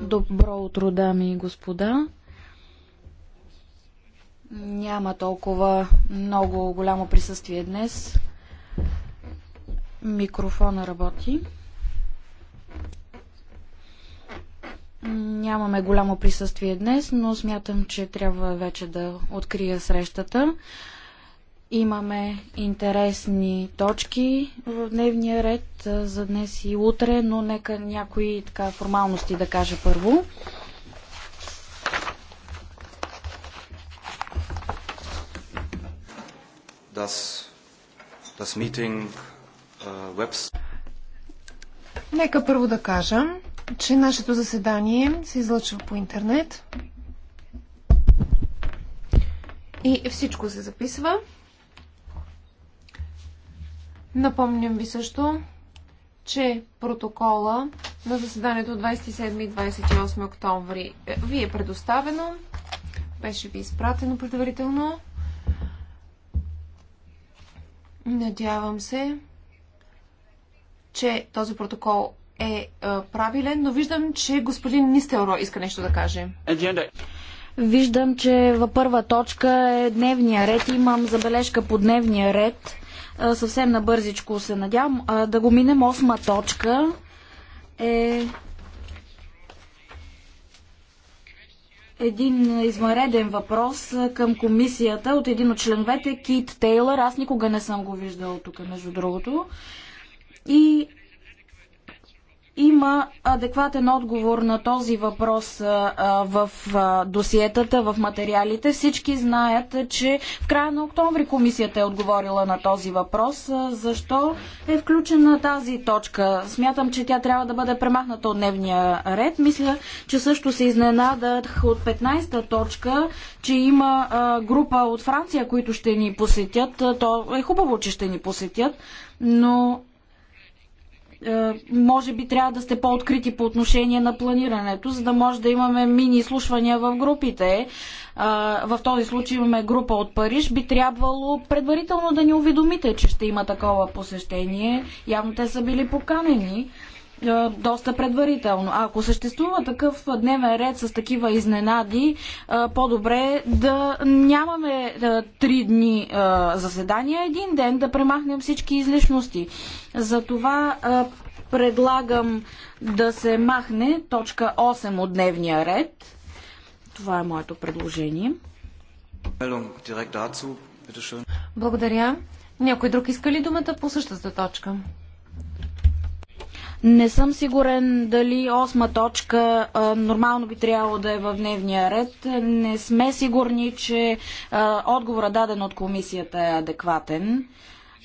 Добро утро, дами и господа. Няма толкова много голямо присъствие днес. Микрофона работи. Нямаме голямо присъствие днес, но смятам, че трябва вече да открия срещата. Имаме интересни точки в дневния ред за днес и утре, но нека някои така формалности да кажа първо. Das, das meeting, uh, webs... Нека първо да кажа, че нашето заседание се излъчва по интернет и всичко се записва. Напомням ви също, че протокола на заседанието 27 и 28 октомври е, ви е предоставено. Беше ви изпратено предварително. Надявам се, че този протокол е, е правилен, но виждам, че господин Нистелро иска нещо да каже. Виждам, че във първа точка е дневния ред. Имам забележка по дневния ред съвсем набързичко се надявам да го минем. Осма точка е един измареден въпрос към комисията от един от членовете, Кит Тейлър. Аз никога не съм го виждал тук, между другото. И има адекватен отговор на този въпрос в досиетата, в материалите. Всички знаят, че в края на октомври комисията е отговорила на този въпрос. Защо е включена тази точка? Смятам, че тя трябва да бъде премахната от дневния ред. Мисля, че също се изненадах от 15-та точка, че има група от Франция, които ще ни посетят. То е хубаво, че ще ни посетят, но е, може би трябва да сте по-открити по отношение на планирането, за да може да имаме мини изслушвания в групите. Е, в този случай имаме група от Париж. Би трябвало предварително да ни уведомите, че ще има такова посещение. Явно те са били поканени. Е, доста предварително. А ако съществува такъв дневен ред с такива изненади, е, по-добре да нямаме е, три дни заседания, един ден да премахнем всички излишности. Затова предлагам да се махне точка 8 от дневния ред. Това е моето предложение. Благодаря. Някой друг иска ли думата по същата точка? Не съм сигурен дали осма точка а, нормално би трябвало да е в дневния ред. Не сме сигурни, че а, отговора даден от комисията е адекватен.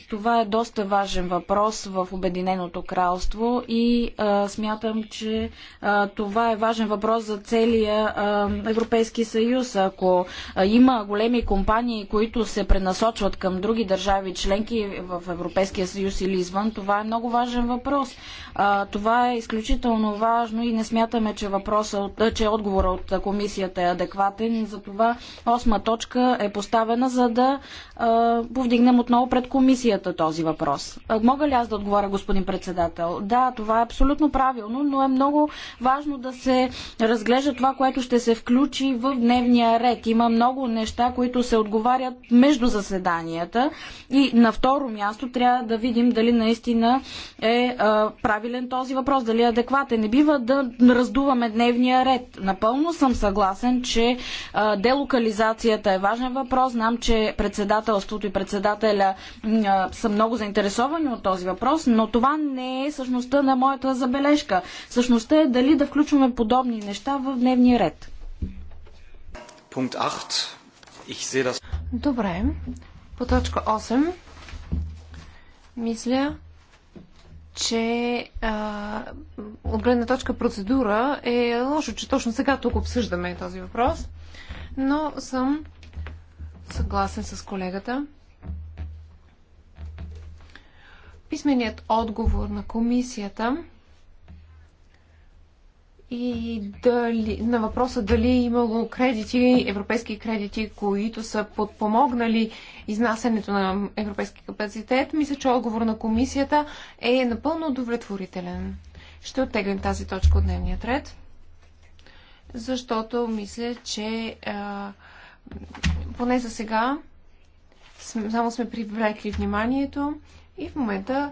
Това е доста важен въпрос в Обединеното кралство и а, смятам, че а, това е важен въпрос за целия а, Европейски съюз. Ако а, има големи компании, които се пренасочват към други държави членки в Европейския съюз или извън, това е много важен въпрос. А, това е изключително важно и не смятаме, че, въпроса, че отговора от комисията е адекватен. Затова осма точка е поставена, за да а, повдигнем отново пред комисията комисията този въпрос. Мога ли аз да отговоря, господин председател? Да, това е абсолютно правилно, но е много важно да се разглежда това, което ще се включи в дневния ред. Има много неща, които се отговарят между заседанията и на второ място трябва да видим дали наистина е правилен този въпрос, дали е адекватен. Не бива да раздуваме дневния ред. Напълно съм съгласен, че делокализацията е важен въпрос. Знам, че председателството и председателя са много заинтересовани от този въпрос, но това не е същността на моята забележка. Същността е дали да включваме подобни неща в дневния ред. Пункт 8. Das... Добре. По точка 8 мисля, че а, от гледна точка процедура е лошо, че точно сега тук обсъждаме този въпрос, но съм съгласен с колегата писменият отговор на комисията и дали, на въпроса дали имало кредити, европейски кредити, които са подпомогнали изнасянето на европейски капацитет, мисля, че отговор на комисията е напълно удовлетворителен. Ще оттеглим тази точка от дневния ред, защото мисля, че а, поне за сега само сме привлекли вниманието и в момента,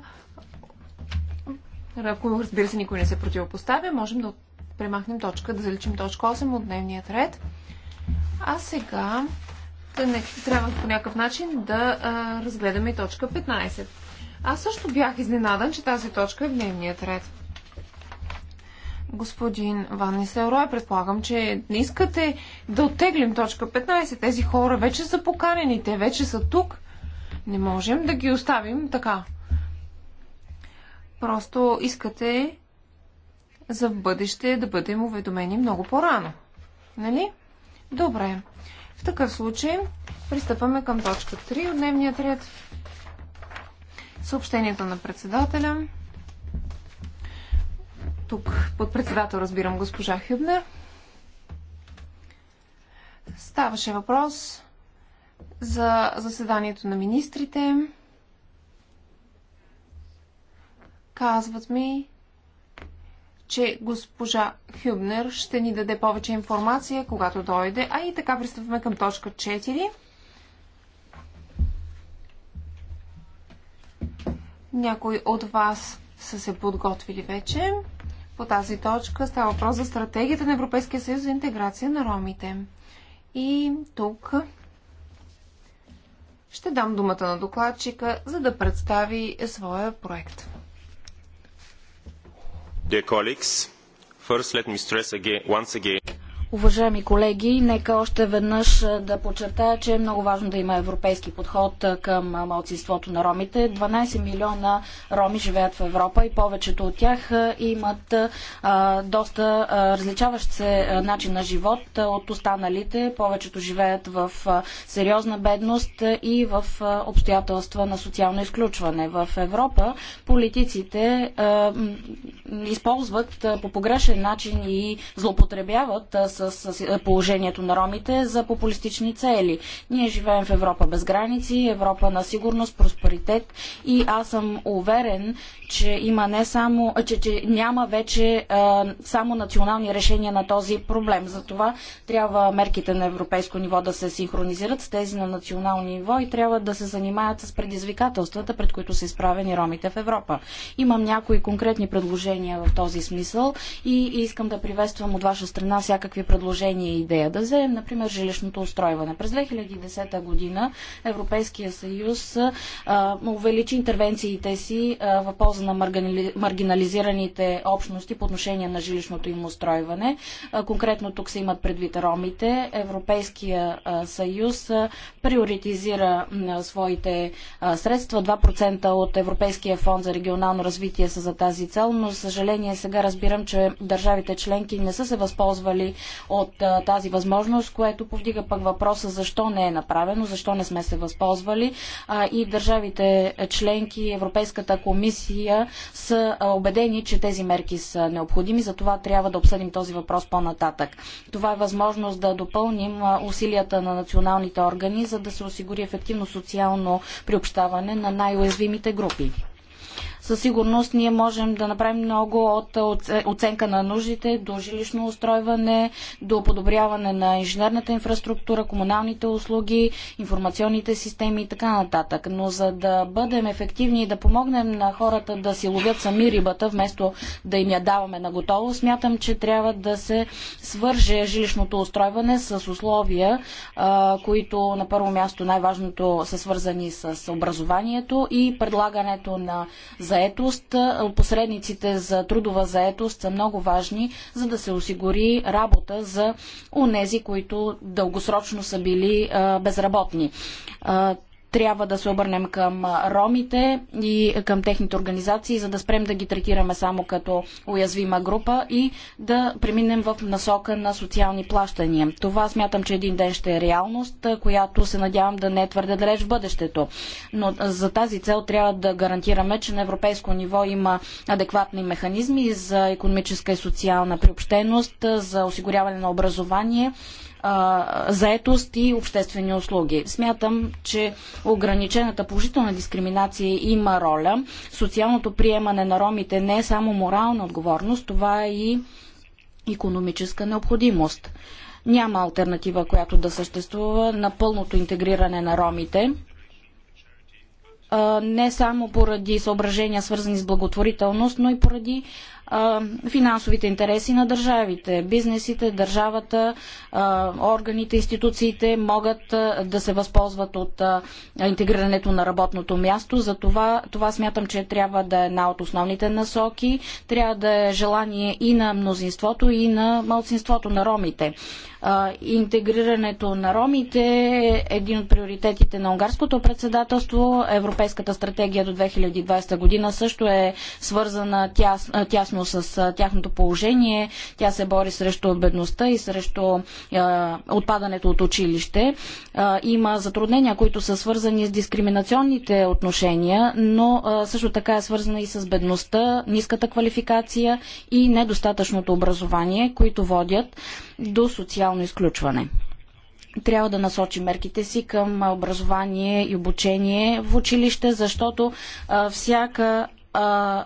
ако разбира се никой не се противопоставя, можем да премахнем точка, да заличим точка 8 от дневният ред. А сега трябва по някакъв начин да а, разгледаме точка 15. Аз също бях изненадан, че тази точка е в дневният ред. Господин Ван Нисерой, предполагам, че не искате да оттеглим точка 15. Тези хора вече са поканени, те вече са тук. Не можем да ги оставим така. Просто искате за в бъдеще да бъдем уведомени много по-рано. Нали? Добре. В такъв случай пристъпваме към точка 3 от дневният ред. Съобщението на председателя. Тук под председател разбирам госпожа Хюбнер. Ставаше въпрос за заседанието на министрите. Казват ми, че госпожа Хюбнер ще ни даде повече информация, когато дойде. А и така пристъпваме към точка 4. Някои от вас са се подготвили вече. По тази точка става въпрос за стратегията на Европейския съюз за интеграция на ромите. И тук ще дам думата на докладчика, за да представи своя проект. Dear colleagues, first let me stress again, once again Уважаеми колеги, нека още веднъж да подчертая, че е много важно да има европейски подход към малцинството на ромите. 12 милиона роми живеят в Европа и повечето от тях имат а, доста а, различаващ се начин на живот от останалите. Повечето живеят в сериозна бедност и в обстоятелства на социално изключване. В Европа политиците а, използват по погрешен начин и злоупотребяват с с е, положението на ромите за популистични цели. Ние живеем в Европа без граници, Европа на сигурност, просперитет и аз съм уверен, че има не само, че, че няма вече а, само национални решения на този проблем. Затова трябва мерките на европейско ниво да се синхронизират с тези на национално ниво и трябва да се занимаят с предизвикателствата, пред които са изправени ромите в Европа. Имам някои конкретни предложения в този смисъл и искам да приветствам от ваша страна всякакви предложение и идея. Да вземем, например, жилищното устройване. През 2010 година Европейския съюз а, увеличи интервенциите си в полза на маргинализираните общности по отношение на жилищното им устройване. А, конкретно тук се имат предвид ромите. Европейския а, съюз а, приоритизира а, своите а, средства. 2% от Европейския фонд за регионално развитие са за тази цел, но за съжаление сега разбирам, че държавите членки не са се възползвали от а, тази възможност, което повдига пък въпроса защо не е направено, защо не сме се възползвали. А, и държавите членки, Европейската комисия са убедени, че тези мерки са необходими, затова трябва да обсъдим този въпрос по-нататък. Това е възможност да допълним усилията на националните органи, за да се осигури ефективно социално приобщаване на най-уязвимите групи със сигурност ние можем да направим много от оценка на нуждите до жилищно устройване, до подобряване на инженерната инфраструктура, комуналните услуги, информационните системи и така нататък. Но за да бъдем ефективни и да помогнем на хората да си ловят сами рибата, вместо да им я даваме на готово, смятам, че трябва да се свърже жилищното устройване с условия, които на първо място най-важното са свързани с образованието и предлагането на за заетост. Посредниците за трудова заетост са много важни, за да се осигури работа за онези, които дългосрочно са били безработни трябва да се обърнем към ромите и към техните организации, за да спрем да ги третираме само като уязвима група и да преминем в насока на социални плащания. Това смятам, че един ден ще е реалност, която се надявам да не е твърде далеч в бъдещето. Но за тази цел трябва да гарантираме, че на европейско ниво има адекватни механизми за економическа и социална приобщеност, за осигуряване на образование, заетост и обществени услуги. Смятам, че ограничената положителна дискриминация има роля. Социалното приемане на ромите не е само морална отговорност, това е и економическа необходимост. Няма альтернатива, която да съществува на пълното интегриране на ромите не само поради съображения свързани с благотворителност, но и поради финансовите интереси на държавите. Бизнесите, държавата, органите, институциите могат да се възползват от интегрирането на работното място. За това, това смятам, че трябва да е една от основните насоки. Трябва да е желание и на мнозинството, и на малцинството на ромите. Интегрирането на ромите е един от приоритетите на унгарското председателство. Европейската стратегия до 2020 година също е свързана тясно, тясно с тяхното положение. Тя се бори срещу бедността и срещу отпадането от училище. Има затруднения, които са свързани с дискриминационните отношения, но също така е свързана и с бедността, ниската квалификация и недостатъчното образование, които водят до социално социално изключване. Трябва да насочи мерките си към образование и обучение в училище, защото а, всяка а,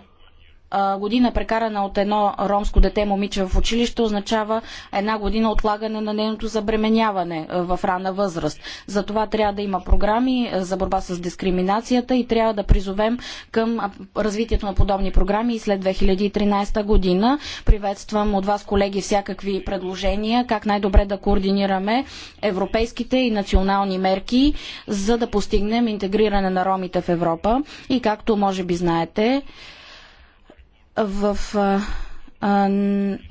година прекарана от едно ромско дете момиче в училище означава една година отлагане на нейното забременяване в рана възраст. За това трябва да има програми за борба с дискриминацията и трябва да призовем към развитието на подобни програми и след 2013 година. Приветствам от вас, колеги, всякакви предложения, как най-добре да координираме европейските и национални мерки, за да постигнем интегриране на ромите в Европа. И както може би знаете, в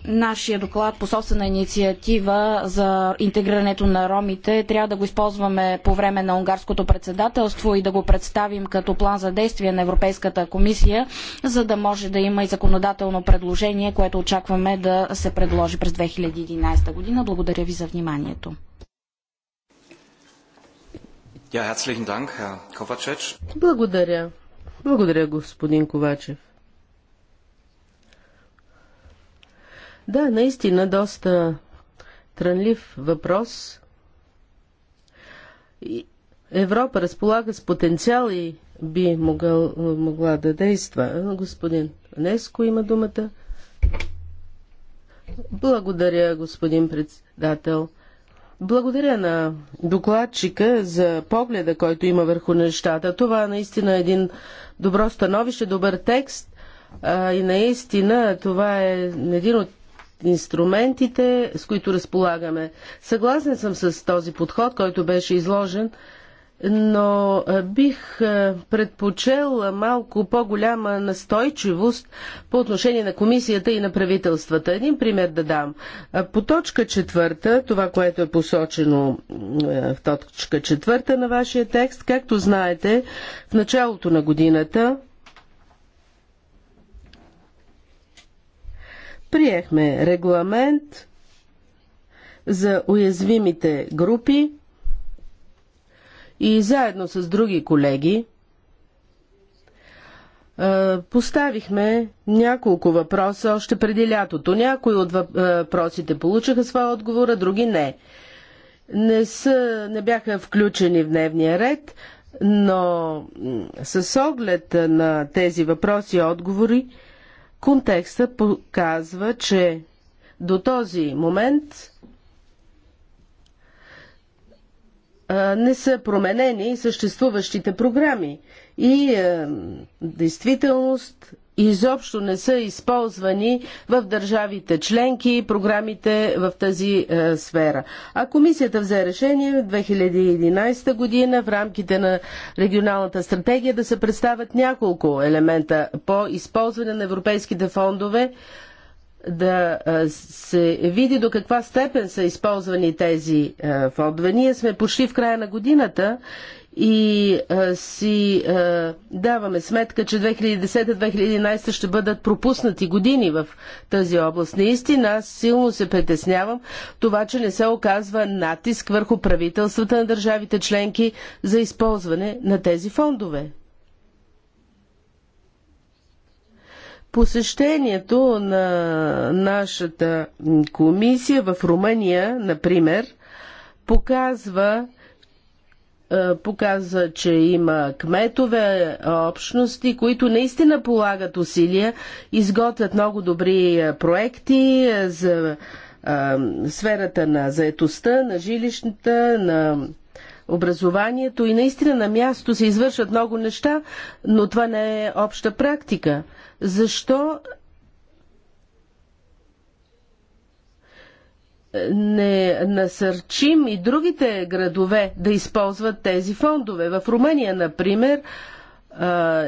нашия доклад по собствена инициатива за интегрирането на ромите. Трябва да го използваме по време на унгарското председателство и да го представим като план за действие на Европейската комисия, за да може да има и законодателно предложение, което очакваме да се предложи през 2011 година. Благодаря ви за вниманието. Благодаря. Благодаря, господин Ковачев. Да, наистина доста трънлив въпрос. Европа разполага с потенциал и би могъл, могла да действа. Господин Неско има думата. Благодаря, господин председател. Благодаря на докладчика за погледа, който има върху нещата. Това наистина е един добро становище, добър текст. А, и наистина това е един от инструментите, с които разполагаме. Съгласен съм с този подход, който беше изложен, но бих предпочел малко по-голяма настойчивост по отношение на комисията и на правителствата. Един пример да дам. По точка четвърта, това, което е посочено в точка четвърта на вашия текст, както знаете, в началото на годината Приехме регламент за уязвимите групи и заедно с други колеги поставихме няколко въпроса още преди лятото. Някои от въпросите получиха своя отговор, а други не. Не, са, не бяха включени в дневния ред, но с оглед на тези въпроси и отговори, Контекста показва, че до този момент не са променени съществуващите програми и е, действителност изобщо не са използвани в държавите членки и програмите в тази е, сфера. А комисията взе решение в 2011 година в рамките на регионалната стратегия да се представят няколко елемента по използване на европейските фондове, да е, се види до каква степен са използвани тези е, фондове. Ние сме почти в края на годината и а, си а, даваме сметка, че 2010-2011 ще бъдат пропуснати години в тази област. Наистина, аз силно се притеснявам това, че не се оказва натиск върху правителствата на държавите членки за използване на тези фондове. Посещението на нашата комисия в Румъния, например, показва, е, показа, че има кметове, е, общности, които наистина полагат усилия, изготвят много добри е, проекти за сферата на заетостта, на жилищната, на образованието и наистина на място се извършват много неща, но това не е обща практика. Защо не насърчим и другите градове да използват тези фондове. В Румъния, например,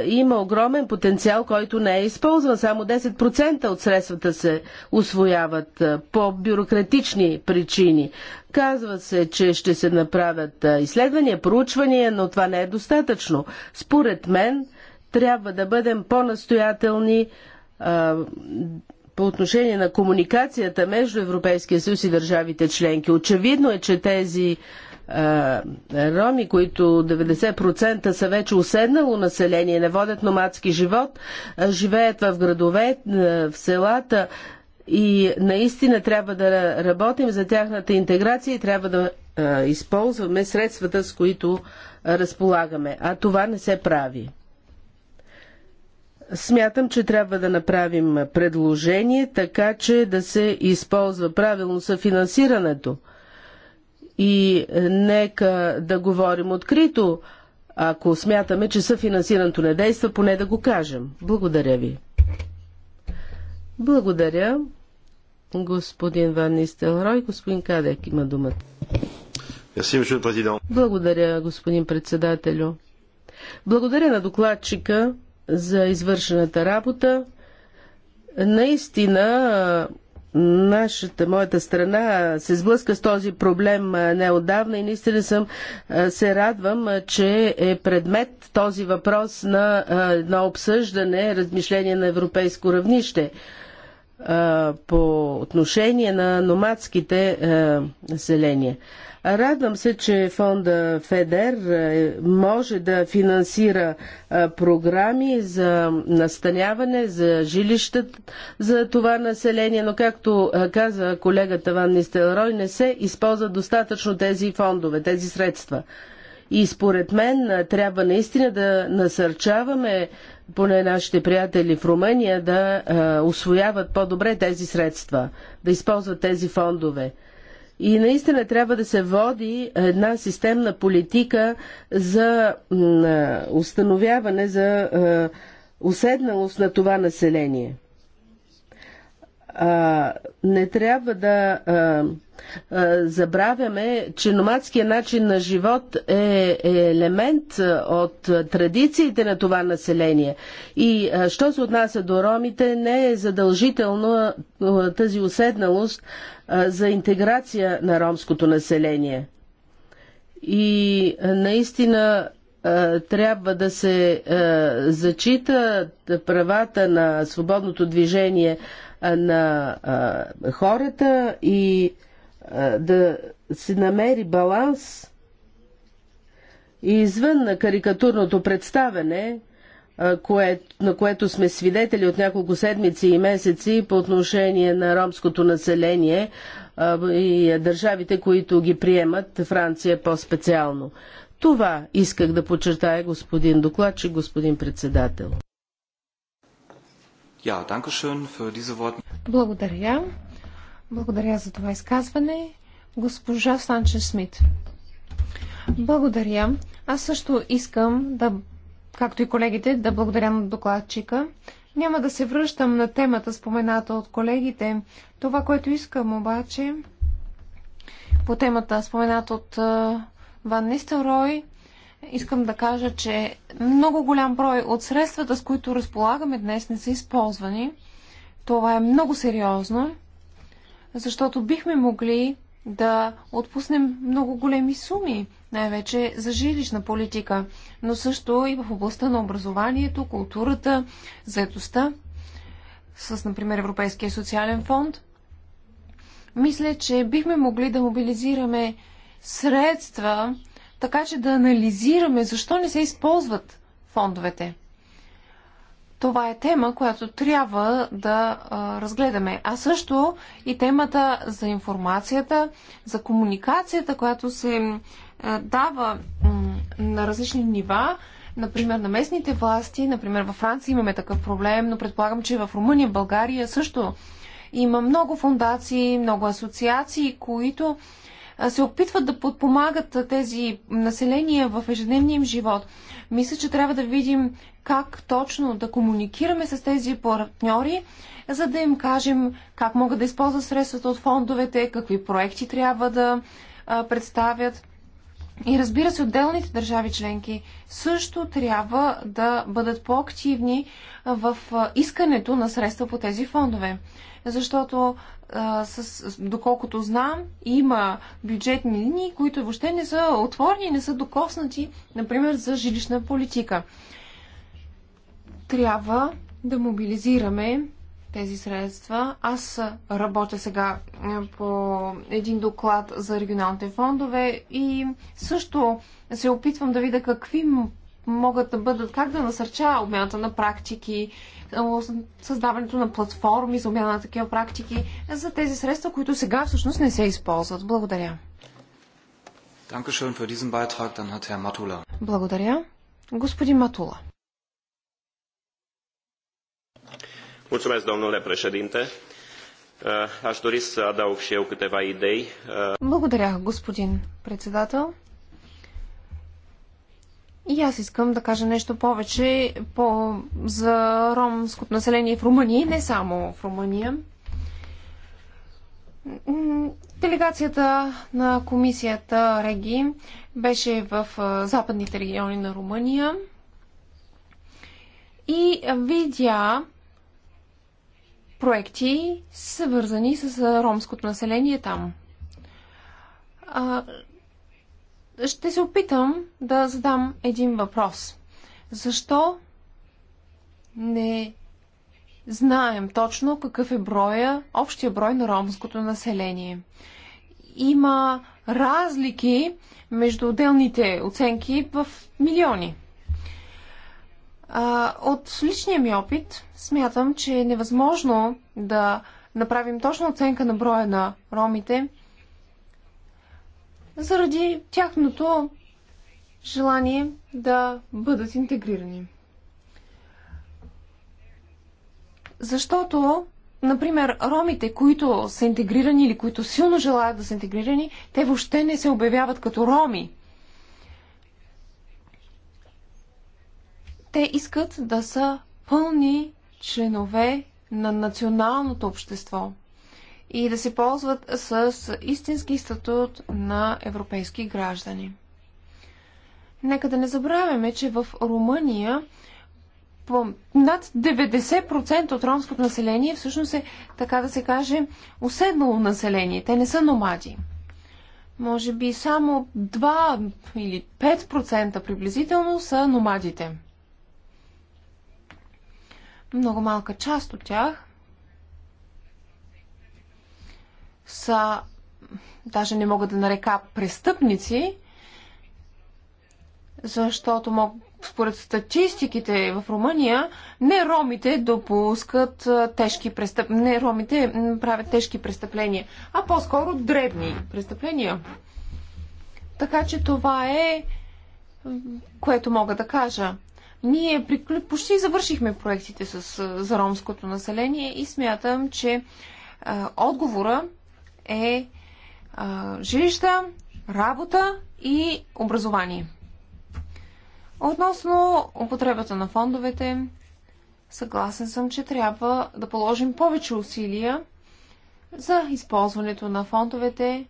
има огромен потенциал, който не е използван. Само 10% от средствата се освояват по бюрократични причини. Казва се, че ще се направят изследвания, проучвания, но това не е достатъчно. Според мен, трябва да бъдем по-настоятелни по отношение на комуникацията между Европейския съюз и държавите членки. Очевидно е, че тези а, е, роми, които 90% са вече уседнало население, не водят номадски живот, а живеят в градове, е, в селата и наистина трябва да работим за тяхната интеграция и трябва да а, е, използваме средствата, с които разполагаме. А това не се прави. Смятам, че трябва да направим предложение, така че да се използва правилно съфинансирането. И нека да говорим открито. Ако смятаме, че съфинансирането не действа, поне да го кажем. Благодаря ви. Благодаря. Господин Ван Нистелрой, господин Кадек има думата. Благодаря, господин председателю. Благодаря на докладчика за извършената работа. Наистина, нашата, моята страна се сблъска с този проблем неодавна и наистина съм се радвам, че е предмет този въпрос на едно обсъждане, размишление на европейско равнище по отношение на номадските населения. Радвам се, че фонда ФЕДЕР е, може да финансира е, програми за настаняване, за жилища за това население, но както е, каза колегата Ван Нистелрой, не се използват достатъчно тези фондове, тези средства. И според мен трябва наистина да насърчаваме поне нашите приятели в Румъния да а, освояват по-добре тези средства, да използват тези фондове. И наистина трябва да се води една системна политика за установяване, за уседналост на това население. Не трябва да Забравяме, че номадският начин на живот е, е елемент от традициите на това население. И що се отнася до ромите, не е задължително тази уседналост за интеграция на ромското население. И наистина трябва да се зачита правата на свободното движение на хората и да се намери баланс и извън на карикатурното представене, на което сме свидетели от няколко седмици и месеци по отношение на ромското население и държавите, които ги приемат, Франция по-специално. Това исках да подчертая господин докладчик, господин председател. Благодаря благодаря за това изказване. Госпожа Санче Смит. Благодаря. Аз също искам да, както и колегите, да благодаря на докладчика. Няма да се връщам на темата, спомената от колегите. Това, което искам обаче по темата, спомената от Ван Нистерой, искам да кажа, че много голям брой от средствата, с които разполагаме днес, не са използвани. Това е много сериозно защото бихме могли да отпуснем много големи суми, най-вече за жилищна политика, но също и в областта на образованието, културата, заедостта, с, например, Европейския социален фонд. Мисля, че бихме могли да мобилизираме средства, така че да анализираме защо не се използват фондовете това е тема, която трябва да а, разгледаме. А също и темата за информацията, за комуникацията, която се а, дава на различни нива, например на местните власти. Например, във Франция имаме такъв проблем, но предполагам, че в Румъния, България също има много фундации, много асоциации, които се опитват да подпомагат тези населения в ежедневния им живот. Мисля, че трябва да видим как точно да комуникираме с тези партньори, за да им кажем как могат да използват средствата от фондовете, какви проекти трябва да представят. И разбира се, отделните държави членки също трябва да бъдат по-активни в искането на средства по тези фондове. Защото а, с, доколкото знам, има бюджетни линии, които въобще не са отворени, не са докоснати, например, за жилищна политика. Трябва да мобилизираме тези средства. Аз работя сега по един доклад за регионалните фондове и също се опитвам да видя какви могат да бъдат, как да насърча обмяната на практики, създаването на платформи за обмяна на такива практики за тези средства, които сега всъщност не се използват. Благодаря. Благодаря. Господин Матула. Mulțumesc, domnule președinte. Aș dori să adaug și eu câteva idei. Благодаря, господин председател. И аз искам да кажа нещо повече по, за ромското население в Румъния, не само в Румъния. Делегацията на комисията Реги беше в западните региони на Румъния и видя проекти, свързани с ромското население там ще се опитам да задам един въпрос. Защо не знаем точно какъв е броя, общия брой на ромското население? Има разлики между отделните оценки в милиони. от личния ми опит смятам, че е невъзможно да направим точна оценка на броя на ромите – заради тяхното желание да бъдат интегрирани. Защото, например, ромите, които са интегрирани или които силно желаят да са интегрирани, те въобще не се обявяват като роми. Те искат да са пълни членове на националното общество – и да се ползват с истински статут на европейски граждани. Нека да не забравяме, че в Румъния над 90% от ромското население всъщност е, така да се каже, уседнало население. Те не са номади. Може би само 2 или 5% приблизително са номадите. Много малка част от тях са, даже не мога да нарека престъпници, защото мог, според статистиките в Румъния, не ромите допускат тежки престъпления, не ромите правят тежки престъпления, а по-скоро дребни престъпления. Така че това е, което мога да кажа. Ние приклю... почти завършихме проектите с... за ромското население и смятам, че а, отговора е а, жилища, работа и образование. Относно употребата на фондовете, съгласен съм, че трябва да положим повече усилия за използването на фондовете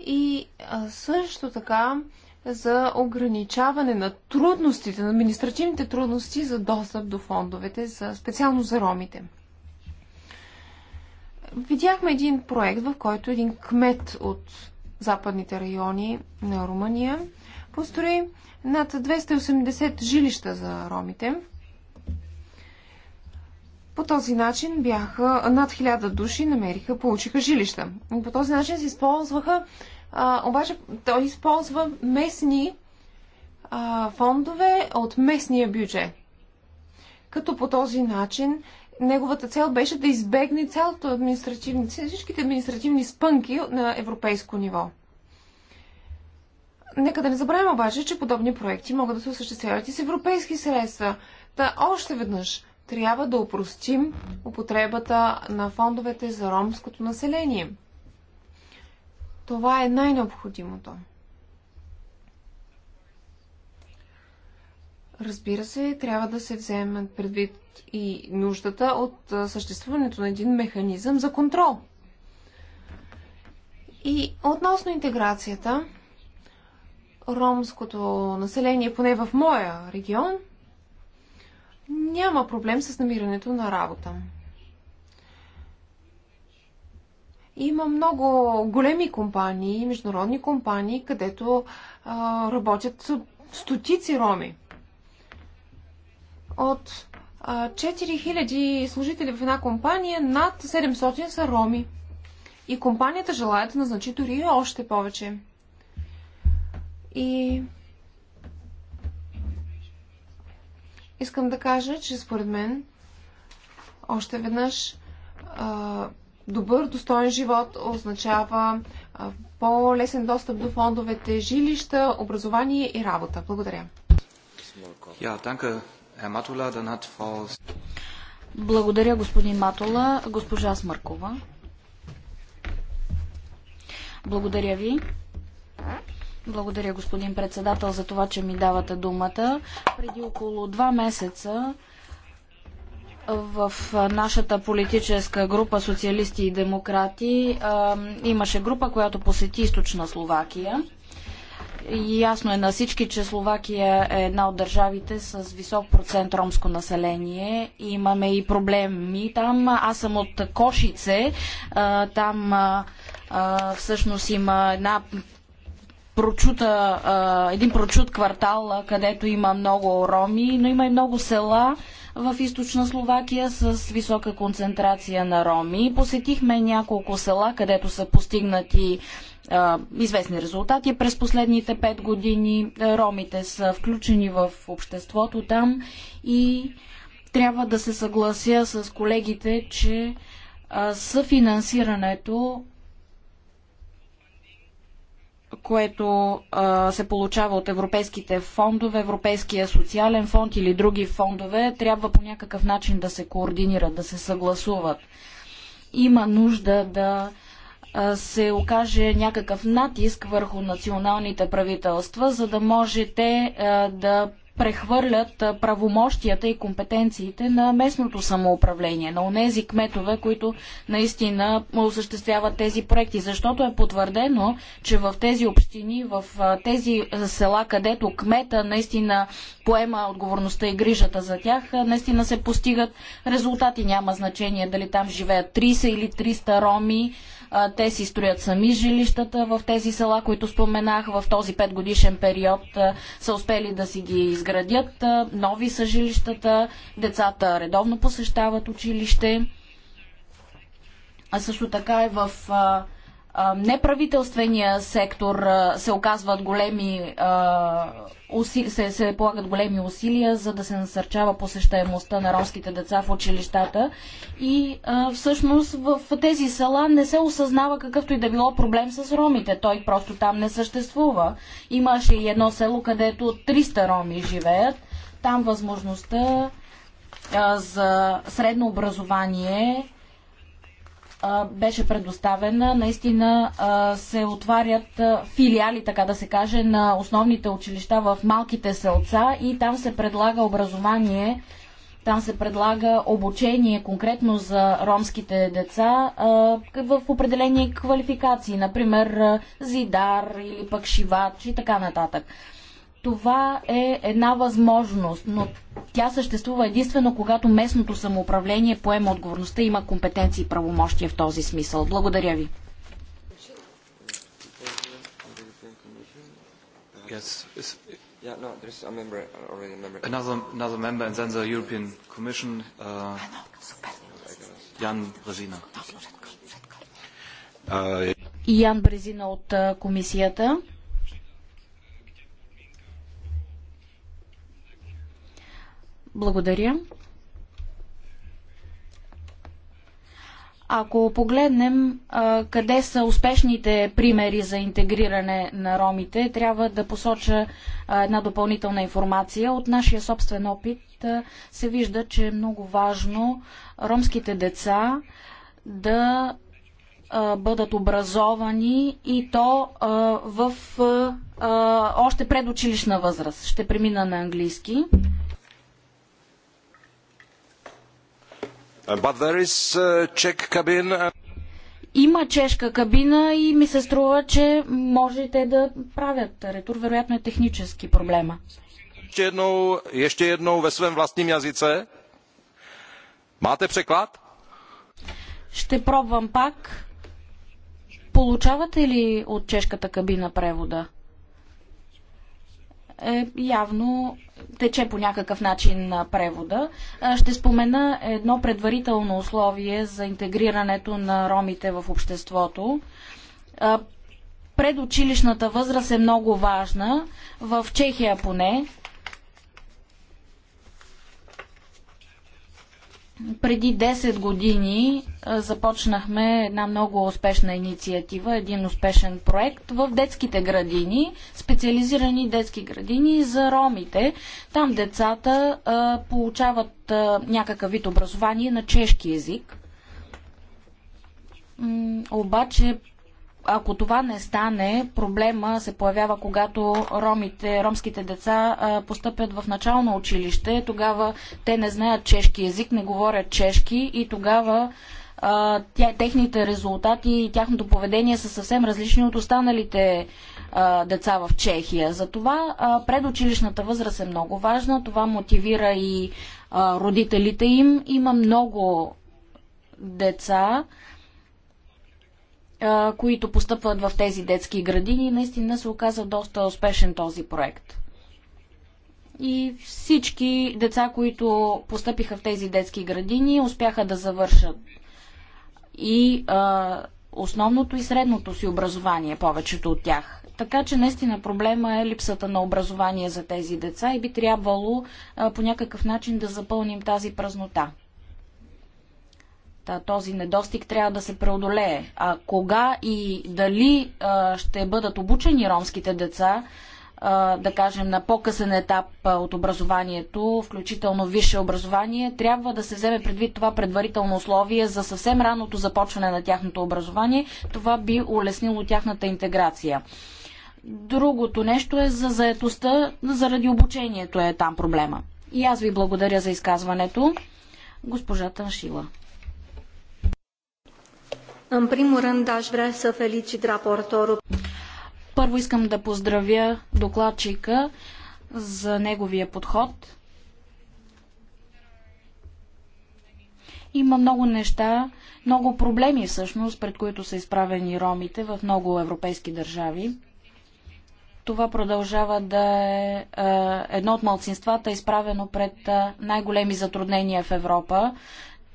и също така за ограничаване на трудностите, на административните трудности за достъп до фондовете, за, специално за ромите видяхме един проект, в който един кмет от западните райони на Румъния построи над 280 жилища за ромите. По този начин бяха над 1000 души намериха, получиха жилища. По този начин се използваха, а, обаче той използва местни а, фондове от местния бюджет. Като по този начин неговата цел беше да избегне цялото административни, всичките административни спънки на европейско ниво. Нека да не забравим обаче, че подобни проекти могат да се осъществяват и с европейски средства. Та още веднъж трябва да упростим употребата на фондовете за ромското население. Това е най-необходимото. Разбира се, трябва да се вземат предвид и нуждата от съществуването на един механизъм за контрол. И относно интеграцията, ромското население, поне в моя регион, няма проблем с намирането на работа. Има много големи компании, международни компании, където а, работят стотици роми от 4000 служители в една компания, над 700 са роми. И компанията желая да назначи дори още повече. И искам да кажа, че според мен още веднъж добър, достоен живот означава по-лесен достъп до фондовете, жилища, образование и работа. Благодаря. Благодаря, господин Матола. Госпожа Смъркова. Благодаря ви. Благодаря, господин председател, за това, че ми давате думата. Преди около два месеца в нашата политическа група Социалисти и демократи имаше група, която посети източна Словакия. Ясно е на всички, че Словакия е една от държавите с висок процент ромско население. Имаме и проблеми там. Аз съм от Кошице. Там всъщност има една прочута, един прочут квартал, където има много роми, но има и много села, в източна Словакия с висока концентрация на роми. Посетихме няколко села, където са постигнати известни резултати през последните пет години. Ромите са включени в обществото там и трябва да се съглася с колегите, че съфинансирането което а, се получава от европейските фондове, Европейския социален фонд или други фондове, трябва по някакъв начин да се координират, да се съгласуват. Има нужда да се окаже някакъв натиск върху националните правителства, за да можете да прехвърлят правомощията и компетенциите на местното самоуправление, на онези кметове, които наистина осъществяват тези проекти. Защото е потвърдено, че в тези общини, в тези села, където кмета наистина поема отговорността и грижата за тях, наистина се постигат резултати. Няма значение дали там живеят 30 или 300 роми, те си строят сами жилищата в тези села, които споменах. В този петгодишен период са успели да си ги изградят. Нови са жилищата. Децата редовно посещават училище. А също така и в неправителствения сектор се оказват големи се, се полагат големи усилия, за да се насърчава посещаемостта на ромските деца в училищата. И всъщност в тези села не се осъзнава какъвто и да било проблем с ромите. Той просто там не съществува. Имаше и едно село, където 300 роми живеят. Там възможността за средно образование беше предоставена. Наистина се отварят филиали, така да се каже, на основните училища в малките селца и там се предлага образование, там се предлага обучение конкретно за ромските деца в определени квалификации, например зидар или пък шивач и така нататък това е една възможност, но тя съществува единствено когато местното самоуправление поема отговорността и има компетенции и правомощия в този смисъл. Благодаря ви. Yes. yeah, no, there's a member already. A member. Another, another member, and then the European Commission. Uh, Jan Brezina. Ян Брезина от uh, комисията. Благодаря. Ако погледнем а, къде са успешните примери за интегриране на ромите, трябва да посоча а, една допълнителна информация. От нашия собствен опит а, се вижда, че е много важно ромските деца да бъдат образовани и то в още предучилищна възраст. Ще премина на английски. Uh, uh, Има чешка кабина и ми се струва, че можете да правят ретур. Вероятно е технически проблема. Ще пробвам пак. Получавате ли от чешката кабина превода? е, явно тече по някакъв начин на превода. Е, ще спомена едно предварително условие за интегрирането на ромите в обществото. Е, предучилищната възраст е много важна. В Чехия поне Преди 10 години започнахме една много успешна инициатива, един успешен проект в детските градини, специализирани детски градини за ромите. Там децата получават някакъв вид образование на чешки език. обаче ако това не стане, проблема се появява, когато ромите, ромските деца постъпят в начално училище. Тогава те не знаят чешки язик, не говорят чешки и тогава тя, техните резултати и тяхното поведение са съвсем различни от останалите а, деца в Чехия. Затова а, предучилищната възраст е много важна. Това мотивира и а, родителите им. Има много деца, които постъпват в тези детски градини. Наистина се оказа доста успешен този проект. И всички деца, които постъпиха в тези детски градини, успяха да завършат и а, основното и средното си образование, повечето от тях. Така че наистина проблема е липсата на образование за тези деца и би трябвало а, по някакъв начин да запълним тази празнота. Та, този недостиг трябва да се преодолее. А кога и дали а, ще бъдат обучени ромските деца, а, да кажем, на по-късен етап от образованието, включително висше образование, трябва да се вземе предвид това предварително условие за съвсем раното започване на тяхното образование. Това би улеснило тяхната интеграция. Другото нещо е за заетостта, заради обучението е там проблема. И аз ви благодаря за изказването. Госпожа Таншила. În primul rând, aș vrea să felicit raportorul. Първо искам да поздравя докладчика за неговия подход. Има много неща, много проблеми всъщност, пред които са изправени ромите в много европейски държави. Това продължава да е, е едно от малцинствата, изправено пред е, най-големи затруднения в Европа.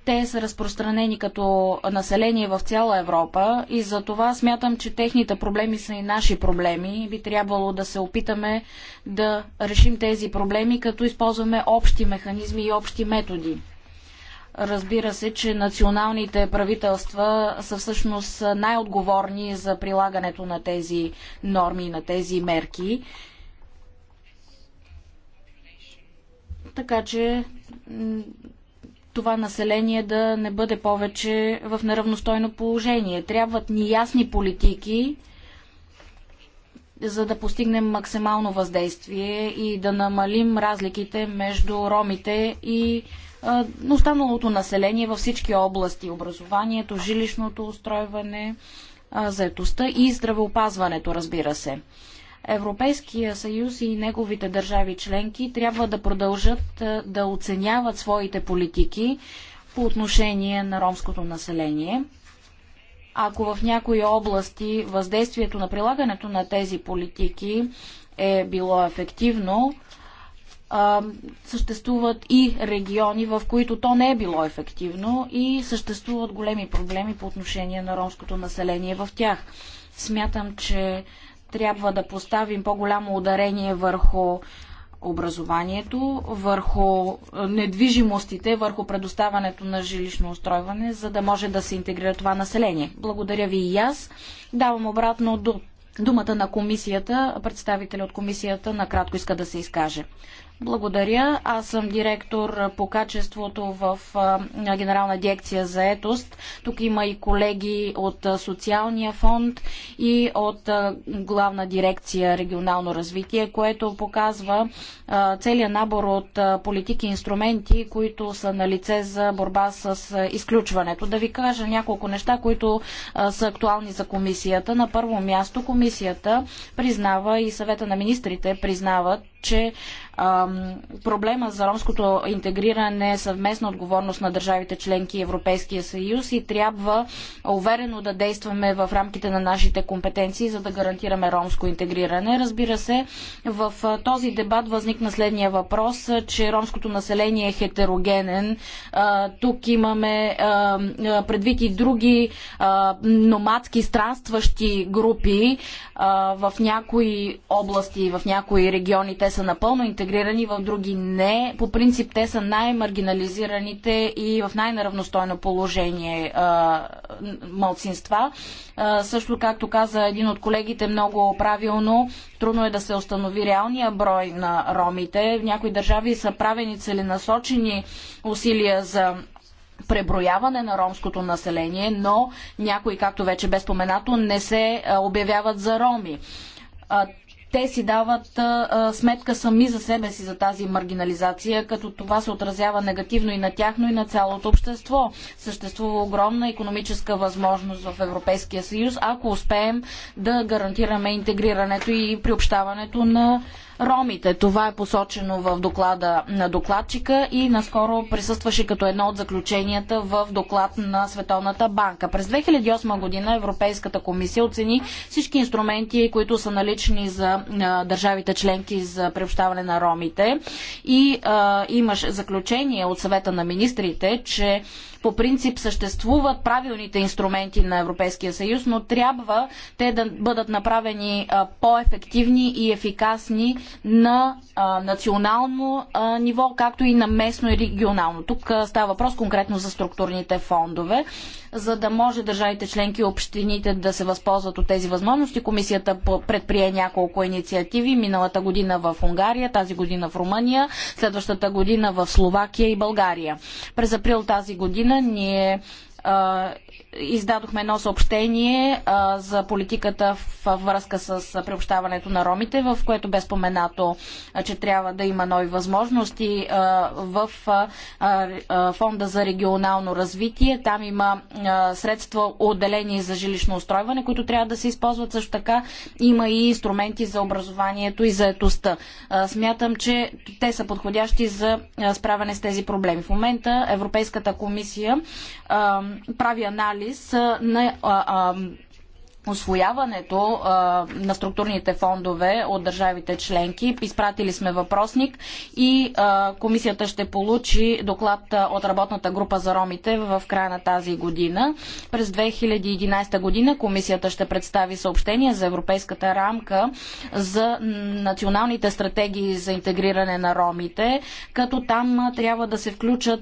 Те са разпространени като население в цяла Европа и за това смятам, че техните проблеми са и наши проблеми. Би трябвало да се опитаме да решим тези проблеми, като използваме общи механизми и общи методи. Разбира се, че националните правителства са всъщност най-отговорни за прилагането на тези норми и на тези мерки. Така че това население да не бъде повече в неравностойно положение. Трябват ни ясни политики, за да постигнем максимално въздействие и да намалим разликите между ромите и а, останалото население във всички области образованието, жилищното устройване, заетостта и здравеопазването, разбира се. Европейския съюз и неговите държави членки трябва да продължат е, да оценяват своите политики по отношение на ромското население. Ако в някои области въздействието на прилагането на тези политики е било ефективно, съществуват и региони, в които то не е било ефективно и съществуват големи проблеми по отношение на ромското население в тях. Смятам, че трябва да поставим по-голямо ударение върху образованието, върху е, недвижимостите, върху предоставането на жилищно устройване, за да може да се интегрира това население. Благодаря ви и аз. Давам обратно думата на комисията. Представителя от комисията накратко иска да се изкаже. Благодаря. Аз съм директор по качеството в Генерална дирекция за етост. Тук има и колеги от Социалния фонд и от Главна дирекция регионално развитие, което показва целият набор от политики и инструменти, които са на лице за борба с изключването. Да ви кажа няколко неща, които са актуални за комисията. На първо място комисията признава и съвета на министрите признават че ам, проблема за ромското интегриране е съвместна отговорност на държавите членки и Европейския съюз и трябва уверено да действаме в рамките на нашите компетенции, за да гарантираме ромско интегриране. Разбира се, в този дебат възникна следния въпрос, че ромското население е хетерогенен. А, тук имаме а, предвид и други а, номадски странстващи групи. в някои области, в някои региони те са напълно интегрирани, в други не. По принцип те са най-маргинализираните и в най-неравностойно положение а, малцинства. А, също, както каза един от колегите много правилно, трудно е да се установи реалния брой на ромите. В някои държави са правени целенасочени усилия за преброяване на ромското население, но някои, както вече бе споменато, не се обявяват за роми те си дават а, сметка сами за себе си за тази маргинализация, като това се отразява негативно и на тях, но и на цялото общество. Съществува огромна економическа възможност в Европейския съюз, ако успеем да гарантираме интегрирането и приобщаването на ромите. Това е посочено в доклада на докладчика и наскоро присъстваше като едно от заключенията в доклад на Световната банка. През 2008 година Европейската комисия оцени всички инструменти, които са налични за държавите членки за приобщаване на ромите и а, имаш заключение от съвета на министрите, че по принцип съществуват правилните инструменти на Европейския съюз, но трябва те да бъдат направени по-ефективни и ефикасни на а, национално а, ниво, както и на местно и регионално. Тук а, става въпрос конкретно за структурните фондове. За да може държавите членки и общините да се възползват от тези възможности, комисията предприе няколко инициативи. Миналата година в Унгария, тази година в Румъния, следващата година в Словакия и България. През април тази година ние издадохме едно съобщение а, за политиката в връзка с приобщаването на ромите, в което бе споменато, а, че трябва да има нови възможности а, в фонда за регионално развитие. Там има средства отделени за жилищно устройване, които трябва да се използват също така. Има и инструменти за образованието и заетостта. Смятам, че те са подходящи за справяне с тези проблеми. В момента Европейската комисия прави анализ анализ на освояването а, на структурните фондове от държавите членки. Изпратили сме въпросник и а, комисията ще получи доклад от работната група за ромите в края на тази година. През 2011 година комисията ще представи съобщение за европейската рамка за националните стратегии за интегриране на ромите, като там трябва да се включат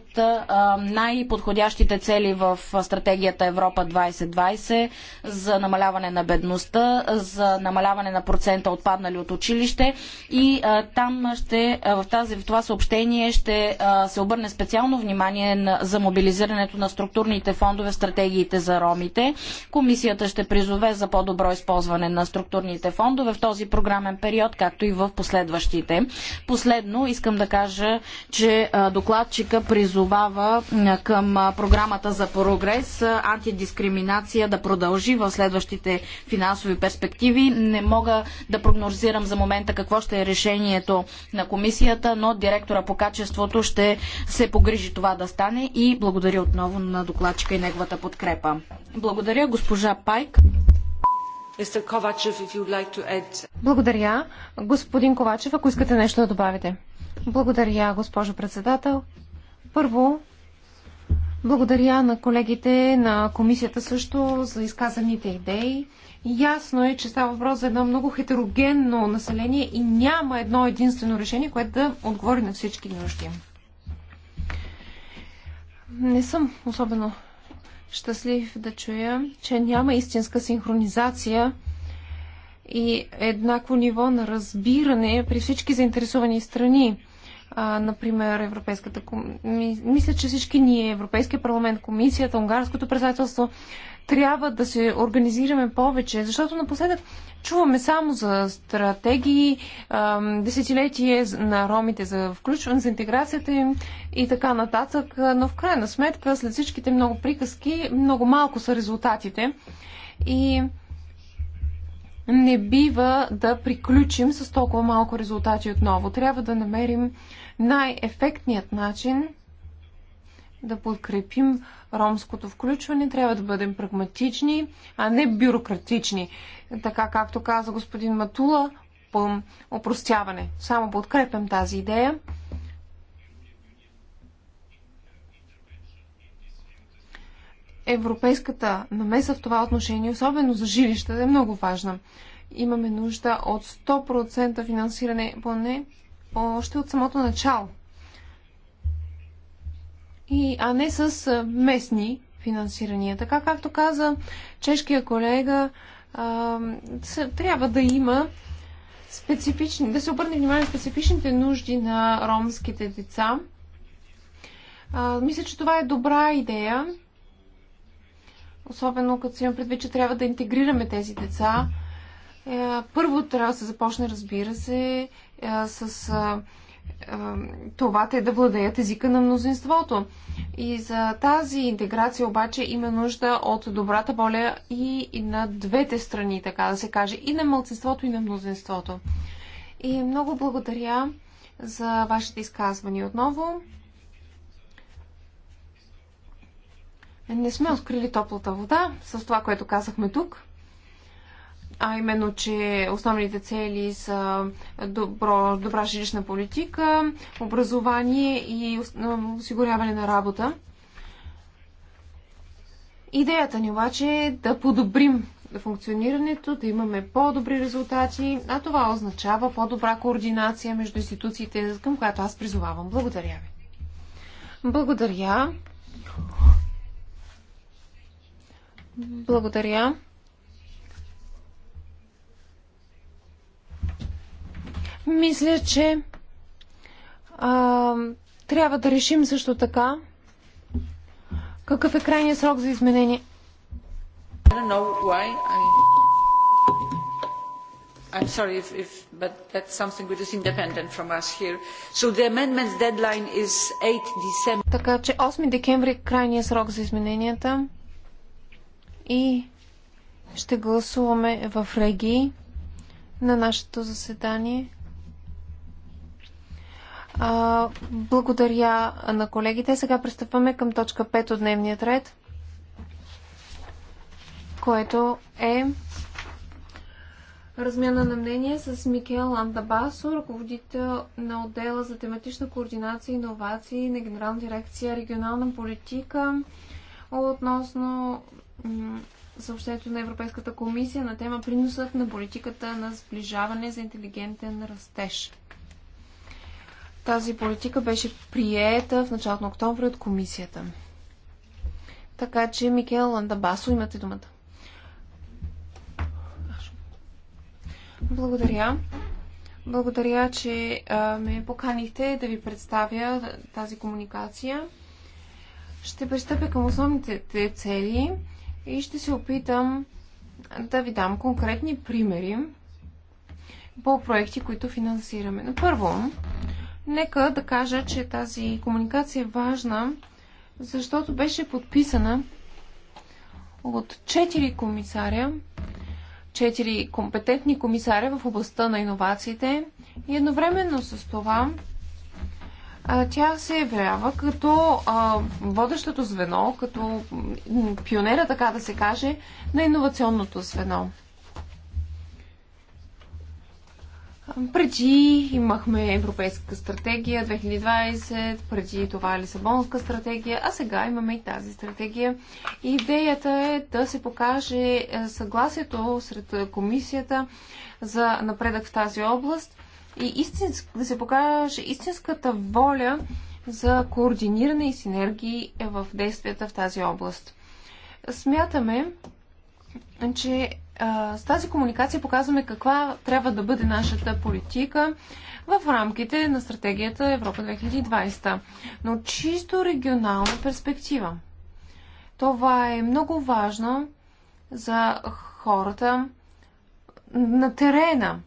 най-подходящите цели в стратегията Европа 2020 за намаляване намаляване на бедността, за намаляване на процента отпаднали от училище и а, там ще, в, тази, в това съобщение ще а, се обърне специално внимание на, за мобилизирането на структурните фондове в стратегиите за ромите. Комисията ще призове за по-добро използване на структурните фондове в този програмен период, както и в последващите. Последно искам да кажа, че докладчика призовава към програмата за прогрес антидискриминация да продължи в следващите следващите финансови перспективи. Не мога да прогнозирам за момента какво ще е решението на комисията, но директора по качеството ще се погрижи това да стане и благодаря отново на докладчика и неговата подкрепа. Благодаря госпожа Пайк. Благодаря. Господин Ковачев, ако искате нещо да добавите. Благодаря, госпожо председател. Първо, благодаря на колегите на комисията също за изказаните идеи. Ясно е, че става въпрос за едно много хетерогенно население и няма едно единствено решение, което да отговори на всички нужди. Не съм особено щастлив да чуя, че няма истинска синхронизация и еднакво ниво на разбиране при всички заинтересовани страни а, например, Европейската комисия. Мисля, че всички ние, Европейския парламент, комисията, унгарското председателство, трябва да се организираме повече, защото напоследък чуваме само за стратегии, десетилетие на ромите за включване, за интеграцията им и така нататък, но в крайна сметка след всичките много приказки, много малко са резултатите и не бива да приключим с толкова малко резултати отново. Трябва да намерим най-ефектният начин да подкрепим ромското включване, трябва да бъдем прагматични, а не бюрократични. Така както каза господин Матула, по опростяване. Само подкрепям тази идея. Европейската намеса в това отношение, особено за жилищата, е много важна. Имаме нужда от 100% финансиране поне още от самото начало. И, а не с местни финансирания. Така както каза чешкия колега, а, трябва да има специфични, да се обърне внимание на специфичните нужди на ромските деца. А, мисля, че това е добра идея, особено като си имам предвид, че трябва да интегрираме тези деца. Е, първо трябва да се започне, разбира се, с това те да владеят езика на мнозинството. И за тази интеграция обаче има нужда от добрата воля и, и на двете страни, така да се каже, и на мълцинството, и на мнозинството. И много благодаря за вашите изказвания отново. Не сме открили топлата вода с това, което казахме тук а именно, че основните цели са добро, добра жилищна политика, образование и осигуряване на работа. Идеята ни обаче е да подобрим функционирането, да имаме по-добри резултати, а това означава по-добра координация между институциите, към която аз призовавам. Благодаря ви. Благодаря. Благодаря. Мисля, че а, трябва да решим също така какъв е крайният срок за изменение. I'm sorry if, if, but that's something which is independent from us here. So the amendments deadline is 8 December. Така че 8 декември е крайният срок за измененията и ще гласуваме в Реги на нашето заседание а, благодаря на колегите. Сега пристъпваме към точка 5 от дневния ред, което е размяна на мнение с Микел Андабасо, ръководител на отдела за тематична координация и иновации на Генерална дирекция регионална политика относно съобщението на Европейската комисия на тема приносът на политиката на сближаване за интелигентен растеж. Тази политика беше приета в началото на октомври от комисията. Така че, Микел Ландабасо, имате думата. Благодаря. Благодаря, че а, ме поканихте да ви представя тази комуникация. Ще пристъпя към основните цели и ще се опитам да ви дам конкретни примери по проекти, които финансираме. Но първо, Нека да кажа, че тази комуникация е важна, защото беше подписана от четири комисаря, четири компетентни комисаря в областта на иновациите и едновременно с това тя се явява като а, водещото звено, като пионера, така да се каже, на иновационното звено. Преди имахме Европейска стратегия 2020, преди това Лисабонска стратегия, а сега имаме и тази стратегия. Идеята е да се покаже е, съгласието сред комисията за напредък в тази област и истинск, да се покаже истинската воля за координиране и синергии в действията в тази област. Смятаме, че с тази комуникация показваме каква трябва да бъде нашата политика в рамките на стратегията Европа 2020. Но чисто регионална перспектива. Това е много важно за хората на терена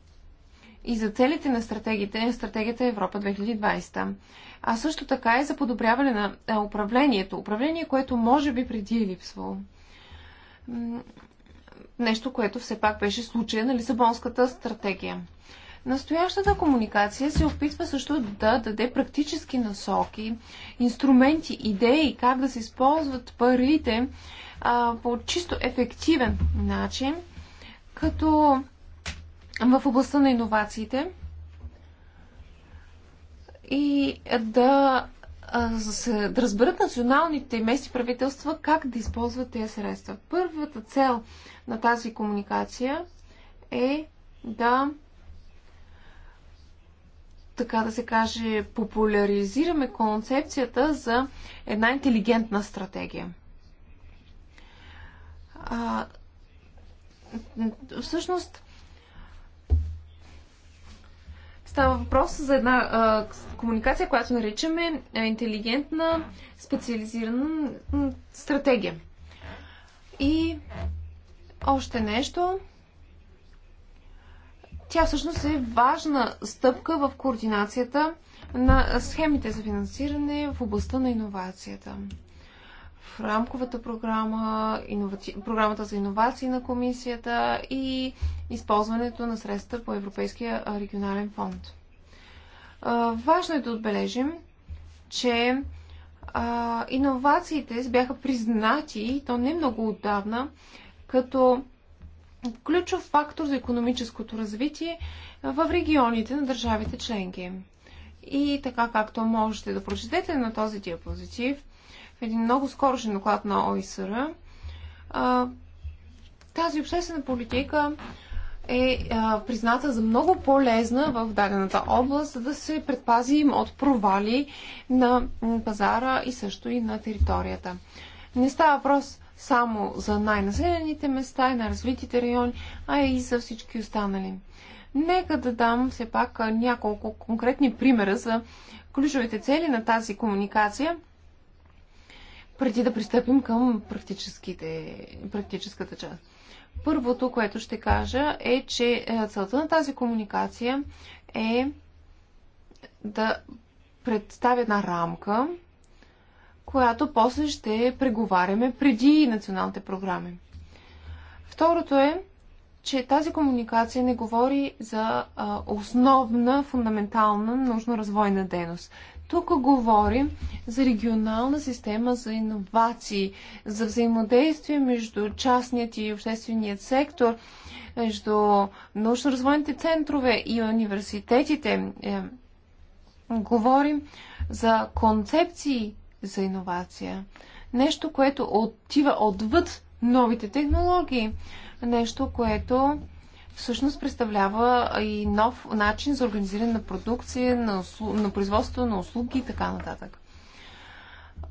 и за целите на стратегията, стратегията Европа 2020. А също така и за подобряване на управлението. Управление, което може би преди е липсвало нещо, което все пак беше случая на Лисабонската стратегия. Настоящата комуникация се опитва също да даде практически насоки, инструменти, идеи как да се използват парите а, по чисто ефективен начин, като в областта на иновациите и да да, се, да разберат националните и местни правителства как да използват тези средства. Първата цел на тази комуникация е да така да се каже, популяризираме концепцията за една интелигентна стратегия. А, всъщност, Става въпрос за една а, комуникация, която наричаме интелигентна специализирана стратегия. И още нещо. Тя всъщност е важна стъпка в координацията на схемите за финансиране в областта на иновацията в рамковата програма, иноваци... програмата за иновации на комисията и използването на средства по Европейския регионален фонд. Важно е да отбележим, че иновациите бяха признати, то не много отдавна, като ключов фактор за економическото развитие в регионите на държавите членки. И така както можете да прочетете на този диапозитив – в един много скорошен доклад на ОИСР. Тази обществена политика е а, призната за много полезна в дадената област, за да се предпазим от провали на пазара и също и на територията. Не става въпрос само за най-населените места и на развитите райони, а и за всички останали. Нека да дам все пак няколко конкретни примера за ключовите цели на тази комуникация – преди да пристъпим към практическата част. Първото, което ще кажа е, че е, целта на тази комуникация е да представя една рамка, която после ще преговаряме преди националните програми. Второто е, че тази комуникация не говори за основна, фундаментална нужно развойна дейност. Тук говорим за регионална система за иновации, за взаимодействие между частният и общественият сектор, между научно-развойните центрове и университетите. Е, говорим за концепции за иновация. Нещо, което отива отвъд новите технологии. Нещо, което всъщност представлява и нов начин за организиране на продукция, на, услу... на производство на услуги и така нататък.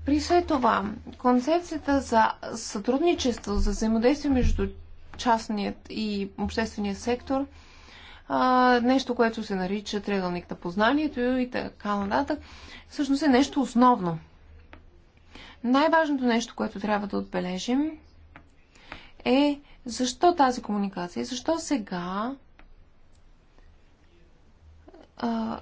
При все това, концепцията за сътрудничество, за взаимодействие между частният и обществения сектор, нещо, което се нарича триъгълник на познанието и така нататък, всъщност е нещо основно. Най-важното нещо, което трябва да отбележим е, защо тази комуникация? Защо сега? А,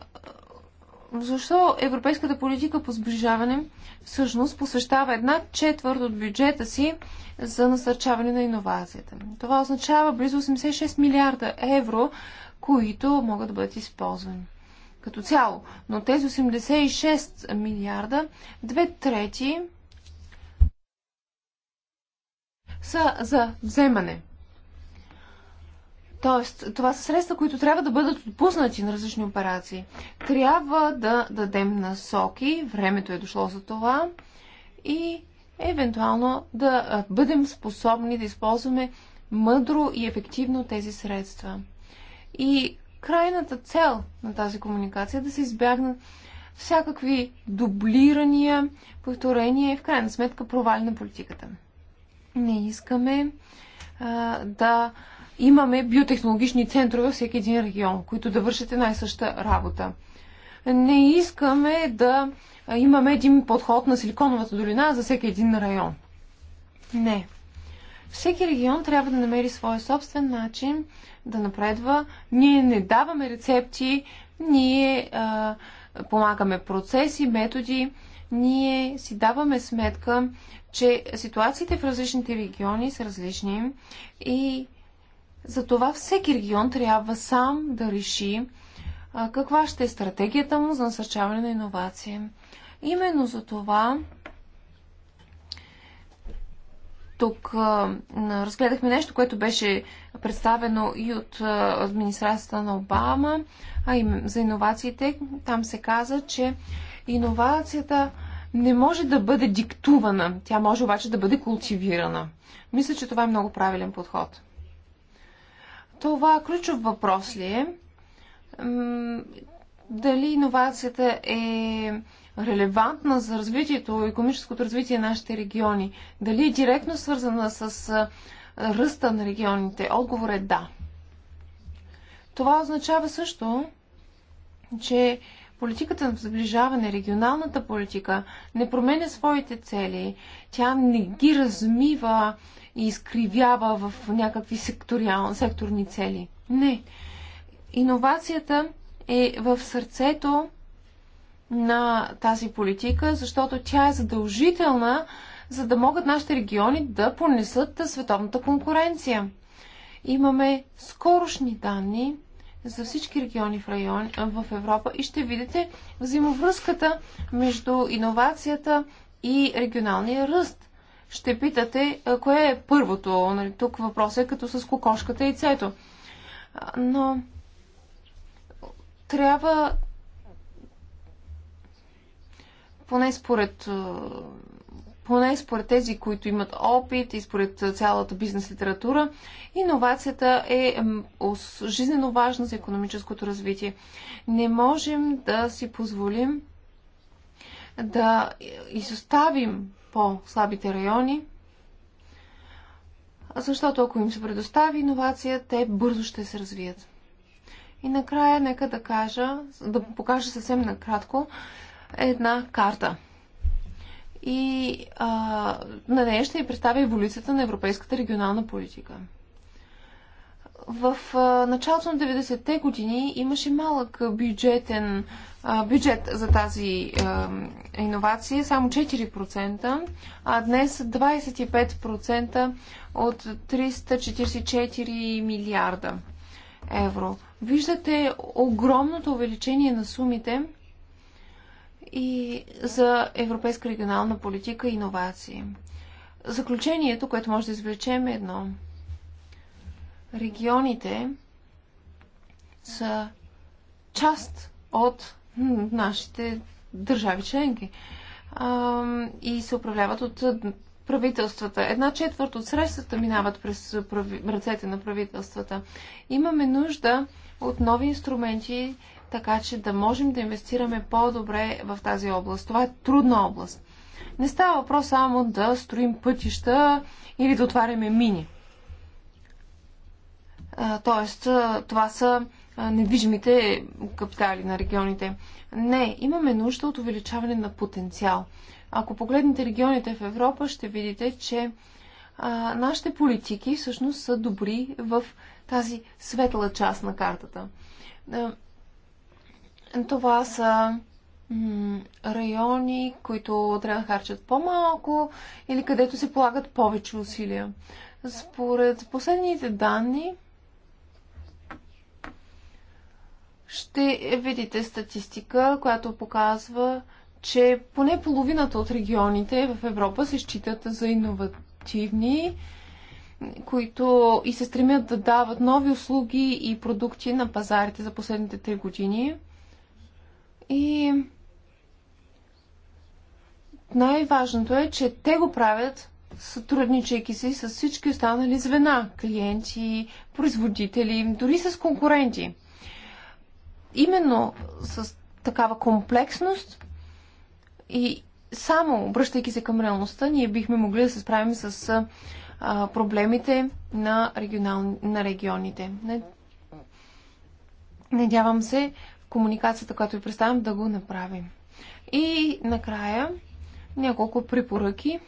защо европейската политика по сближаване всъщност посвещава една четвърт от бюджета си за насърчаване на иновацията? Това означава близо 86 милиарда евро, които могат да бъдат използвани като цяло. Но тези 86 милиарда, две трети са за вземане. Тоест, това са средства, които трябва да бъдат отпуснати на различни операции. Трябва да дадем насоки, времето е дошло за това и евентуално да бъдем способни да използваме мъдро и ефективно тези средства. И крайната цел на тази комуникация е да се избягнат всякакви дублирания, повторения и в крайна сметка провали на политиката. Не искаме а, да имаме биотехнологични центрове във всеки един регион, които да вършат една и съща работа. Не искаме да имаме един подход на Силиконовата долина за всеки един район. Не. Всеки регион трябва да намери своя собствен начин да напредва. Ние не даваме рецепти, ние а, помагаме процеси, методи, ние си даваме сметка, че ситуациите в различните региони са различни и за това всеки регион трябва сам да реши каква ще е стратегията му за насърчаване на иновации. Именно за това тук разгледахме нещо, което беше представено и от администрацията на Обама, а и за иновациите. Там се каза, че иновацията не може да бъде диктувана, тя може обаче да бъде култивирана. Мисля, че това е много правилен подход. Това ключов въпрос ли е? Дали иновацията е релевантна за развитието, економическото развитие на нашите региони? Дали е директно свързана с ръста на регионите? Отговор е да. Това означава също, че Политиката на сближаване, регионалната политика не променя своите цели. Тя не ги размива и изкривява в някакви секториал, секторни цели. Не. Иновацията е в сърцето на тази политика, защото тя е задължителна, за да могат нашите региони да понесат световната конкуренция. Имаме скорошни данни, за всички региони в, район, в Европа и ще видите взаимовръзката между иновацията и регионалния ръст. Ще питате, кое е първото? Нали, тук въпросът е като с кокошката и яйцето. Но трябва, поне според поне според тези, които имат опит и според цялата бизнес литература, иновацията е жизненно важна за економическото развитие. Не можем да си позволим да изоставим по-слабите райони, защото ако им се предостави иновация, те бързо ще се развият. И накрая нека да кажа, да покажа съвсем накратко една карта – и а, на нея ще ни представя еволюцията на европейската регионална политика. В а, началото на 90-те години имаше малък бюджетен а, бюджет за тази а, иновация, само 4%, а днес 25% от 344 милиарда евро. Виждате огромното увеличение на сумите – и за европейска регионална политика и иновации. Заключението, което може да извлечем е едно. Регионите са част от нашите държави членки и се управляват от правителствата. Една четвърт от средствата минават през ръцете на правителствата. Имаме нужда от нови инструменти така че да можем да инвестираме по-добре в тази област. Това е трудна област. Не става въпрос само да строим пътища или да отваряме мини. Тоест, това са недвижимите капитали на регионите. Не, имаме нужда от увеличаване на потенциал. Ако погледнете регионите в Европа, ще видите, че нашите политики всъщност са добри в тази светла част на картата. Това са райони, които трябва да харчат по-малко или където се полагат повече усилия. Според последните данни ще видите статистика, която показва, че поне половината от регионите в Европа се считат за иновативни, които и се стремят да дават нови услуги и продукти на пазарите за последните три години – и най-важното е, че те го правят сътрудничайки си с всички останали звена, клиенти, производители, дори с конкуренти. Именно с такава комплексност и само обръщайки се към реалността, ние бихме могли да се справим с а, проблемите на, регионал, на регионите. Надявам се комуникацията, която ви представям, да го направим. И накрая няколко препоръки,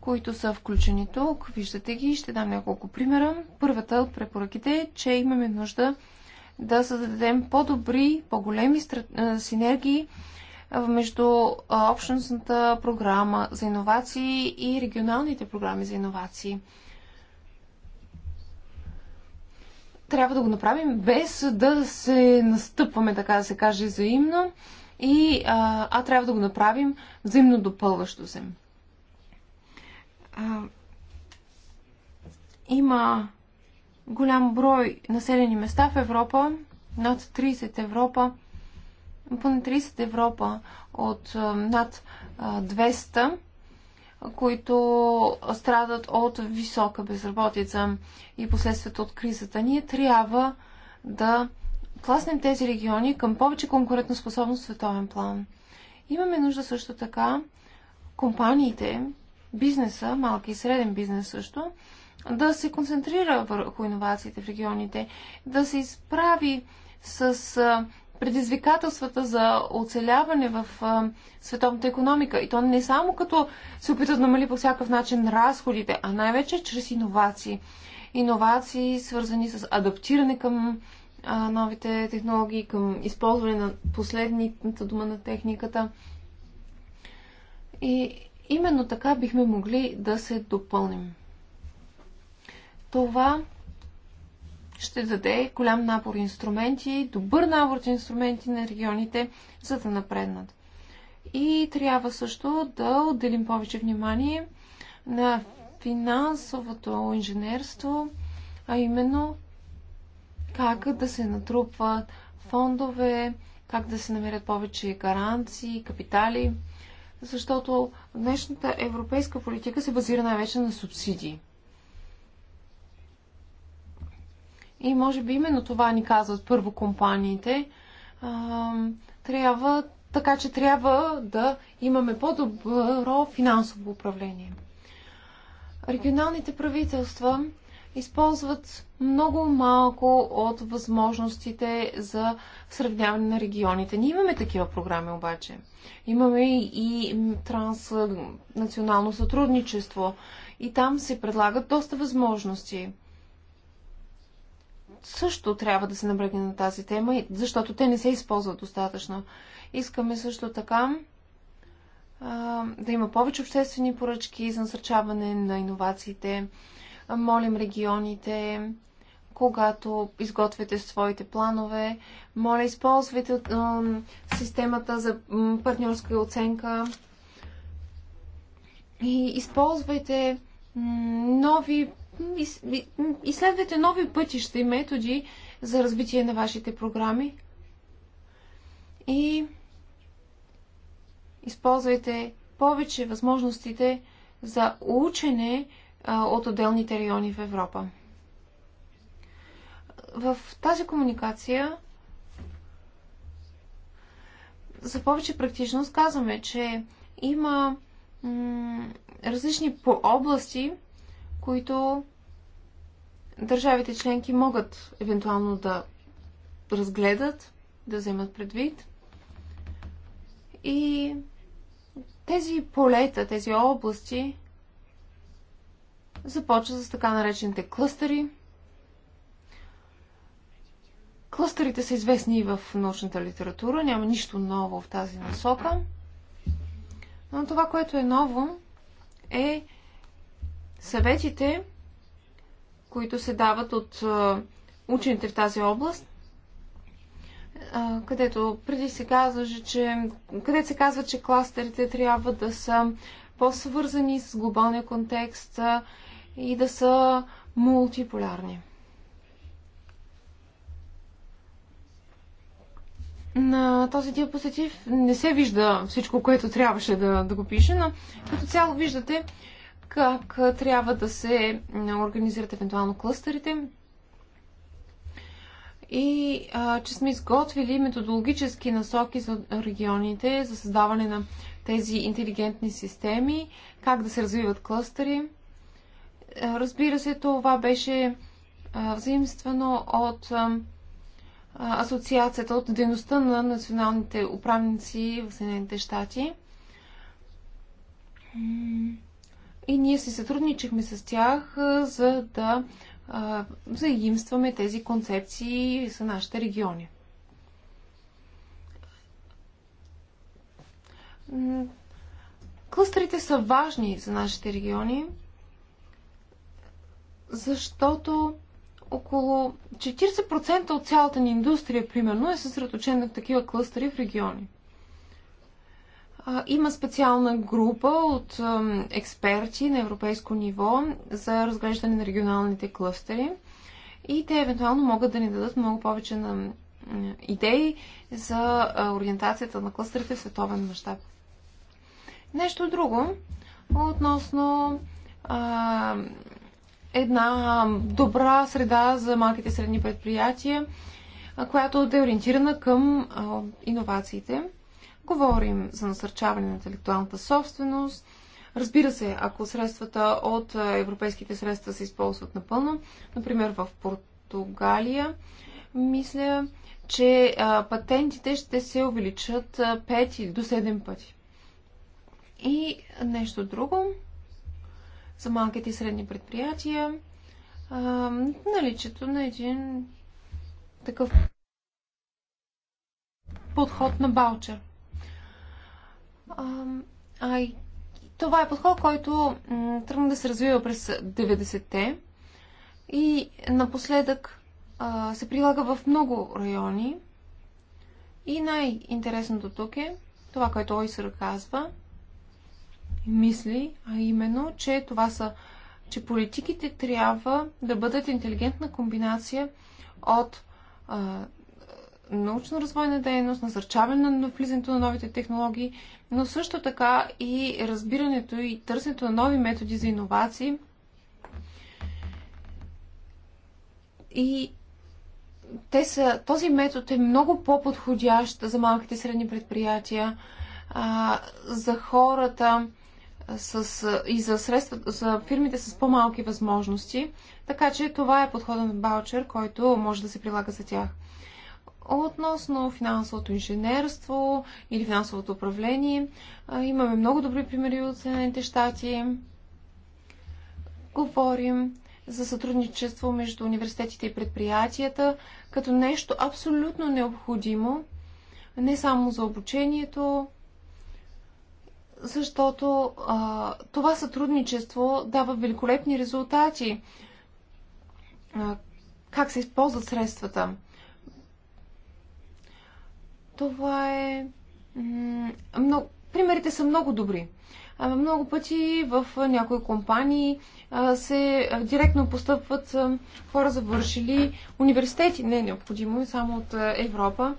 които са включени тук. Виждате ги, ще дам няколко примера. Първата от препоръките е, че имаме нужда да създадем по-добри, по-големи синергии между общностната програма за иновации и регионалните програми за иновации. трябва да го направим без да се настъпваме, така да се каже, взаимно, и, а, а трябва да го направим взаимно допълващо се. А, има голям брой населени места в Европа, над 30 Европа, поне 30 Европа от над 200 които страдат от висока безработица и последствията от кризата. Ние трябва да тласнем тези региони към повече конкурентоспособност в световен план. Имаме нужда също така компаниите, бизнеса, малки и среден бизнес също, да се концентрира върху иновациите в регионите, да се изправи с предизвикателствата за оцеляване в а, световната економика. И то не само като се опитат да намали по всякакъв начин разходите, а най-вече чрез иновации. Иновации, свързани с адаптиране към а, новите технологии, към използване на последната дума на техниката. И именно така бихме могли да се допълним. Това ще даде голям набор инструменти, добър набор инструменти на регионите, за да напреднат. И трябва също да отделим повече внимание на финансовото инженерство, а именно как да се натрупват фондове, как да се намерят повече гаранции, капитали, защото днешната европейска политика се базира най-вече на субсидии. И може би именно това ни казват първо компаниите. А, трябва, така че трябва да имаме по-добро финансово управление. Регионалните правителства използват много малко от възможностите за сравняване на регионите. Ние имаме такива програми обаче. Имаме и транснационално сътрудничество и там се предлагат доста възможности също трябва да се набръгне на тази тема, защото те не се използват достатъчно. Искаме също така а, да има повече обществени поръчки за насърчаване на иновациите. Молим регионите, когато изготвяте своите планове, моля използвайте а, системата за партньорска оценка и използвайте нови изследвайте нови пътища и методи за развитие на вашите програми и използвайте повече възможностите за учене от отделните райони в Европа. В тази комуникация за повече практичност казваме, че има различни области, които държавите членки могат евентуално да разгледат, да вземат предвид. И тези полета, тези области започват с така наречените клъстери. Клъстерите са известни и в научната литература, няма нищо ново в тази насока. Но това, което е ново, е, Съветите, които се дават от учените в тази област, където преди се казваше, че, където се казва, че кластерите трябва да са по-свързани с глобалния контекст и да са мултиполярни. На този диапозитив не се вижда всичко, което трябваше да, да го пише, но като цяло виждате, как трябва да се организират евентуално клъстерите и а, че сме изготвили методологически насоки за регионите за създаване на тези интелигентни системи, как да се развиват клъстери. Разбира се, това беше а, взаимствано от а, асоциацията, от дейността на националните управници в Съединените щати и ние се сътрудничихме с тях, за да заимстваме тези концепции за нашите региони. Клъстерите са важни за нашите региони, защото около 40% от цялата ни индустрия, примерно, е съсредоточена в такива клъстери в региони. Има специална група от експерти на европейско ниво за разглеждане на регионалните клъстери и те евентуално могат да ни дадат много повече на идеи за ориентацията на клъстерите в световен мащаб. Нещо друго относно а, една добра среда за малките и средни предприятия, която да е ориентирана към а, иновациите. Говорим за насърчаване на интелектуалната собственост. Разбира се, ако средствата от европейските средства се използват напълно, например в Португалия, мисля, че патентите ще се увеличат 5 до 7 пъти. И нещо друго за малките и средни предприятия. наличието на един такъв подход на баучер. А, а, това е подход, който тръгна да се развива през 90-те и напоследък а, се прилага в много райони. И най-интересното тук е това, което ОИСР казва, мисли, а именно, че това са, че политиките трябва да бъдат интелигентна комбинация от а, научно-развойна дейност, насърчаване на влизането на новите технологии, но също така и разбирането и търсенето на нови методи за иновации. И те са, този метод е много по-подходящ за малките и средни предприятия, а, за хората с, и за, средства, за фирмите с по-малки възможности. Така че това е подходът на Баучер, който може да се прилага за тях. Относно финансовото инженерство или финансовото управление, имаме много добри примери от Съединените щати. Говорим за сътрудничество между университетите и предприятията като нещо абсолютно необходимо, не само за обучението, защото а, това сътрудничество дава великолепни резултати. А, как се използват средствата? Това е... Много... Примерите са много добри. Много пъти в някои компании се директно постъпват хора завършили университети. Не е необходимо, е само от Европа.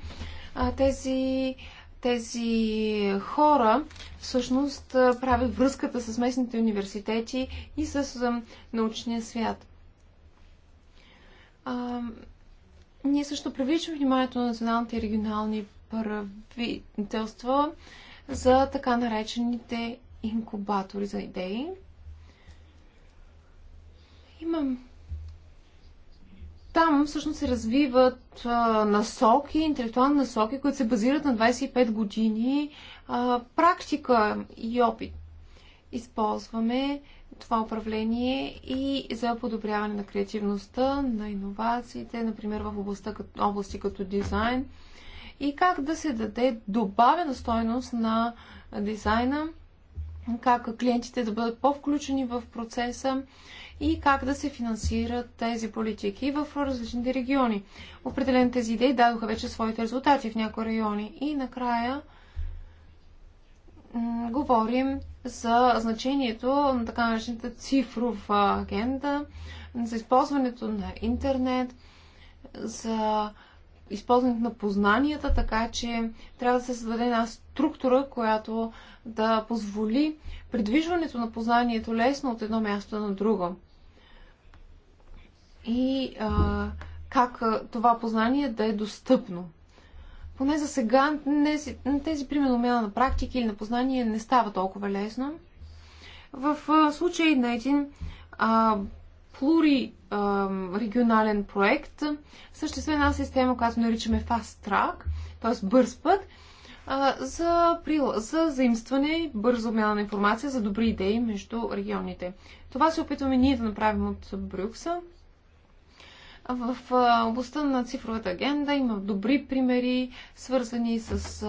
Тези тези хора всъщност правят връзката с местните университети и с научния свят. ние също привличаме вниманието на националните и регионални правителства за така наречените инкубатори за идеи. Имам. Там всъщност се развиват а, насоки, интелектуални насоки, които се базират на 25 години а, практика и опит. Използваме това управление и за подобряване на креативността, на иновациите, например в областта, области като дизайн и как да се даде добавена стойност на дизайна, как клиентите да бъдат по-включени в процеса и как да се финансират тези политики в различните региони. Определено тези идеи дадоха вече своите резултати в някои райони. И накрая говорим за значението на така наречената цифрова агенда, за използването на интернет, за използването на познанията, така че трябва да се създаде една структура, която да позволи придвижването на познанието лесно от едно място на друго. И а, как това познание да е достъпно. Поне за сега тези, тези примерно на практики или на познание не става толкова лесно. В случай на един а, плурирегионален проект, съществува една система, която наричаме Fast Track, т.е. бърз път, за, за заимстване, бързо обмяна на информация за добри идеи между регионите. Това се опитваме ние да направим от Брюкса. В областта на цифровата агенда има добри примери, свързани с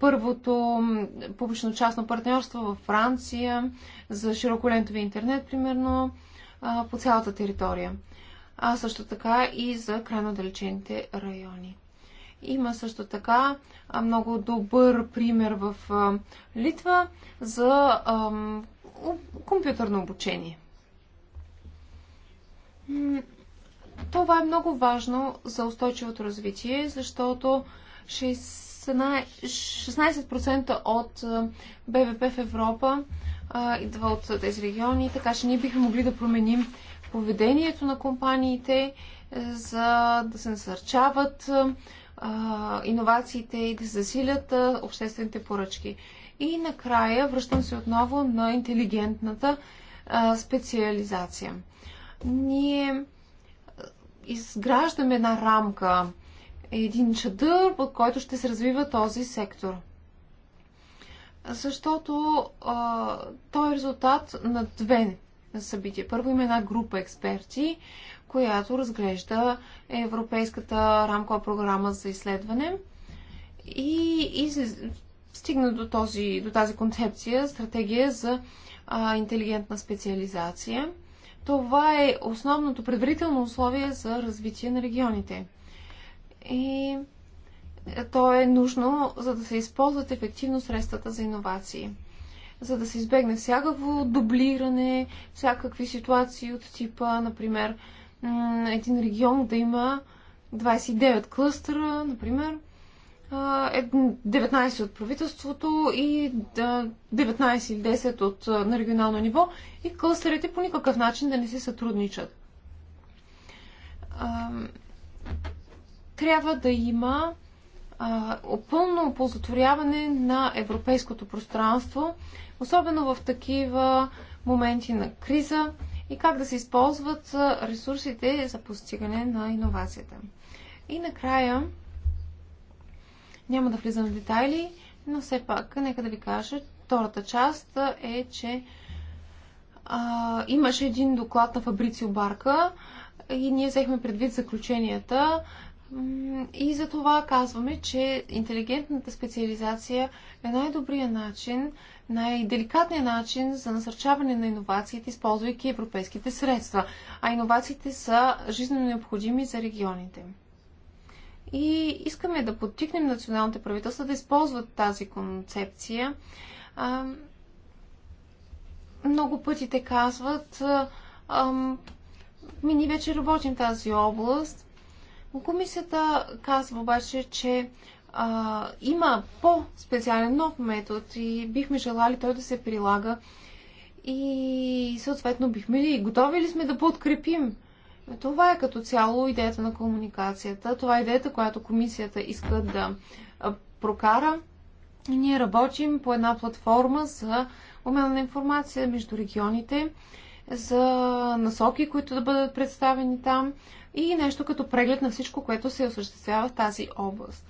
първото публично-частно партньорство във Франция за широколентови интернет, примерно а, по цялата територия. А също така и за крайно далечените райони. Има също така много добър пример в Литва за компютърно обучение. Това е много важно за устойчивото развитие, защото 16% от БВП в Европа а, идва от тези региони, така че ние бихме могли да променим поведението на компаниите, е, за да се насърчават е, иновациите и да засилят а, е, обществените поръчки. И накрая връщам се отново на интелигентната а, специализация. Ние изграждаме една рамка, един чадър, под който ще се развива този сектор – защото а, той е резултат на две събития. Първо има една група експерти, която разглежда Европейската рамкова програма за изследване и, и се стигна до, този, до тази концепция, стратегия за а, интелигентна специализация. Това е основното предварително условие за развитие на регионите. И то е нужно, за да се използват ефективно средствата за иновации. За да се избегне всякакво дублиране, всякакви ситуации от типа, например, един регион да има 29 клъстера, например, 19 от правителството и 19 или 10 от, на регионално ниво и клъстерите по никакъв начин да не се сътрудничат. Трябва да има пълно оползотворяване на европейското пространство, особено в такива моменти на криза и как да се използват ресурсите за постигане на иновацията. И накрая, няма да влизам в детайли, но все пак, нека да ви кажа, втората част е, че а, имаше един доклад на Фабрицио Барка и ние взехме предвид заключенията и за това казваме, че интелигентната специализация е най-добрият начин, най-деликатният начин за насърчаване на иновациите, използвайки европейските средства. А иновациите са жизненно необходими за регионите. И искаме да подтикнем националните правителства да използват тази концепция. Много пъти те казват, ми ние вече работим в тази област, Комисията казва обаче, че а, има по-специален нов метод и бихме желали той да се прилага и съответно бихме ли, готови ли сме да подкрепим това е като цяло идеята на комуникацията. Това е идеята, която комисията иска да прокара. И ние работим по една платформа за обмен на информация между регионите, за насоки, които да бъдат представени там, и нещо като преглед на всичко, което се осъществява в тази област.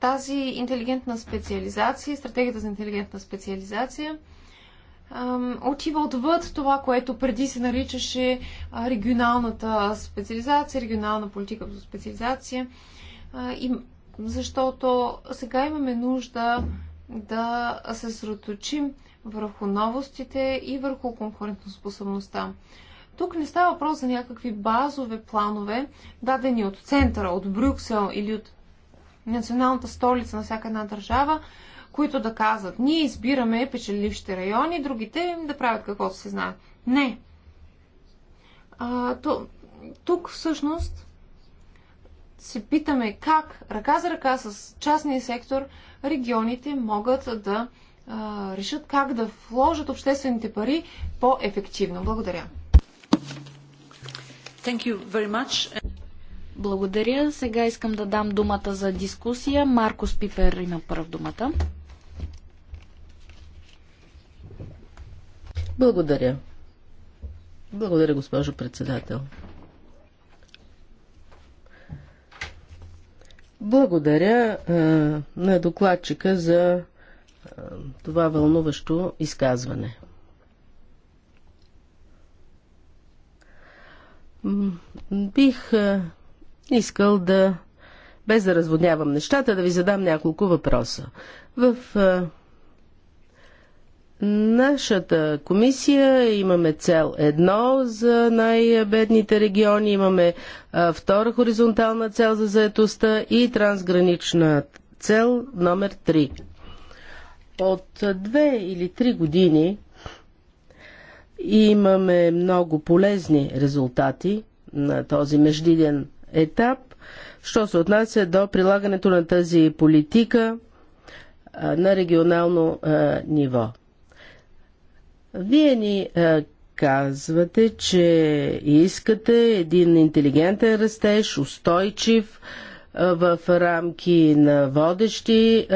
Тази интелигентна специализация, стратегията за интелигентна специализация, отива отвъд това, което преди се наричаше регионалната специализация, регионална политика за специализация, защото сега имаме нужда да се сроточим върху новостите и върху конкурентоспособността. Тук не става въпрос за някакви базове планове, дадени от центъра, от Брюксел или от националната столица на всяка една държава, които да казват, ние избираме печеливши райони, другите да правят каквото се знае. Не. А, то, тук всъщност се питаме как ръка за ръка с частния сектор регионите могат да а, решат как да вложат обществените пари по-ефективно. Благодаря. Благодаря. Сега искам да дам думата за дискусия. Маркус Пипер има първ думата. Благодаря. Благодаря, госпожо председател. Благодаря е, на докладчика за е, това вълнуващо изказване. Бих искал да, без да разводнявам нещата, да ви задам няколко въпроса. В Нашата комисия имаме цел едно за най-бедните региони, имаме втора хоризонтална цел за заетостта и трансгранична цел номер 3. От две или три години и имаме много полезни резултати на този междиден етап. Що се отнася до прилагането на тази политика на регионално ниво. Вие ни казвате, че искате един интелигентен растеж, устойчив, в рамки на водещи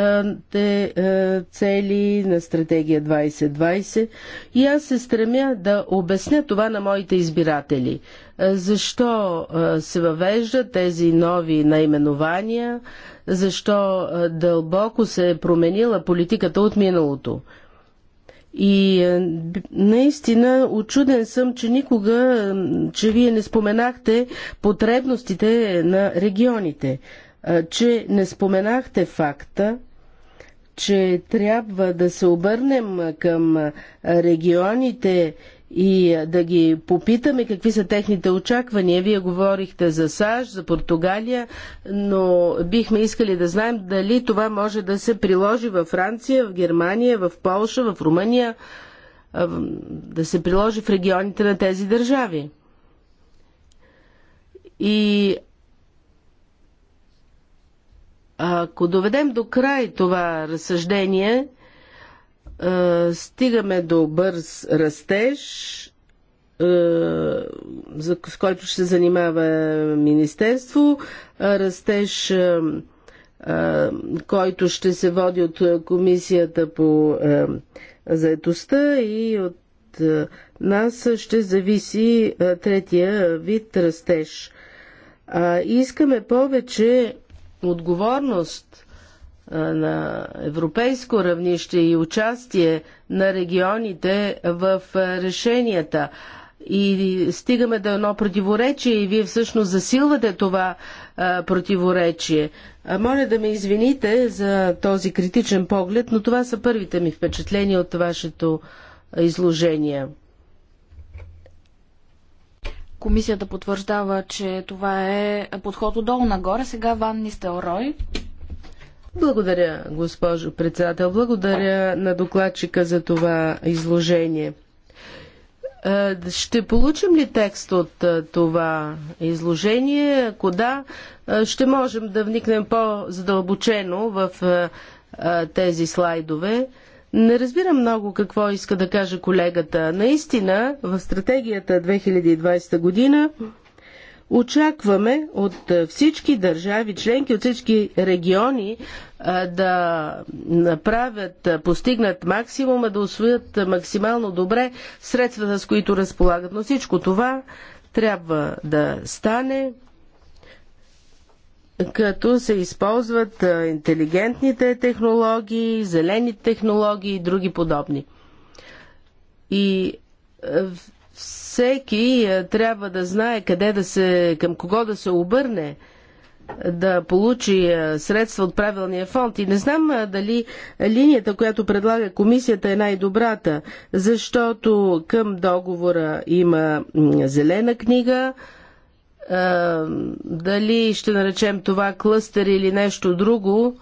цели на стратегия 2020 и аз се стремя да обясня това на моите избиратели. Защо се въвеждат тези нови наименования, защо дълбоко се е променила политиката от миналото. И е, наистина очуден съм, че никога, че вие не споменахте потребностите на регионите, е, че не споменахте факта, че трябва да се обърнем към регионите и да ги попитаме какви са техните очаквания. Вие говорихте за САЩ, за Португалия, но бихме искали да знаем дали това може да се приложи във Франция, в Германия, в Полша, в Румъния, да се приложи в регионите на тези държави. И ако доведем до край това разсъждение, стигаме до бърз растеж, с който ще се занимава Министерство, растеж, който ще се води от Комисията по заетостта и от нас ще зависи третия вид растеж. Искаме повече отговорност на европейско равнище и участие на регионите в решенията. И стигаме до едно противоречие и вие всъщност засилвате това а, противоречие. А, моля да ме извините за този критичен поглед, но това са първите ми впечатления от вашето изложение. Комисията потвърждава, че това е подход отдолу нагоре. Сега Ван Нистелрой. Благодаря, госпожо председател. Благодаря на докладчика за това изложение. Ще получим ли текст от това изложение? Ако да, ще можем да вникнем по-задълбочено в тези слайдове. Не разбирам много какво иска да каже колегата. Наистина, в стратегията 2020 година Очакваме от всички държави, членки от всички региони да направят, постигнат максимума, да освоят максимално добре средствата, с които разполагат. Но всичко това трябва да стане като се използват интелигентните технологии, зелени технологии и други подобни. И всеки е, трябва да знае къде да се, към кого да се обърне да получи е, средства от правилния фонд. И не знам е, дали линията, която предлага комисията е най-добрата, защото към договора има зелена книга, дали ще наречем това клъстер или нещо друго,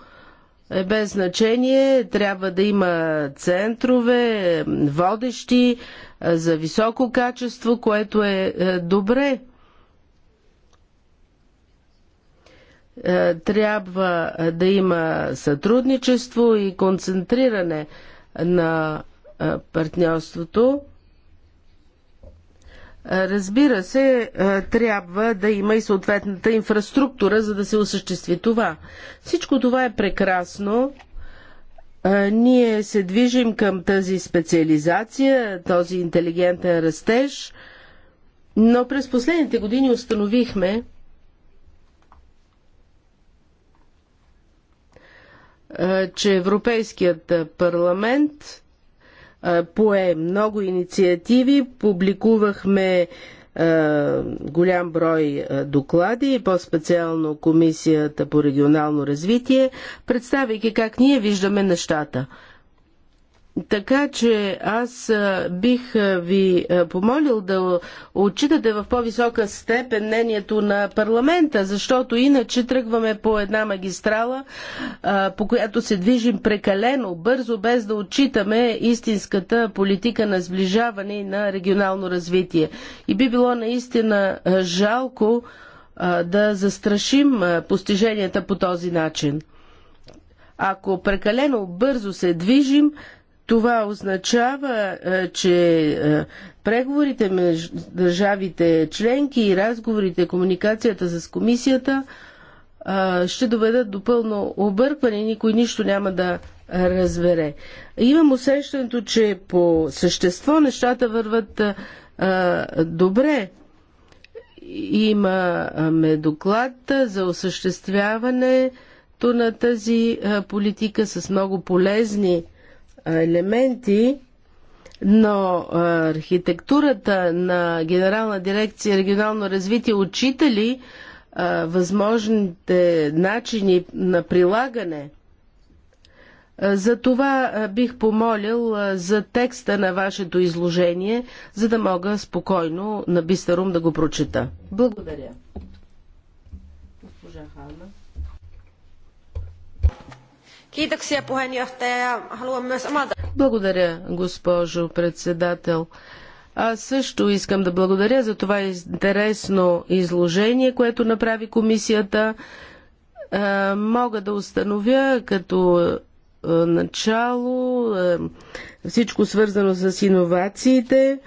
е, без значение. Трябва да има центрове, водещи е, за високо качество, което е, е добре. Трябва да има сътрудничество и концентриране на партньорството. Разбира се, трябва да има и съответната инфраструктура, за да се осъществи това. Всичко това е прекрасно. Ние се движим към тази специализация, този интелигентен растеж, но през последните години установихме, че Европейският парламент пое много инициативи, публикувахме голям брой доклади по-специално Комисията по регионално развитие, представяйки как ние виждаме нещата – така че аз бих ви помолил да отчитате в по-висока степен мнението на парламента, защото иначе тръгваме по една магистрала, по която се движим прекалено бързо, без да отчитаме истинската политика на сближаване и на регионално развитие. И би било наистина жалко да застрашим постиженията по този начин. Ако прекалено бързо се движим, това означава, е, че е, преговорите между държавите членки и разговорите, комуникацията с комисията е, ще доведат до пълно объркване, никой нищо няма да разбере. Имам усещането, че по същество нещата върват добре. Имаме доклад за осъществяването на тази политика с много полезни елементи, но архитектурата на Генерална дирекция регионално развитие учители възможните начини на прилагане? За това бих помолил за текста на вашето изложение, за да мога спокойно на Бистерум да го прочета. Благодаря. Госпожа Хана. Kiitoksia puheenjohtaja. Haluan myös omalta... Благодаря, госпожо председател. Аз също искам да благодаря за това интересно изложение, което направи комисията. Е, мога да установя като е, начало е, всичко свързано с иновациите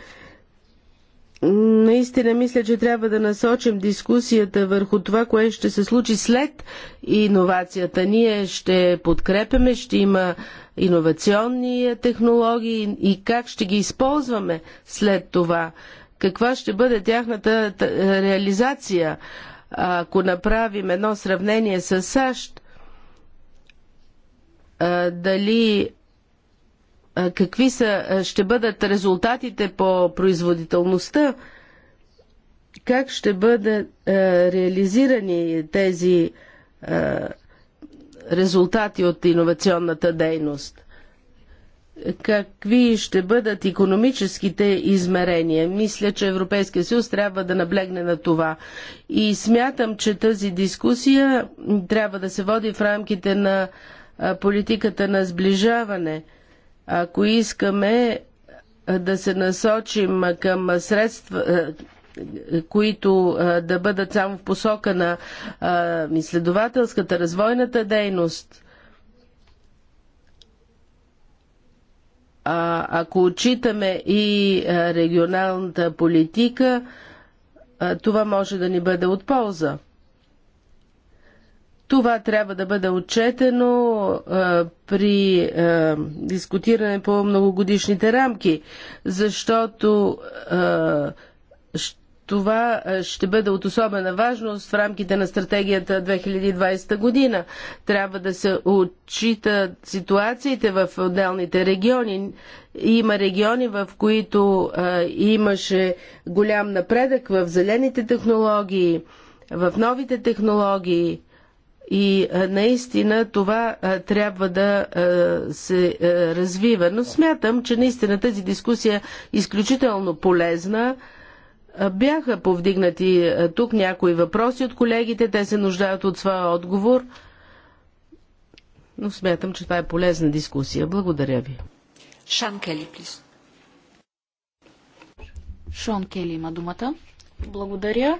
наистина мисля, че трябва да насочим дискусията върху това, кое ще се случи след иновацията. Ние ще подкрепяме, ще има иновационни технологии и как ще ги използваме след това. Каква ще бъде тяхната е, реализация, ако направим едно сравнение с САЩ? Дали какви са, ще бъдат резултатите по производителността, как ще бъдат реализирани тези резултати от иновационната дейност? Какви ще бъдат економическите измерения? Мисля, че Европейския съюз трябва да наблегне на това. И смятам, че тази дискусия трябва да се води в рамките на политиката на сближаване – ако искаме да се насочим към средства, които да бъдат само в посока на изследователската, развойната дейност, а, ако отчитаме и регионалната политика, това може да ни бъде от полза. Това трябва да бъде отчетено а, при а, дискутиране по многогодишните рамки, защото а, това ще бъде от особена важност в рамките на стратегията 2020 година. Трябва да се отчита ситуациите в отделните региони. Има региони, в които а, имаше голям напредък в зелените технологии, в новите технологии и наистина това трябва да се развива. Но смятам, че наистина тази дискусия е изключително полезна. Бяха повдигнати тук някои въпроси от колегите, те се нуждаят от своя отговор. Но смятам, че това е полезна дискусия. Благодаря ви. Шан Кели, плиз. Шон Кели има думата. Благодаря.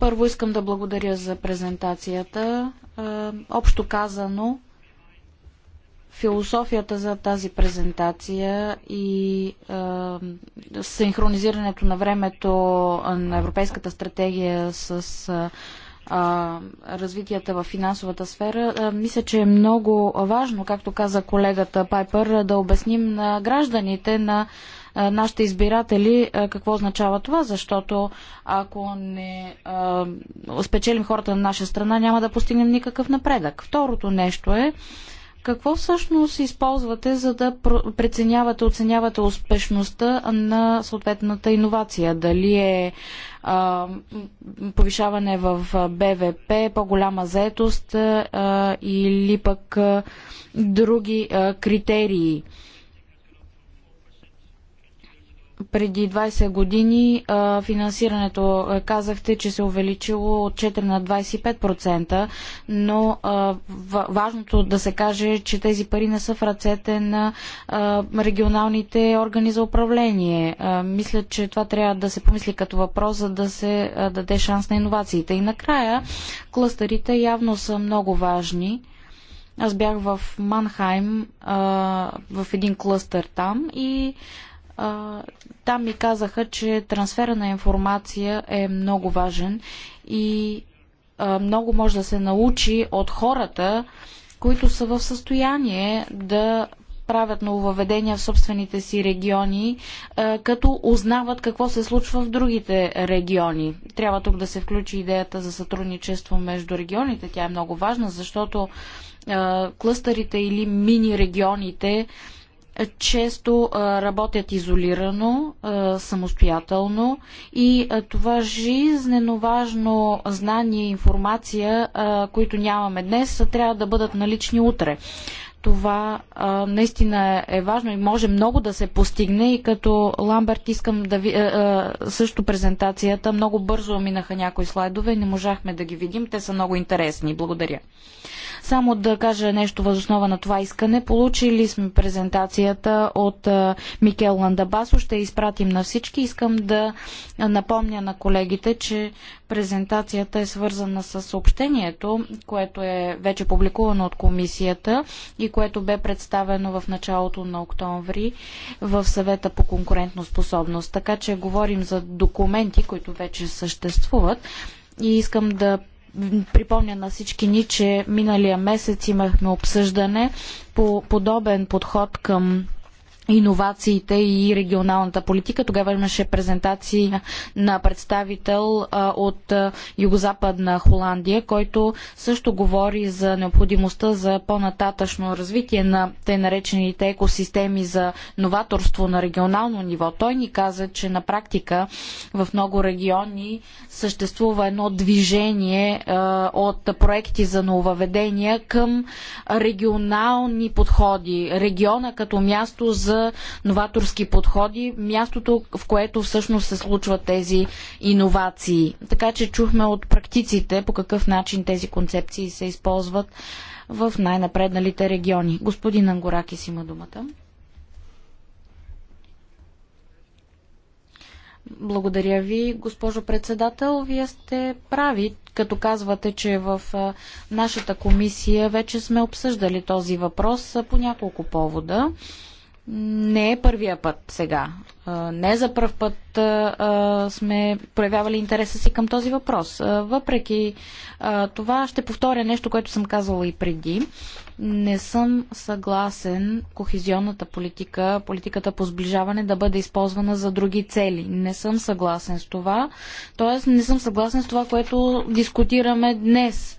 Първо искам да благодаря за презентацията. Е, общо казано, философията за тази презентация и е, синхронизирането на времето на Европейската стратегия с е, развитията в финансовата сфера, мисля, че е много важно, както каза колегата Пайпер, да обясним на гражданите на нашите избиратели какво означава това, защото ако не спечелим хората на наша страна, няма да постигнем никакъв напредък. Второто нещо е, какво всъщност използвате, за да преценявате, оценявате успешността на съответната иновация? Дали е а, повишаване в БВП, по-голяма заетост а, или пък а, други а, критерии? А, преди 20 години а, финансирането е, казахте, че се е увеличило от 4 на 25%, но а, важното да се каже, че тези пари не са в ръцете на а, регионалните органи за управление. мисля, че това трябва да се помисли като въпрос, за да се даде шанс на иновациите. И накрая, кластерите явно са много важни. Аз бях в Манхайм, в един клъстър там и там ми казаха, че трансфера на информация е много важен и много може да се научи от хората, които са в състояние да правят нововведения в собствените си региони, като узнават какво се случва в другите региони. Трябва тук да се включи идеята за сътрудничество между регионите. Тя е много важна, защото клъстерите или мини регионите често работят изолирано, самостоятелно и това жизнено важно знание и информация, които нямаме днес, трябва да бъдат налични утре това а, наистина е, е важно и може много да се постигне и като Ламберт искам да ви... А, е, е, също презентацията, много бързо минаха някои слайдове и не можахме да ги видим, те са много интересни, благодаря. Само да кажа нещо възоснова на това искане. Получили сме презентацията от а, Микел Ландабасо, ще изпратим на всички. Искам да напомня на колегите, че презентацията е свързана с съобщението, което е вече публикувано от комисията и което бе представено в началото на октомври в съвета по конкурентно способност. Така че говорим за документи, които вече съществуват и искам да припомня на всички ни, че миналия месец имахме обсъждане по подобен подход към иновациите и регионалната политика. Тогава имаше презентации на представител от Югозападна Холандия, който също говори за необходимостта за по-нататъчно развитие на те наречените екосистеми за новаторство на регионално ниво. Той ни каза, че на практика в много региони съществува едно движение от проекти за нововведения към регионални подходи. Региона като място за новаторски подходи, мястото, в което всъщност се случват тези иновации. Така че чухме от практиците по какъв начин тези концепции се използват в най-напредналите региони. Господин Ангоракис има думата. Благодаря ви, госпожо председател. Вие сте прави, като казвате, че в нашата комисия вече сме обсъждали този въпрос по няколко повода не е първия път сега. Не за първ път сме проявявали интереса си към този въпрос. Въпреки това ще повторя нещо, което съм казала и преди. Не съм съгласен кохезионната политика, политиката по сближаване да бъде използвана за други цели. Не съм съгласен с това. Тоест не съм съгласен с това, което дискутираме днес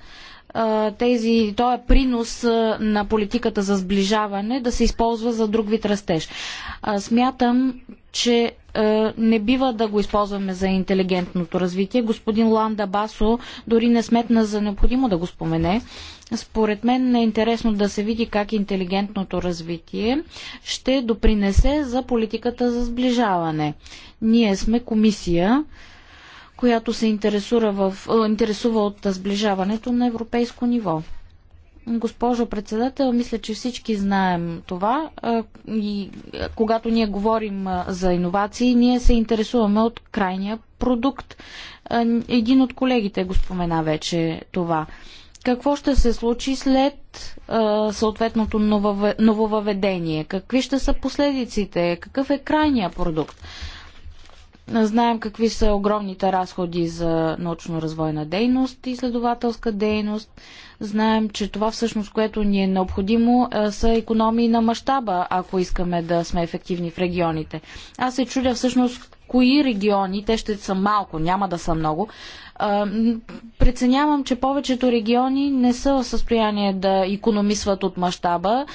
тези, този е принос на политиката за сближаване да се използва за друг вид растеж. Смятам, че не бива да го използваме за интелигентното развитие. Господин Ланда Басо дори не сметна за необходимо да го спомене. Според мен е интересно да се види как интелигентното развитие ще допринесе за политиката за сближаване. Ние сме комисия, която се интересува, в, е, интересува от сближаването на европейско ниво. Госпожо председател, мисля, че всички знаем това. Е, и е, когато ние говорим за иновации, ние се интересуваме от крайния продукт. Един от колегите го спомена вече това. Какво ще се случи след съответното нововъведение? Какви ще са последиците? Какъв е крайния продукт? Знаем какви са огромните разходи за научно-развойна дейност и следователска дейност. Знаем, че това всъщност, което ни е необходимо, е, са економии на мащаба, ако искаме да сме ефективни в регионите. Аз се чудя всъщност кои региони, те ще са малко, няма да са много, Преценявам, че повечето региони не са в състояние да економисват от мащаба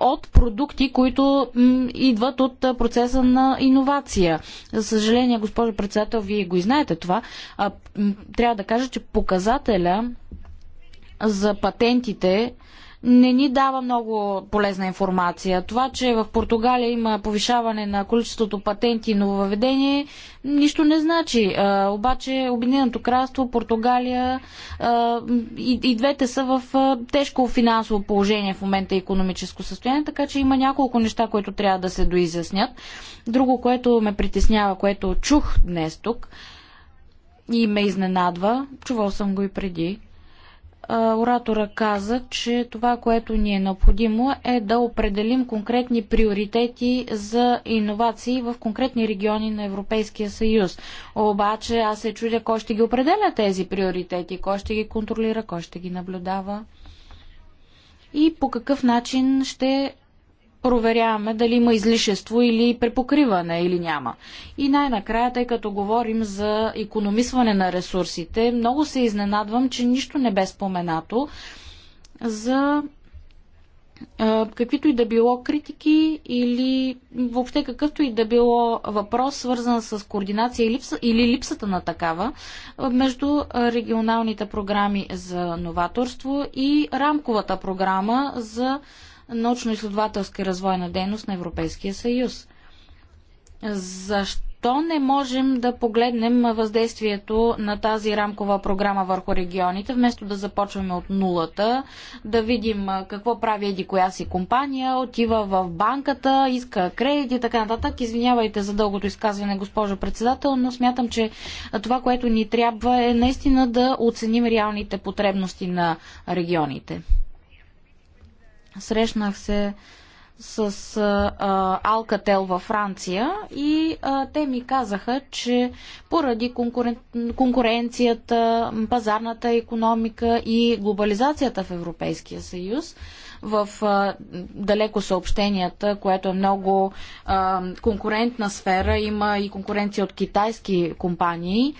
от продукти, които идват от процеса на иновация. За съжаление, госпожо председател, вие го и знаете това. Трябва да кажа, че показателя за патентите не ни дава много полезна информация. Това, че в Португалия има повишаване на количеството патенти и нововведение, нищо не значи. А, обаче Обединеното кралство, Португалия а, и, и двете са в а, тежко финансово положение в момента и економическо състояние, така че има няколко неща, които трябва да се доизяснят. Друго, което ме притеснява, което чух днес тук и ме изненадва, чувал съм го и преди, оратора каза, че това, което ни е необходимо е да определим конкретни приоритети за иновации в конкретни региони на Европейския съюз. Обаче аз се чудя кой ще ги определя тези приоритети, кой ще ги контролира, кой ще ги наблюдава и по какъв начин ще проверяваме дали има излишество или препокриване или няма. И най-накрая, тъй като говорим за економисване на ресурсите, много се изненадвам, че нищо не бе споменато за каквито и да било критики или въобще какъвто и да било въпрос, свързан с координация и липса, или липсата на такава между регионалните програми за новаторство и рамковата програма за научно-изследователска и развойна дейност на Европейския съюз. Защо не можем да погледнем въздействието на тази рамкова програма върху регионите, вместо да започваме от нулата, да видим какво прави еди коя си компания, отива в банката, иска кредит и така нататък. Извинявайте за дългото изказване, госпожо председател, но смятам, че това, което ни трябва е наистина да оценим реалните потребности на регионите. Срещнах се с а, Алкател във Франция и а, те ми казаха, че поради конкурен... конкуренцията, пазарната економика и глобализацията в Европейския съюз, в а, далеко съобщенията, което е много а, конкурентна сфера, има и конкуренция от китайски компании,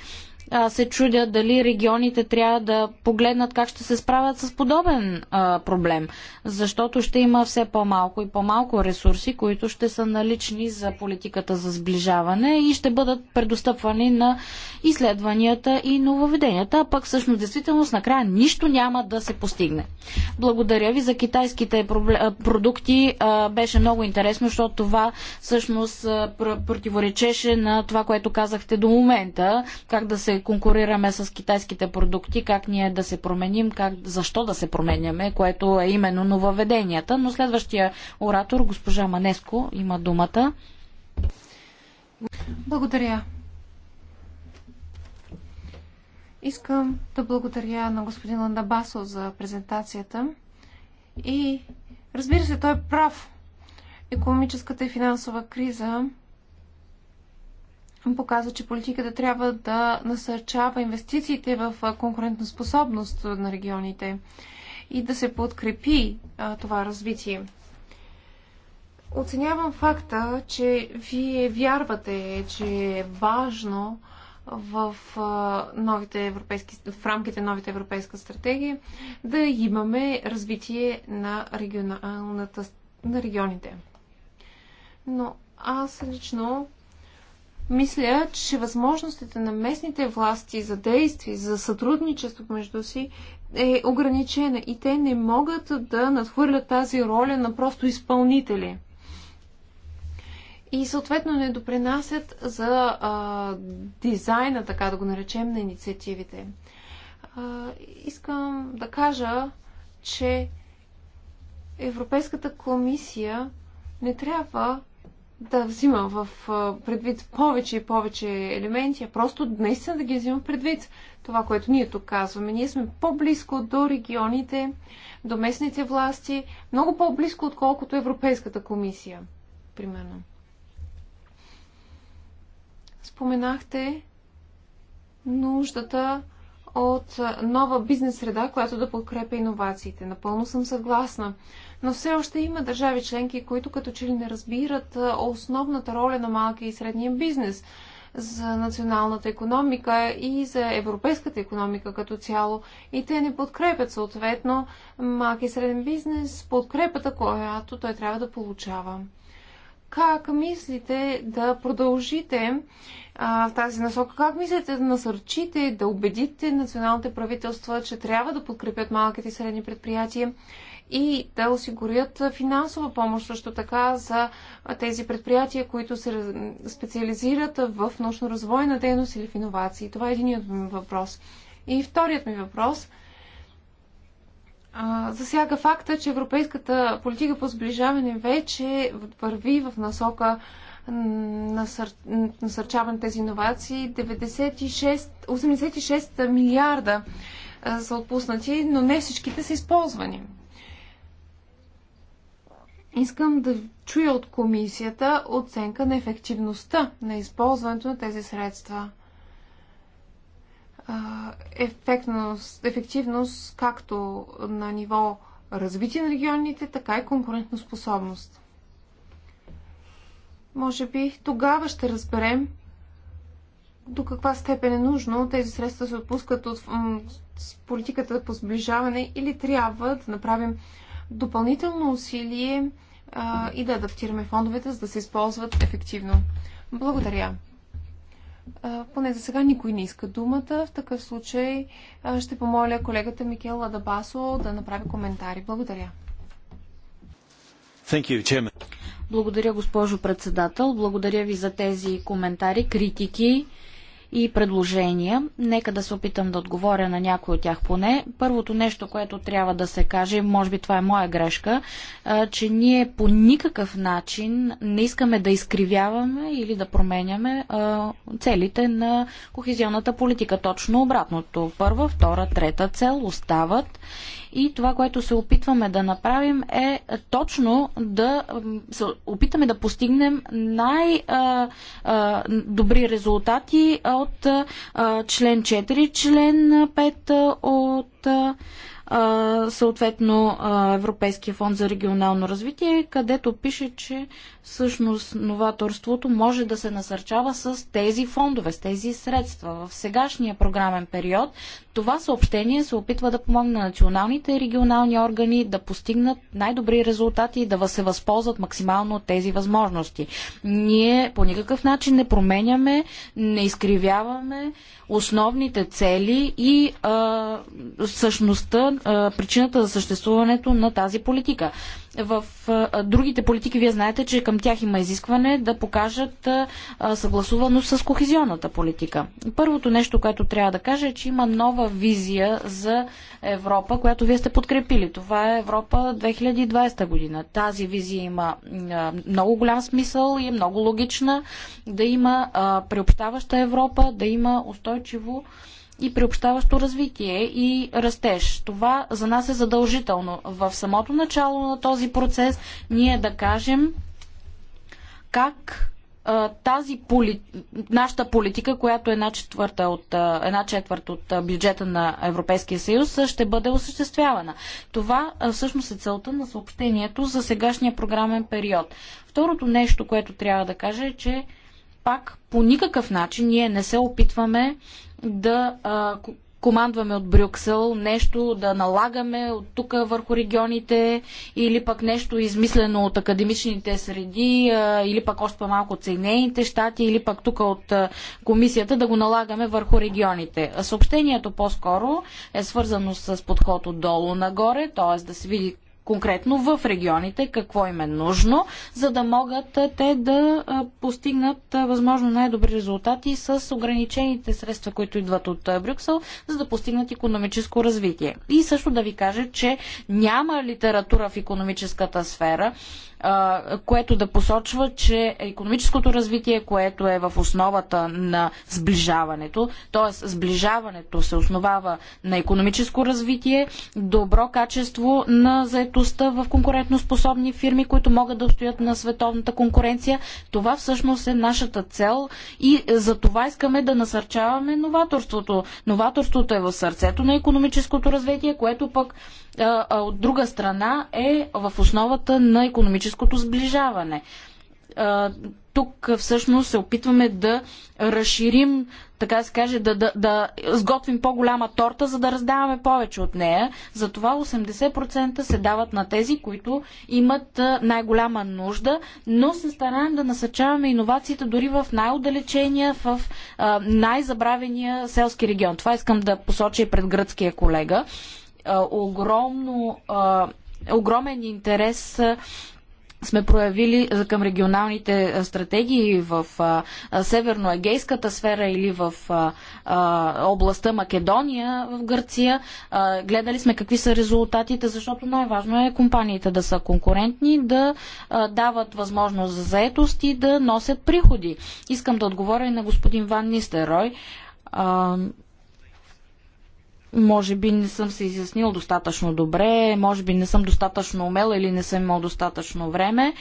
а, се чудя дали регионите трябва да погледнат как ще се справят с подобен а, проблем, защото ще има все по-малко и по-малко ресурси, които ще са налични за политиката за сближаване и ще бъдат предостъпвани на изследванията и нововведенията, а пък всъщност действителност накрая нищо няма да се постигне. Благодаря ви за китайските продукти. А, беше много интересно, защото това всъщност противоречеше на това, което казахте до момента, как да се конкурираме с китайските продукти, как ние да се променим, как, защо да се променяме, което е именно нововведенията. Но следващия оратор, госпожа Манеско, има думата. Благодаря. Искам да благодаря на господин Ландабасо за презентацията. И разбира се, той е прав. Економическата и финансова криза показва, че политиката трябва да насърчава инвестициите в конкурентоспособност на регионите и да се подкрепи а, това развитие. Оценявам факта, че вие вярвате, че е важно в, новите европейски, в рамките на новите европейска стратегия да имаме развитие на, регионалната, на регионите. Но аз лично мисля, че възможностите на местните власти за действие, за сътрудничество между си е ограничена и те не могат да надхвърлят тази роля на просто изпълнители. И съответно не допринасят за а, дизайна, така да го наречем, на инициативите. А, искам да кажа, че Европейската комисия не трябва да взима в предвид повече и повече елементи, а просто наистина да ги взима в предвид. Това, което ние тук казваме. Ние сме по-близко до регионите, до местните власти, много по-близко, отколкото Европейската комисия, примерно. Споменахте нуждата от нова бизнес среда, която да подкрепя иновациите. Напълно съм съгласна. Но все още има държави членки, които като че ли не разбират основната роля на малкия и средния бизнес за националната економика и за европейската економика като цяло. И те не подкрепят съответно малки и среден бизнес, подкрепата, която той трябва да получава. Как мислите да продължите а, в тази насока? Как мислите да насърчите, да убедите националните правителства, че трябва да подкрепят малките и средни предприятия? и да осигурят финансова помощ също така за тези предприятия, които се специализират в научно-развойна дейност или в иновации. Това е единият ми въпрос. И вторият ми въпрос засяга факта, че европейската политика по сближаване вече върви в насока насър... насърчаване на тези иновации. 96... 86 милиарда са отпуснати, но не всичките са използвани. Искам да чуя от комисията оценка на ефективността на използването на тези средства. Ефектност, ефективност както на ниво развитие на регионите, така и конкурентоспособност. Може би тогава ще разберем до каква степен е нужно тези средства се отпускат от политиката по сближаване или трябва да направим допълнително усилие а, и да адаптираме фондовете, за да се използват ефективно. Благодаря. А, поне за сега никой не иска думата. В такъв случай а, ще помоля колегата Микел Адабасо да направи коментари. Благодаря. Thank you, chairman. Благодаря, госпожо председател. Благодаря ви за тези коментари, критики и предложения. Нека да се опитам да отговоря на някои от тях поне. Първото нещо, което трябва да се каже, може би това е моя грешка, че ние по никакъв начин не искаме да изкривяваме или да променяме целите на кохезионната политика. Точно обратното. Първа, втора, трета цел остават и това, което се опитваме да направим е точно да се опитаме да постигнем най-добри резултати от член 4, член 5 от съответно Европейския фонд за регионално развитие, където пише, че всъщност новаторството може да се насърчава с тези фондове, с тези средства. В сегашния програмен период това съобщение се опитва да помогне на националните и регионални органи да постигнат най-добри резултати и да се възползват максимално от тези възможности. Ние по никакъв начин не променяме, не изкривяваме основните цели и а, същността, а, причината за съществуването на тази политика. В а, другите политики вие знаете, че към тях има изискване да покажат съгласуваност с кохезионната политика. Първото нещо, което трябва да кажа е, че има нова визия за Европа, която вие сте подкрепили. Това е Европа 2020 година. Тази визия има много голям смисъл и е много логична да има приобщаваща Европа, да има устойчиво и приобщаващо развитие и растеж. Това за нас е задължително. В самото начало на този процес ние да кажем как тази поли... нашата политика, която е една, четвърта от, една четвърт от бюджета на Европейския съюз, ще бъде осъществявана. Това всъщност е целта на съобщението за сегашния програмен период. Второто нещо, което трябва да кажа е, че пак по никакъв начин ние не се опитваме да а, командваме от Брюксел, нещо да налагаме от тук върху регионите или пък нещо измислено от академичните среди или пък още по-малко от Съединените щати или пък тук от комисията да го налагаме върху регионите. Съобщението по-скоро е свързано с подход отдолу нагоре, т.е. да се види конкретно в регионите, какво им е нужно, за да могат те да постигнат възможно най-добри резултати с ограничените средства, които идват от Брюксел, за да постигнат економическо развитие. И също да ви кажа, че няма литература в економическата сфера, което да посочва, че економическото развитие, което е в основата на сближаването, т.е. сближаването се основава на економическо развитие, добро качество на заетостта в конкурентоспособни фирми, които могат да устоят на световната конкуренция. Това всъщност е нашата цел и за това искаме да насърчаваме новаторството. Новаторството е в сърцето на економическото развитие, което пък от друга страна е в основата на економическото политическото сближаване. Тук всъщност се опитваме да разширим, така се каже, да, да, да сготвим по-голяма торта, за да раздаваме повече от нея. Затова 80% се дават на тези, които имат най-голяма нужда, но се стараем да насъчаваме иновациите дори в най-отдалечения, в най-забравения селски регион. Това искам да посоча и пред гръцкия колега огромно, огромен интерес сме проявили към регионалните стратегии в северно-егейската сфера или в областта Македония в Гърция. Гледали сме какви са резултатите, защото най-важно е компаниите да са конкурентни, да дават възможност за заетост и да носят приходи. Искам да отговоря и на господин Ван Нистерой може би не съм се изяснил достатъчно добре, може би не съм достатъчно умел или не съм имал достатъчно време,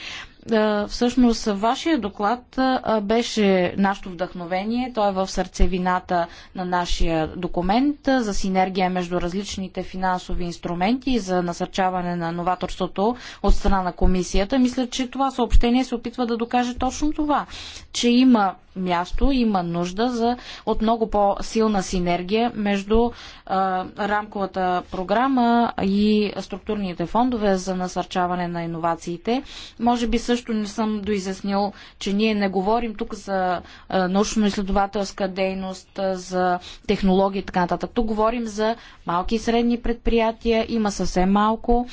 всъщност вашия доклад беше нашето вдъхновение. Той е в сърцевината на нашия документ за синергия между различните финансови инструменти за насърчаване на новаторството от страна на комисията. Мисля, че това съобщение се опитва да докаже точно това, че има място, има нужда за от много по-силна синергия между а, рамковата програма и структурните фондове за насърчаване на иновациите. Може би също също не съм доизяснил, че ние не говорим тук за научно-изследователска дейност, за технологии и така нататък. Тук говорим за малки и средни предприятия. Има съвсем малко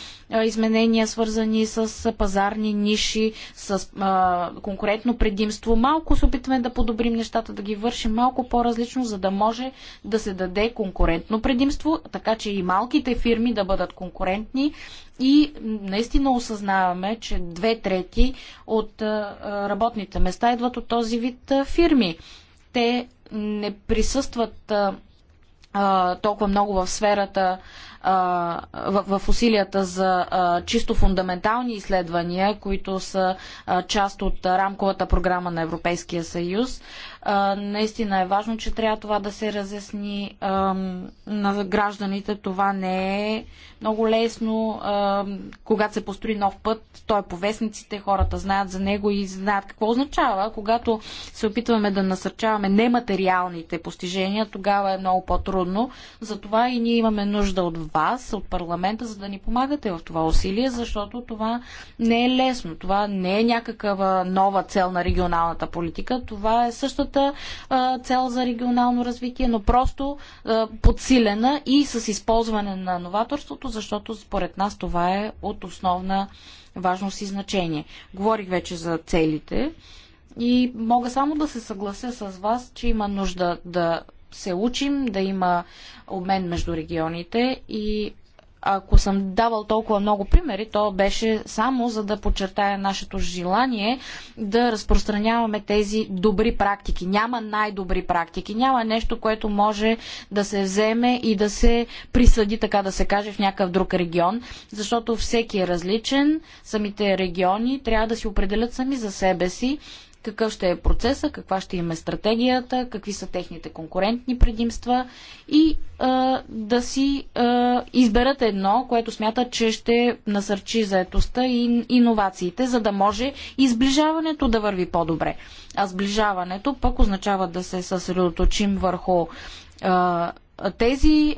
изменения, свързани с пазарни ниши, с конкурентно предимство. Малко се опитваме да подобрим нещата, да ги вършим малко по-различно, за да може да се даде конкурентно предимство, така че и малките фирми да бъдат конкурентни и наистина осъзнаваме, че две трети от работните места идват от този вид фирми. Те не присъстват толкова много в сферата, в, усилията за чисто фундаментални изследвания, които са част от рамковата програма на Европейския съюз наистина е важно, че трябва това да се разясни а, на гражданите. Това не е много лесно. А, когато се построи нов път, той е по вестниците, хората знаят за него и знаят какво означава. Когато се опитваме да насърчаваме нематериалните постижения, тогава е много по-трудно. Затова и ние имаме нужда от вас, от парламента, за да ни помагате в това усилие, защото това не е лесно. Това не е някаква нова цел на регионалната политика. Това е същата общата цел за регионално развитие, но просто подсилена и с използване на новаторството, защото според нас това е от основна важност и значение. Говорих вече за целите и мога само да се съглася с вас, че има нужда да се учим, да има обмен между регионите и ако съм давал толкова много примери, то беше само за да подчертая нашето желание да разпространяваме тези добри практики. Няма най-добри практики, няма нещо, което може да се вземе и да се присъди, така да се каже, в някакъв друг регион, защото всеки е различен, самите региони трябва да си определят сами за себе си какъв ще е процеса, каква ще им е стратегията, какви са техните конкурентни предимства и а, да си а, изберат едно, което смятат, че ще насърчи заетостта и иновациите, за да може и сближаването да върви по-добре. А сближаването пък означава да се съсредоточим върху а, тези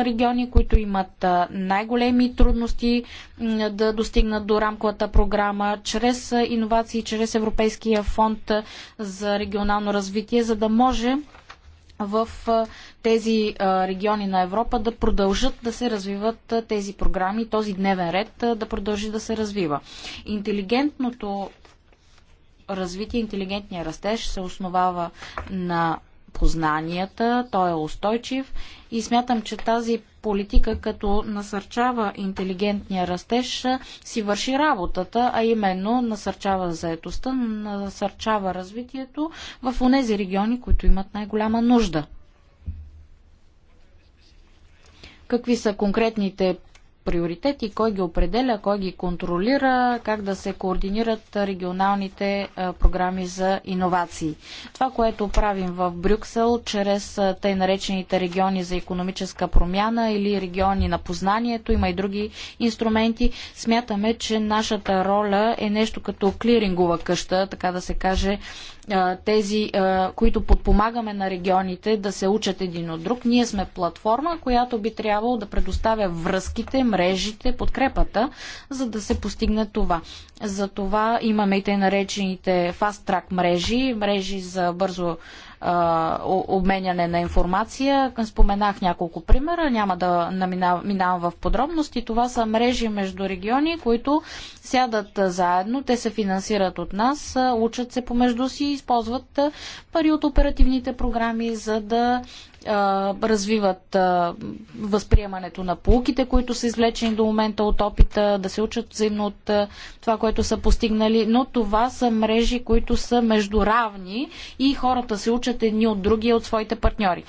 региони, които имат най-големи трудности да достигнат до рамковата програма, чрез иновации, чрез Европейския фонд за регионално развитие, за да може в тези региони на Европа да продължат да се развиват тези програми, този дневен ред да продължи да се развива. Интелигентното развитие, интелигентния растеж се основава на познанията, той е устойчив и смятам, че тази политика, като насърчава интелигентния растеж, си върши работата, а именно насърчава заетостта, насърчава развитието в онези региони, които имат най-голяма нужда. Какви са конкретните приоритети, кой ги определя, кой ги контролира, как да се координират регионалните е, програми за иновации. Това, което правим в Брюксел, чрез е, тъй наречените региони за економическа промяна или региони на познанието, има и други инструменти, смятаме, че нашата роля е нещо като клирингова къща, така да се каже, тези, които подпомагаме на регионите да се учат един от друг. Ние сме платформа, която би трябвало да предоставя връзките, мрежите, подкрепата, за да се постигне това. За това имаме и те наречените fast track мрежи, мрежи за бързо а, обменяне на информация. Споменах няколко примера, няма да минавам в подробности. Това са мрежи между региони, които сядат заедно, те се финансират от нас, учат се помежду си и използват пари от оперативните програми, за да а, развиват а, възприемането на полуките, които са извлечени до момента от опита, да се учат взаимно от а, това, което са постигнали, но това са мрежи, които са между равни и хората се учат едни от други от своите партньори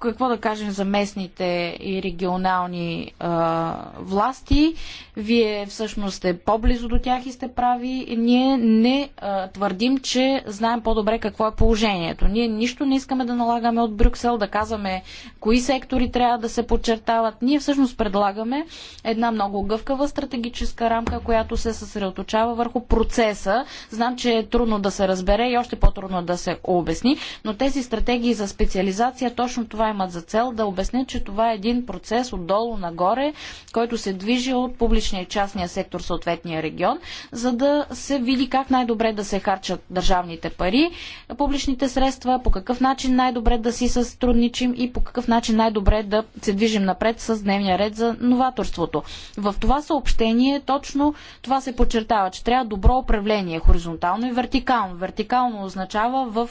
какво да кажем за местните и регионални а, власти. Вие всъщност сте по-близо до тях и сте прави. Ние не а, твърдим, че знаем по-добре какво е положението. Ние нищо не искаме да налагаме от Брюксел, да казваме кои сектори трябва да се подчертават. Ние всъщност предлагаме една много гъвкава стратегическа рамка, която се съсредоточава върху процеса. Знам, че е трудно да се разбере и още по-трудно да се обясни, но тези стратегии за специализация точно това имат за цел да обяснят, че това е един процес отдолу нагоре, който се движи от публичния и частния сектор в съответния регион, за да се види как най-добре да се харчат държавните пари, публичните средства, по какъв начин най-добре да си сътрудничим и по какъв начин най-добре да се движим напред с дневния ред за новаторството. В това съобщение точно това се подчертава, че трябва добро управление, хоризонтално и вертикално. Вертикално означава в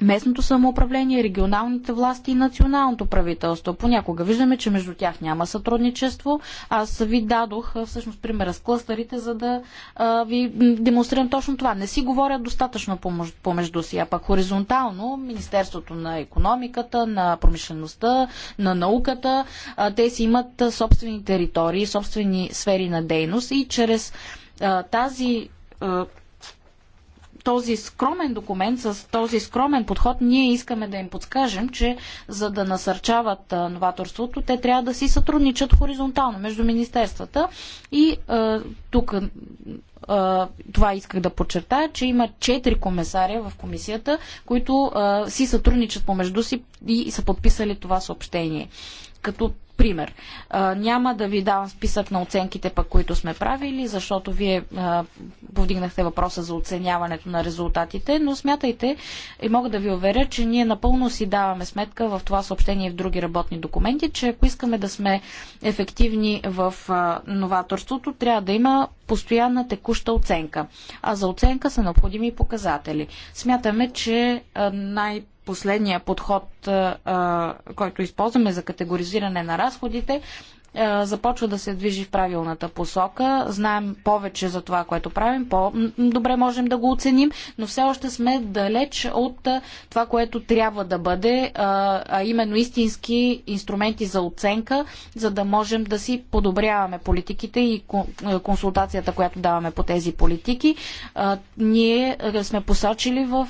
местното самоуправление, регионалните власти и националното правителство. Понякога виждаме, че между тях няма сътрудничество. Аз ви дадох всъщност примера с клъстърите, за да а, ви демонстрирам точно това. Не си говорят достатъчно помежду си, а пък хоризонтално Министерството на економиката, на промишлеността, на науката, а, те си имат собствени територии, собствени сфери на дейност и чрез а, тази този скромен документ, с този скромен подход, ние искаме да им подскажем, че за да насърчават новаторството, те трябва да си сътрудничат хоризонтално между министерствата. И тук това исках да подчертая, че има четири комесария в комисията, които си сътрудничат помежду си и са подписали това съобщение. Като пример. А, няма да ви давам списък на оценките, пък, които сме правили, защото вие а, повдигнахте въпроса за оценяването на резултатите, но смятайте и мога да ви уверя, че ние напълно си даваме сметка в това съобщение и в други работни документи, че ако искаме да сме ефективни в а, новаторството, трябва да има постоянна текуща оценка. А за оценка са необходими показатели. Смятаме, че най- последния подход, който използваме за категоризиране на разходите, започва да се движи в правилната посока. Знаем повече за това, което правим, по-добре можем да го оценим, но все още сме далеч от това, което трябва да бъде, а именно истински инструменти за оценка, за да можем да си подобряваме политиките и консултацията, която даваме по тези политики. Ние сме посочили в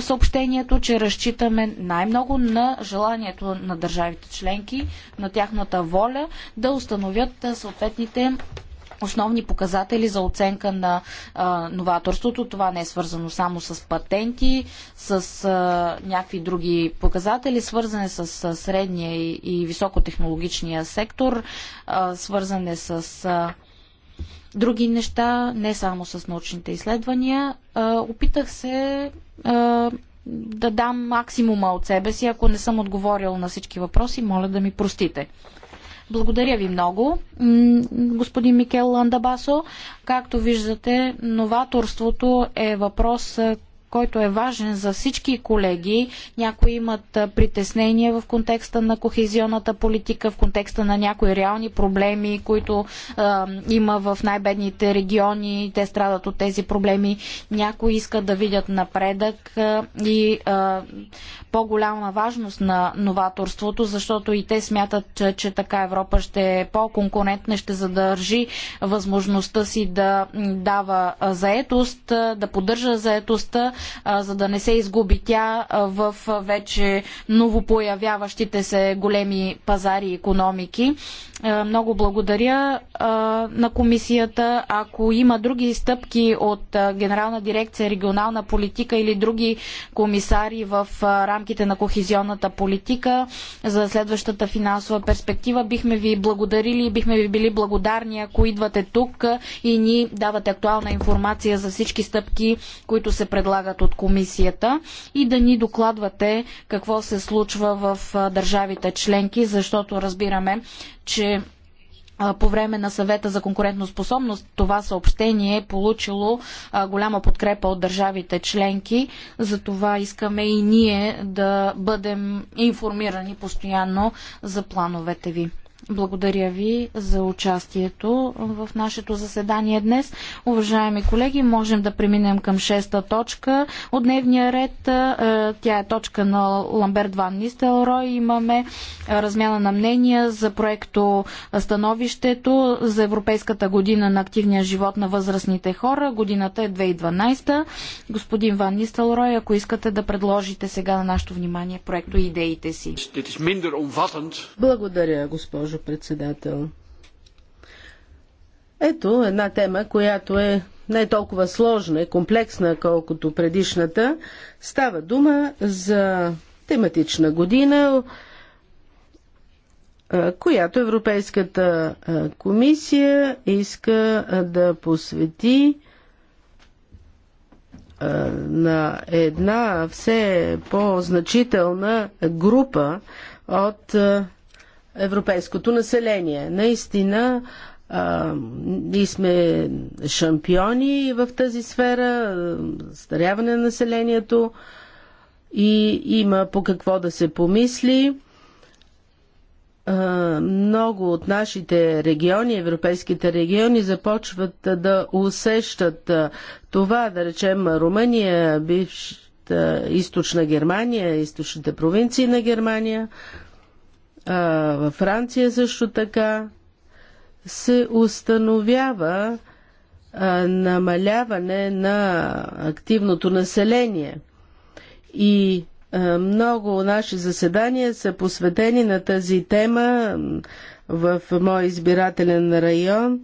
съобщението, че разчитаме най-много на желанието на държавите членки, на тяхната воля да установят съответните основни показатели за оценка на а, новаторството. Това не е свързано само с патенти, с а, някакви други показатели, свързане с а, средния и, и високотехнологичния сектор, а, свързане с. А, други неща, не само с научните изследвания. А, опитах се да дам максимума от себе си. Ако не съм отговорил на всички въпроси, моля да ми простите. Благодаря ви много, господин Микел Ландабасо. Както виждате, новаторството е въпрос, който е важен за всички колеги. Някои имат притеснения в контекста на кохезионната политика, в контекста на някои реални проблеми, които е, има в най-бедните региони. Те страдат от тези проблеми. Някои искат да видят напредък е, и е, по-голяма важност на новаторството, защото и те смятат, че, че така Европа ще е по-конкурентна, ще задържи възможността си да дава заетост, да поддържа заетостта за да не се изгуби тя в вече новопоявяващите се големи пазари и економики. Много благодаря на комисията. Ако има други стъпки от Генерална дирекция регионална политика или други комисари в рамките на кохезионната политика за следващата финансова перспектива, бихме ви благодарили и бихме ви били благодарни, ако идвате тук и ни давате актуална информация за всички стъпки, които се предлагат предлагат от комисията и да ни докладвате какво се случва в държавите членки, защото разбираме, че по време на съвета за конкурентоспособност това съобщение е получило голяма подкрепа от държавите членки. Затова искаме и ние да бъдем информирани постоянно за плановете ви. Благодаря ви за участието в нашето заседание днес. Уважаеми колеги, можем да преминем към шеста точка от дневния ред. Е, тя е точка на Ламберт Ван Нистелрой. Имаме размяна на мнения за проекто Становището за Европейската година на активния живот на възрастните хора. Годината е 2012. Господин Ван Нистелрой, ако искате да предложите сега на нашето внимание проекто и идеите си. Благодаря, госпожо председател. Ето една тема, която е не толкова сложна и комплексна, колкото предишната. Става дума за тематична година, която Европейската комисия иска да посвети на една все по-значителна група от европейското население. Наистина, а, ние сме шампиони в тази сфера, старяване на населението и има по какво да се помисли. А, много от нашите региони, европейските региони, започват да усещат това, да речем Румъния, бившата източна Германия, източните провинции на Германия – във Франция също така се установява намаляване на активното население. И много наши заседания са посветени на тази тема в мой избирателен район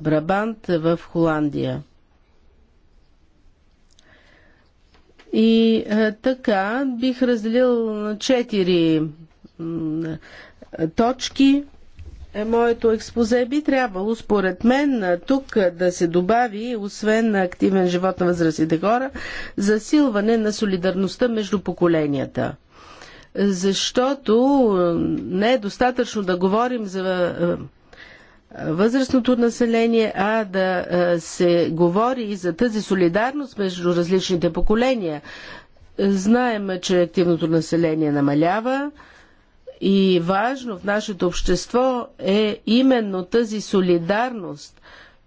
Брабант в Холандия. И така бих разделил на четири точки моето експозе би трябвало, според мен, тук да се добави, освен на активен живот на възрастните хора, засилване на солидарността между поколенията. Защото не е достатъчно да говорим за възрастното население, а да се говори и за тази солидарност между различните поколения. Знаем, че активното население намалява, и важно в нашето общество е именно тази солидарност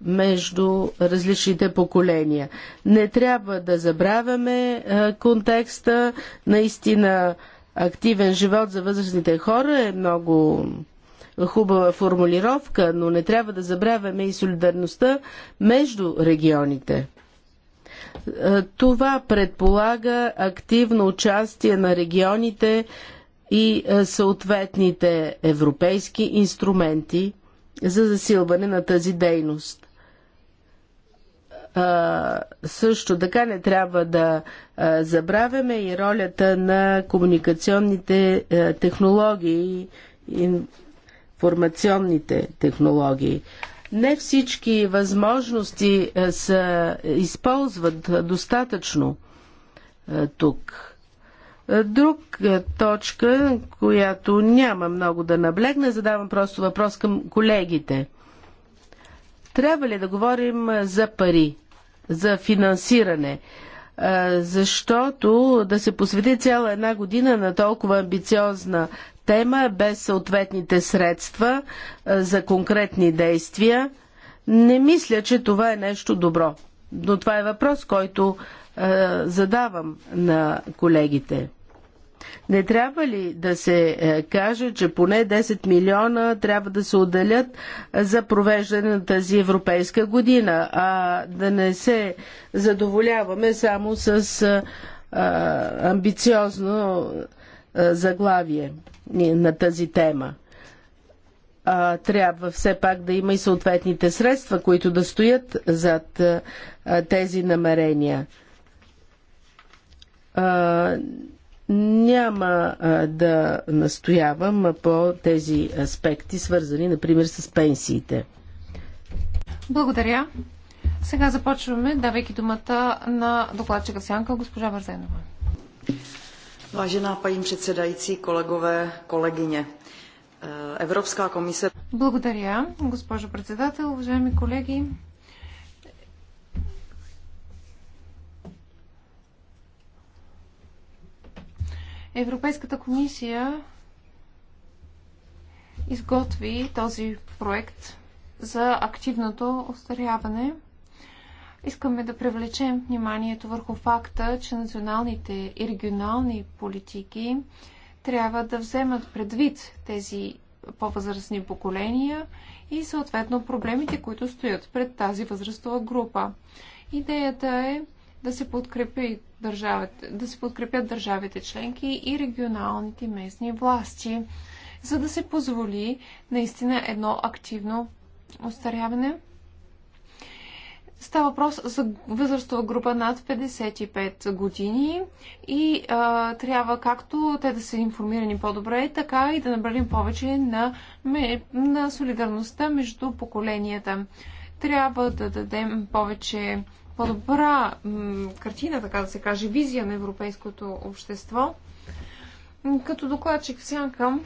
между различните поколения. Не трябва да забравяме е, контекста. Наистина активен живот за възрастните хора е много хубава формулировка, но не трябва да забравяме и солидарността между регионите. Е, това предполага активно участие на регионите и е, съответните европейски инструменти за засилване на тази дейност. също така не трябва да забравяме и ролята на комуникационните е, технологии технологии, информационните технологии. Не всички възможности се използват достатъчно е, тук. Друг е, точка, която няма много да наблегна, задавам просто въпрос към колегите. Трябва ли да говорим за пари, за финансиране? Е, защото да се посвети цяла една година на толкова амбициозна тема, без съответните средства е, за конкретни действия, не мисля, че това е нещо добро. Но това е въпрос, който задавам на колегите. Не трябва ли да се е, каже, че поне 10 милиона трябва да се отделят е, за провеждане на тази европейска година, а да не се задоволяваме само с е, амбициозно заглавие на тази тема? а, трябва все пак да има и съответните средства, които да стоят зад а, тези намерения. А, няма да настоявам по тези аспекти, свързани, например, с пенсиите. Благодаря. Сега започваме, давайки думата на докладчика Сянка, госпожа Вързенова. Vážená paní předsedající, kolegové, kolegyně, Evropská komise... Благодаря, госпожо председател, уважаеми колеги. Европейската комисия изготви този проект за активното остаряване. Искаме да привлечем вниманието върху факта, че националните и регионални политики трябва да вземат предвид тези по-възрастни поколения и съответно проблемите, които стоят пред тази възрастова група. Идеята е да се, подкрепи държавите, да се подкрепят държавите членки и регионалните местни власти, за да се позволи наистина едно активно остаряване. Става въпрос за възрастова група над 55 години и а, трябва както те да са информирани по-добре, така и да набралим повече на, на солидарността между поколенията. Трябва да дадем повече по-добра картина, така да се каже, визия на европейското общество. Като докладчик в сянка,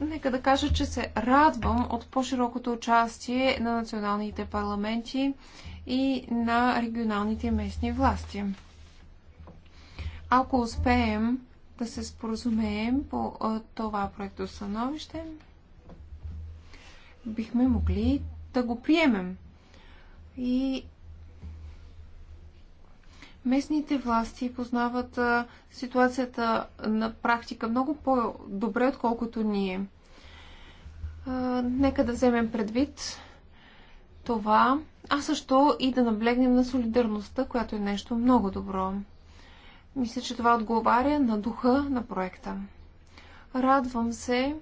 нека да кажа, че се радвам от по-широкото участие на националните парламенти и на регионалните местни власти. Ако успеем да се споразумеем по това проекто становище, бихме могли да го приемем. И местните власти познават ситуацията на практика много по-добре, отколкото ние. Нека да вземем предвид това, а също и да наблегнем на солидарността, която е нещо много добро. Мисля, че това отговаря на духа на проекта. Радвам се,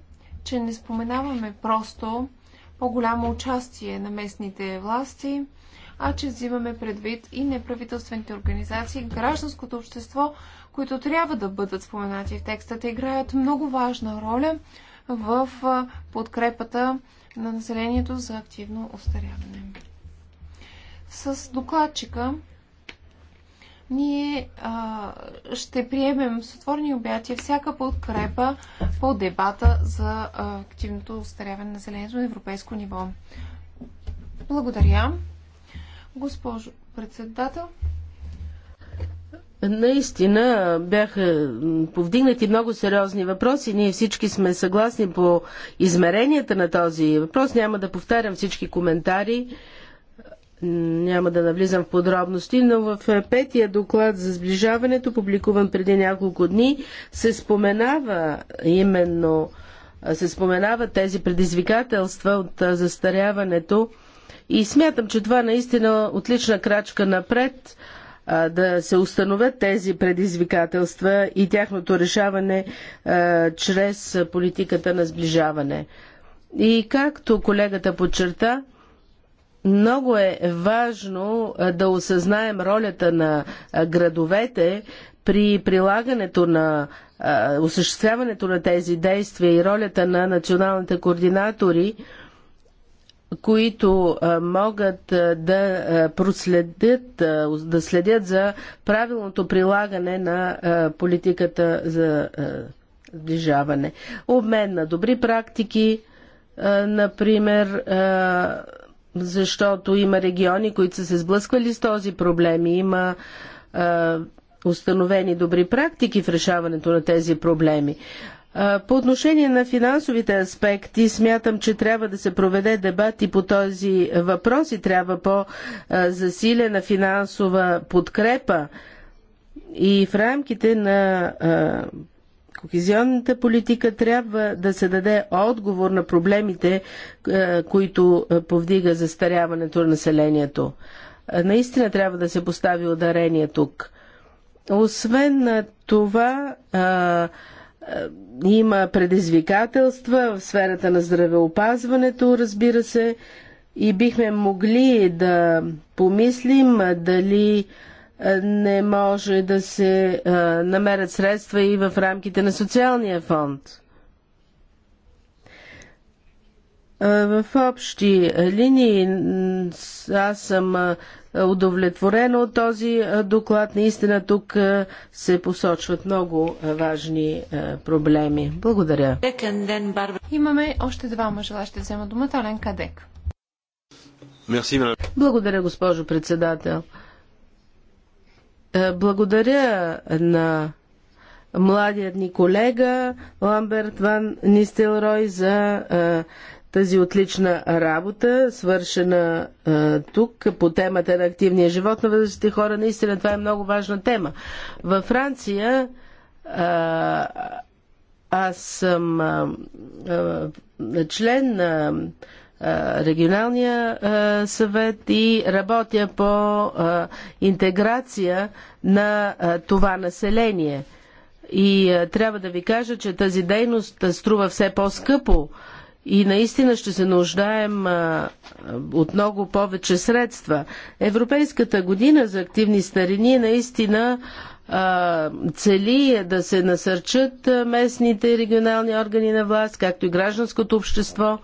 че не споменаваме просто по-голямо участие на местните власти – а че взимаме предвид и неправителствените организации, гражданското общество, които трябва да бъдат споменати в текста. Те играят много важна роля в подкрепата на населението за активно остаряване. С докладчика ние а, ще приемем с отворени обятия всяка подкрепа по дебата за активното устаряване на населението на европейско ниво. Благодаря. Госпожо председател, Наистина бяха повдигнати много сериозни въпроси. Ние всички сме съгласни по измеренията на този въпрос. Няма да повтарям всички коментари, няма да навлизам в подробности, но в петия доклад за сближаването, публикуван преди няколко дни, се споменава именно се споменават тези предизвикателства от застаряването и смятам, че това наистина отлична крачка напред да се установят тези предизвикателства и тяхното решаване чрез политиката на сближаване. И както колегата подчерта, много е важно да осъзнаем ролята на градовете при прилагането на осъществяването на тези действия и ролята на националните координатори които могат да проследят, да следят за правилното прилагане на политиката за сближаване. Обмен на добри практики, например, защото има региони, които са се сблъсквали с този проблем и има установени добри практики в решаването на тези проблеми. По отношение на финансовите аспекти, смятам, че трябва да се проведе дебат и по този въпрос и трябва по-засилена финансова подкрепа. И в рамките на кохезионната политика трябва да се даде отговор на проблемите, които повдига застаряването на населението. Наистина трябва да се постави ударение тук. Освен на това, е, има предизвикателства в сферата на здравеопазването, разбира се, и бихме могли да помислим дали е, не може да се е, намерят средства и в рамките на социалния фонд. Е, в общи линии аз съм е, удовлетворена от този е, доклад. Наистина тук се посочват много важни проблеми. Благодаря. Имаме още двама желащи да взема думата. Олен Кадек. Благодаря, госпожо председател. Благодаря на младият ни колега Ламберт Ван Нистелрой за тази отлична работа, свършена а, тук по темата на активния живот на възрастните хора. Наистина това е много важна тема. Във Франция а, аз съм а, а, член на регионалния а, съвет и работя по а, интеграция на а, това население. И трябва да ви кажа, че тази дейност струва все по-скъпо и наистина ще се нуждаем а, от много повече средства. Европейската година за активни старини наистина а, цели е да се насърчат местните и регионални органи на власт, както и гражданското общество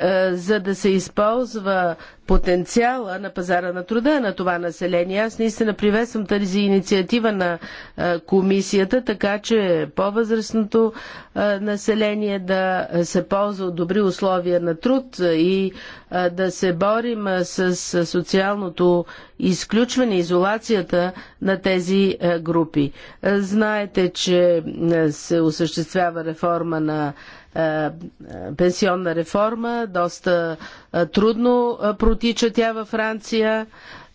е, за да се използва потенциала на пазара на труда на това население. Аз наистина приветствам тази инициатива на е, комисията, така че по-възрастното е, население да се ползва от добри условия на труд и да се борим с социалното изключване, изолацията на тези групи. Знаете, че се осъществява реформа на е, е, пенсионна реформа. Доста е, трудно протича тя във Франция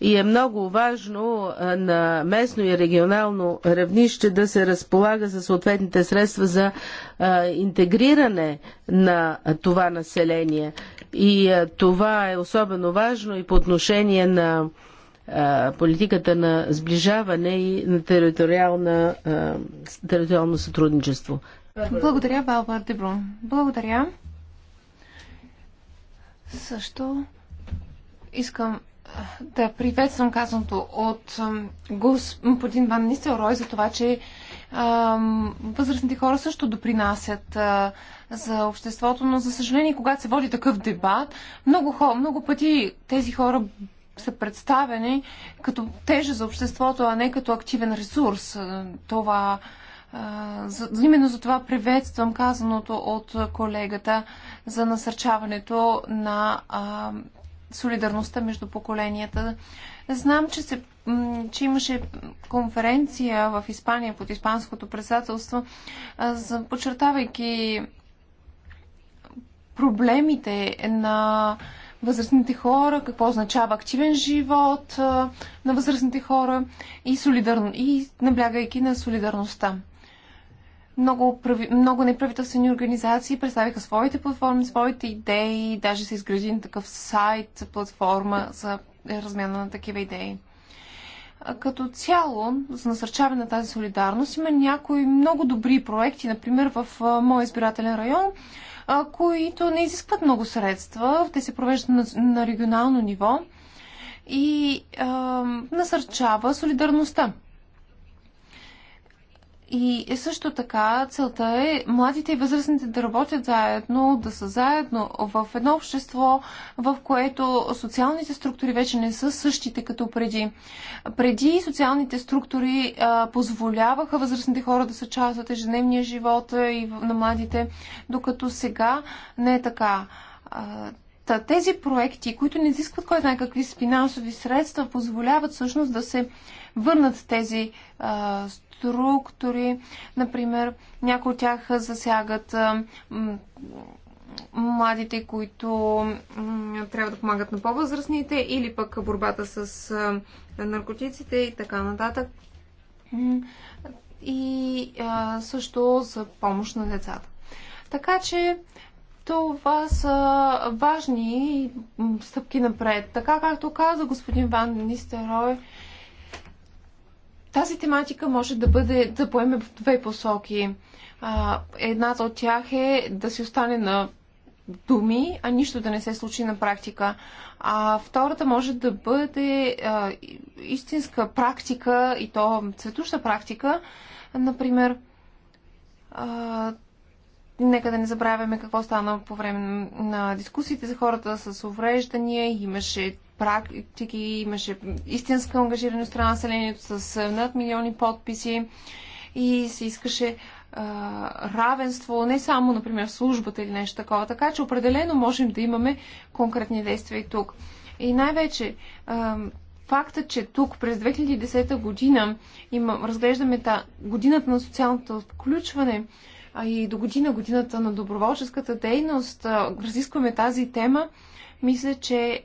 и е много важно на местно и регионално равнище да се разполага със съответните средства за интегриране на това население. И това е особено важно и по отношение на политиката на сближаване и на териториално сътрудничество. Благодаря, Балбар Дебро. Благодаря. Също искам да приветствам казаното от господин Ван Рой за това, че възрастните хора също допринасят за обществото, но за съжаление, когато се води такъв дебат, много, хора, много пъти тези хора са представени като тежа за обществото, а не като активен ресурс. Това за, именно за това приветствам казаното от колегата за насърчаването на а, солидарността между поколенията. Знам, че, се, че имаше конференция в Испания под Испанското председателство, за, подчертавайки проблемите на възрастните хора, какво означава активен живот на възрастните хора и, солидар... и наблягайки на солидарността. Много, прави, много неправителствени организации представиха своите платформи, своите идеи, даже се изгради на такъв сайт, платформа за размяна на такива идеи. Като цяло, за насърчаване на тази солидарност, има някои много добри проекти, например в моя избирателен район, които не изискват много средства. Те се провеждат на, на регионално ниво и а, насърчава солидарността. И е също така целта е младите и възрастните да работят заедно, да са заедно в едно общество, в което социалните структури вече не са същите като преди. Преди социалните структури а, позволяваха възрастните хора да са част от ежедневния живот и на младите, докато сега не е така. А, тези проекти, които не изискват кой знае какви финансови средства, позволяват всъщност да се върнат тези а, структури структури. Например, някои от тях засягат младите, които трябва да помагат на по-възрастните или пък борбата с наркотиците и така нататък. И също за помощ на децата. Така че това са важни стъпки напред. Така както каза господин Ван Нистерой, тази тематика може да бъде, да поеме в две посоки. Едната от тях е да си остане на думи, а нищо да не се случи на практика. А втората може да бъде а, истинска практика и то цветуща практика. Например, а, нека да не забравяме какво стана по време на дискусиите за хората с увреждания. Имаше практики, имаше истинска ангажираност страна населението с над милиони подписи и се искаше а, равенство, не само, например, в службата или нещо такова. Така че определено можем да имаме конкретни действия и тук. И най-вече факта, че тук през 2010 година има, разглеждаме та, годината на социалното включване а и до година годината на доброволческата дейност, разискваме тази тема, мисля, че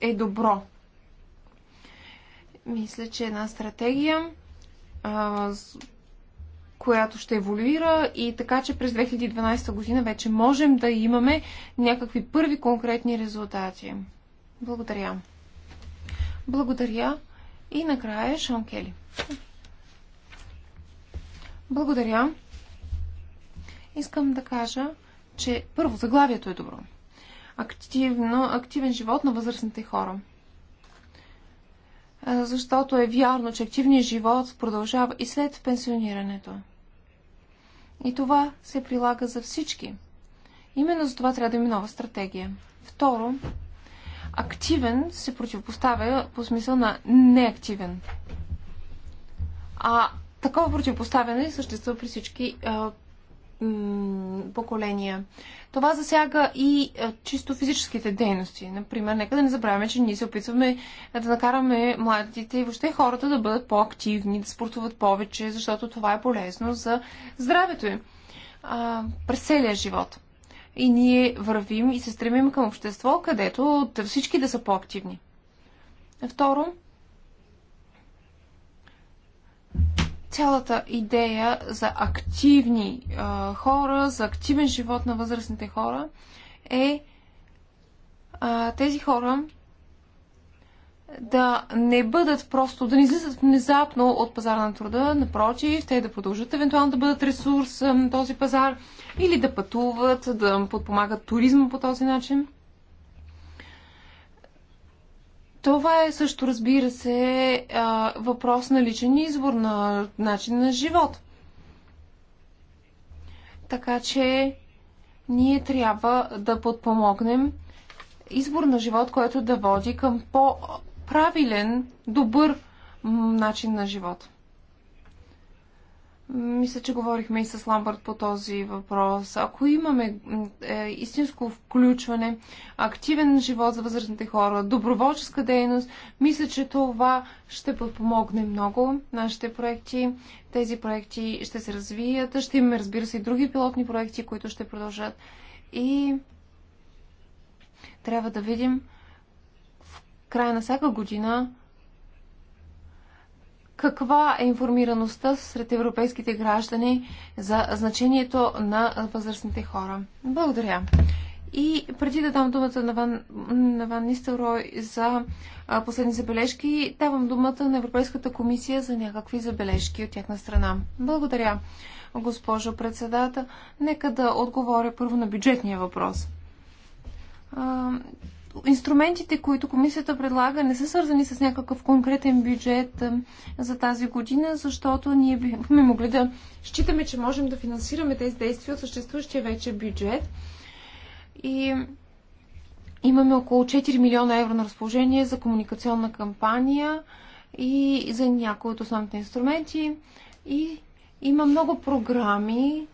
е добро. Мисля, че е една стратегия, която ще еволюира и така, че през 2012 година вече можем да имаме някакви първи конкретни резултати. Благодаря. Благодаря. И накрая Шон Кели. Благодаря. Искам да кажа, че първо заглавието е добро активно, активен живот на възрастните хора. Защото е вярно, че активният живот продължава и след пенсионирането. И това се прилага за всички. Именно за това трябва да има нова стратегия. Второ, активен се противопоставя по смисъл на неактивен. А такова противопоставяне съществува при всички а, поколения. Това засяга и е, чисто физическите дейности. Например, нека да не забравяме, че ние се опитваме да накараме младите и въобще хората да бъдат по-активни, да спортуват повече, защото това е полезно за здравето им през целия живот. И ние вървим и се стремим към общество, където всички да са по-активни. Второ, цялата идея за активни а, хора, за активен живот на възрастните хора е а, тези хора да не бъдат просто, да не излизат внезапно от пазара на труда, напротив, те да продължат евентуално да бъдат ресурс на този пазар или да пътуват, да подпомагат туризма по този начин. Това е също, разбира се, въпрос на личен избор, на начин на живот. Така че ние трябва да подпомогнем избор на живот, който да води към по-правилен, добър начин на живот. Мисля, че говорихме и с Ламбърт по този въпрос. Ако имаме е, истинско включване, активен живот за възрастните хора, доброволческа дейност, мисля, че това ще подпомогне много нашите проекти. Тези проекти ще се развият. Ще имаме, разбира се, и други пилотни проекти, които ще продължат. И трябва да видим в края на всяка година каква е информираността сред европейските граждани за значението на възрастните хора. Благодаря. И преди да дам думата на Ван, на Ван Нистелрой за а, последни забележки, давам думата на Европейската комисия за някакви забележки от тяхна страна. Благодаря, госпожо председател. Нека да отговоря първо на бюджетния въпрос. А, инструментите, които комисията предлага, не са свързани с някакъв конкретен бюджет за тази година, защото ние бихме могли да считаме, че можем да финансираме тези действия от съществуващия вече бюджет. И имаме около 4 милиона евро на разположение за комуникационна кампания и за някои от основните инструменти. И има много програми,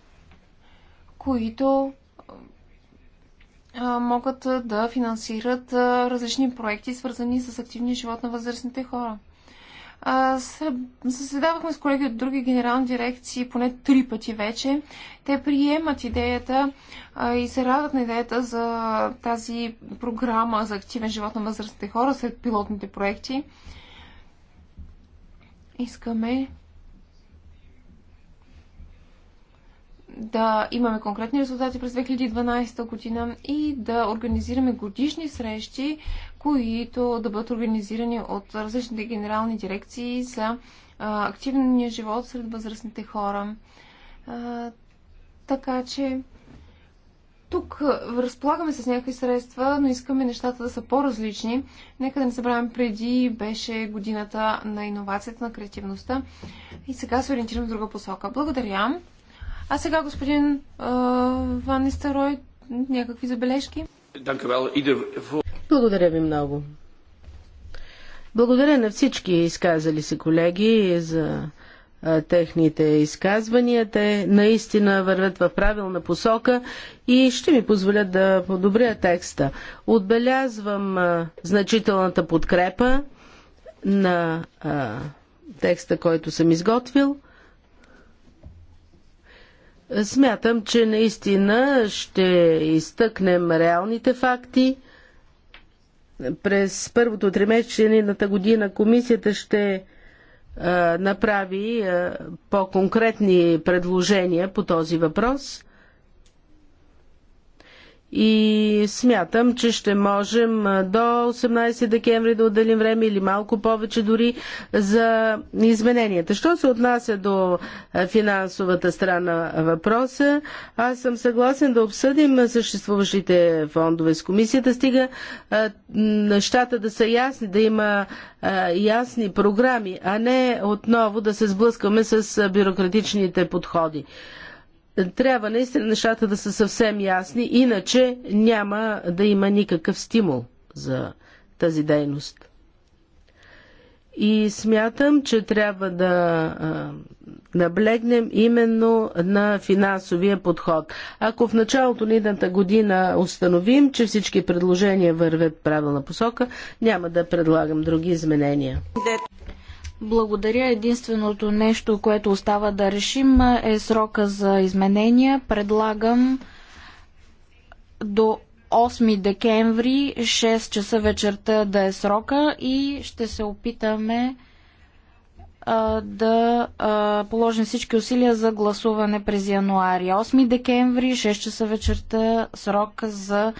които могат да финансират различни проекти, свързани с активния живот на възрастните хора. Съседавахме с колеги от други генерални дирекции поне три пъти вече. Те приемат идеята и се радват на идеята за тази програма за активен живот на възрастните хора след пилотните проекти. Искаме да имаме конкретни резултати през 2012 година и да организираме годишни срещи, които да бъдат организирани от различните генерални дирекции за а, активния живот сред възрастните хора. А, така че тук разполагаме с някакви средства, но искаме нещата да са по-различни. Нека да не забравяме, преди беше годината на иновацията, на креативността и сега се ориентираме в друга посока. Благодаря! А сега господин Ван Нистерой, някакви забележки? Благодаря ви много. Благодаря на всички изказали се колеги за техните изказвания. Те наистина вървят в правилна посока и ще ми позволят да подобря текста. Отбелязвам а, значителната подкрепа на а, текста, който съм изготвил – Смятам, че наистина ще изтъкнем реалните факти. През първото тримесечие едната година комисията ще а, направи а, по-конкретни предложения по този въпрос и смятам, че ще можем до 18 декември да отделим време или малко повече дори за измененията. Що се отнася до финансовата страна въпроса, аз съм съгласен да обсъдим съществуващите фондове с комисията. Стига нещата да са ясни, да има ясни програми, а не отново да се сблъскаме с бюрократичните подходи. Трябва наистина нещата да са съвсем ясни, иначе няма да има никакъв стимул за тази дейност. И смятам, че трябва да наблегнем именно на финансовия подход. Ако в началото на едната година установим, че всички предложения вървят правилна посока, няма да предлагам други изменения. Благодаря. Единственото нещо, което остава да решим е срока за изменения. Предлагам до 8 декември, 6 часа вечерта да е срока и ще се опитаме а, да а, положим всички усилия за гласуване през януари. 8 декември, 6 часа вечерта, срок за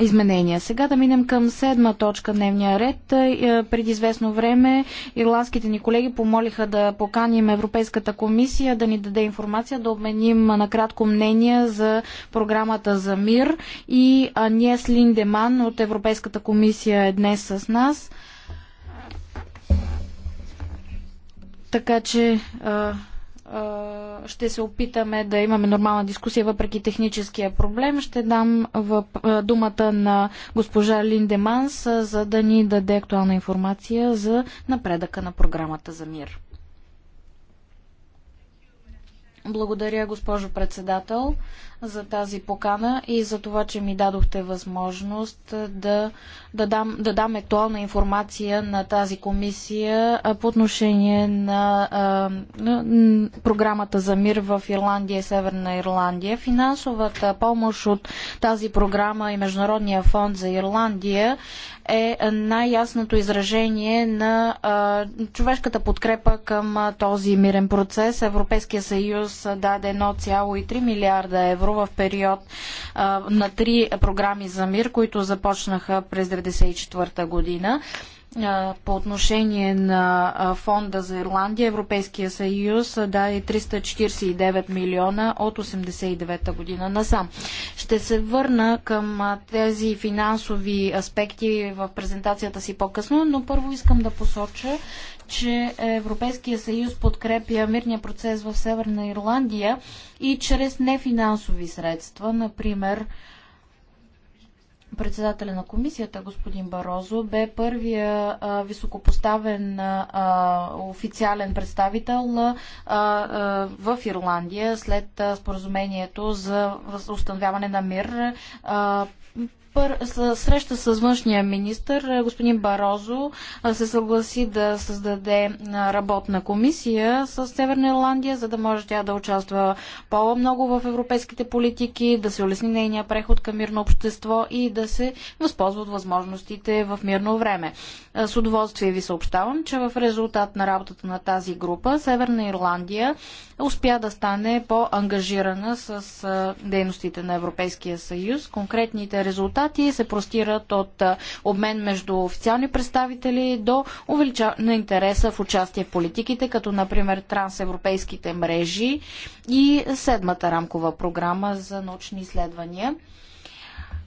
изменения. Сега да минем към седма точка дневния ред. Е, е, преди известно време ирландските ни колеги помолиха да поканим Европейската комисия да ни даде информация, да обменим накратко мнение за програмата за мир и Аниес Линдеман от Европейската комисия е днес с нас. Така че а, ще се опитаме да имаме нормална дискусия въпреки техническия проблем. Ще дам думата на госпожа Линдеманс, за да ни даде актуална информация за напредъка на програмата за мир. Благодаря, госпожо председател за тази покана и за това, че ми дадохте възможност да, да, дам, да дам актуална информация на тази комисия по отношение на, а, на програмата за мир в Ирландия и Северна Ирландия. Финансовата помощ от тази програма и Международния фонд за Ирландия е най-ясното изражение на а, човешката подкрепа към а, този мирен процес. Европейския съюз даде 1,3 милиарда евро в период а, на три програми за мир, които започнаха през 1994 година по отношение на фонда за Ирландия, Европейския съюз даде 349 милиона от 89-та година насам. Ще се върна към тези финансови аспекти в презентацията си по-късно, но първо искам да посоча, че Европейския съюз подкрепя мирния процес в Северна Ирландия и чрез нефинансови средства, например председателя на комисията, господин Барозо, бе първия а, високопоставен а, официален представител а, а, в Ирландия след а, споразумението за установяване на мир а, пър... среща с външния министр, господин Барозо се съгласи да създаде работна комисия с Северна Ирландия, за да може тя да участва по-много в европейските политики, да се улесни нейния преход към мирно общество и да се възползва от възможностите в мирно време. Е, с удоволствие ви съобщавам, че в резултат на работата на тази група Северна Ирландия успя да стане по-ангажирана с е, дейностите на Европейския съюз. Конкретните резултати се простират от е, обмен между официални представители до увеличаване на интереса в участие в политиките, като например трансевропейските мрежи и седмата рамкова програма за научни изследвания.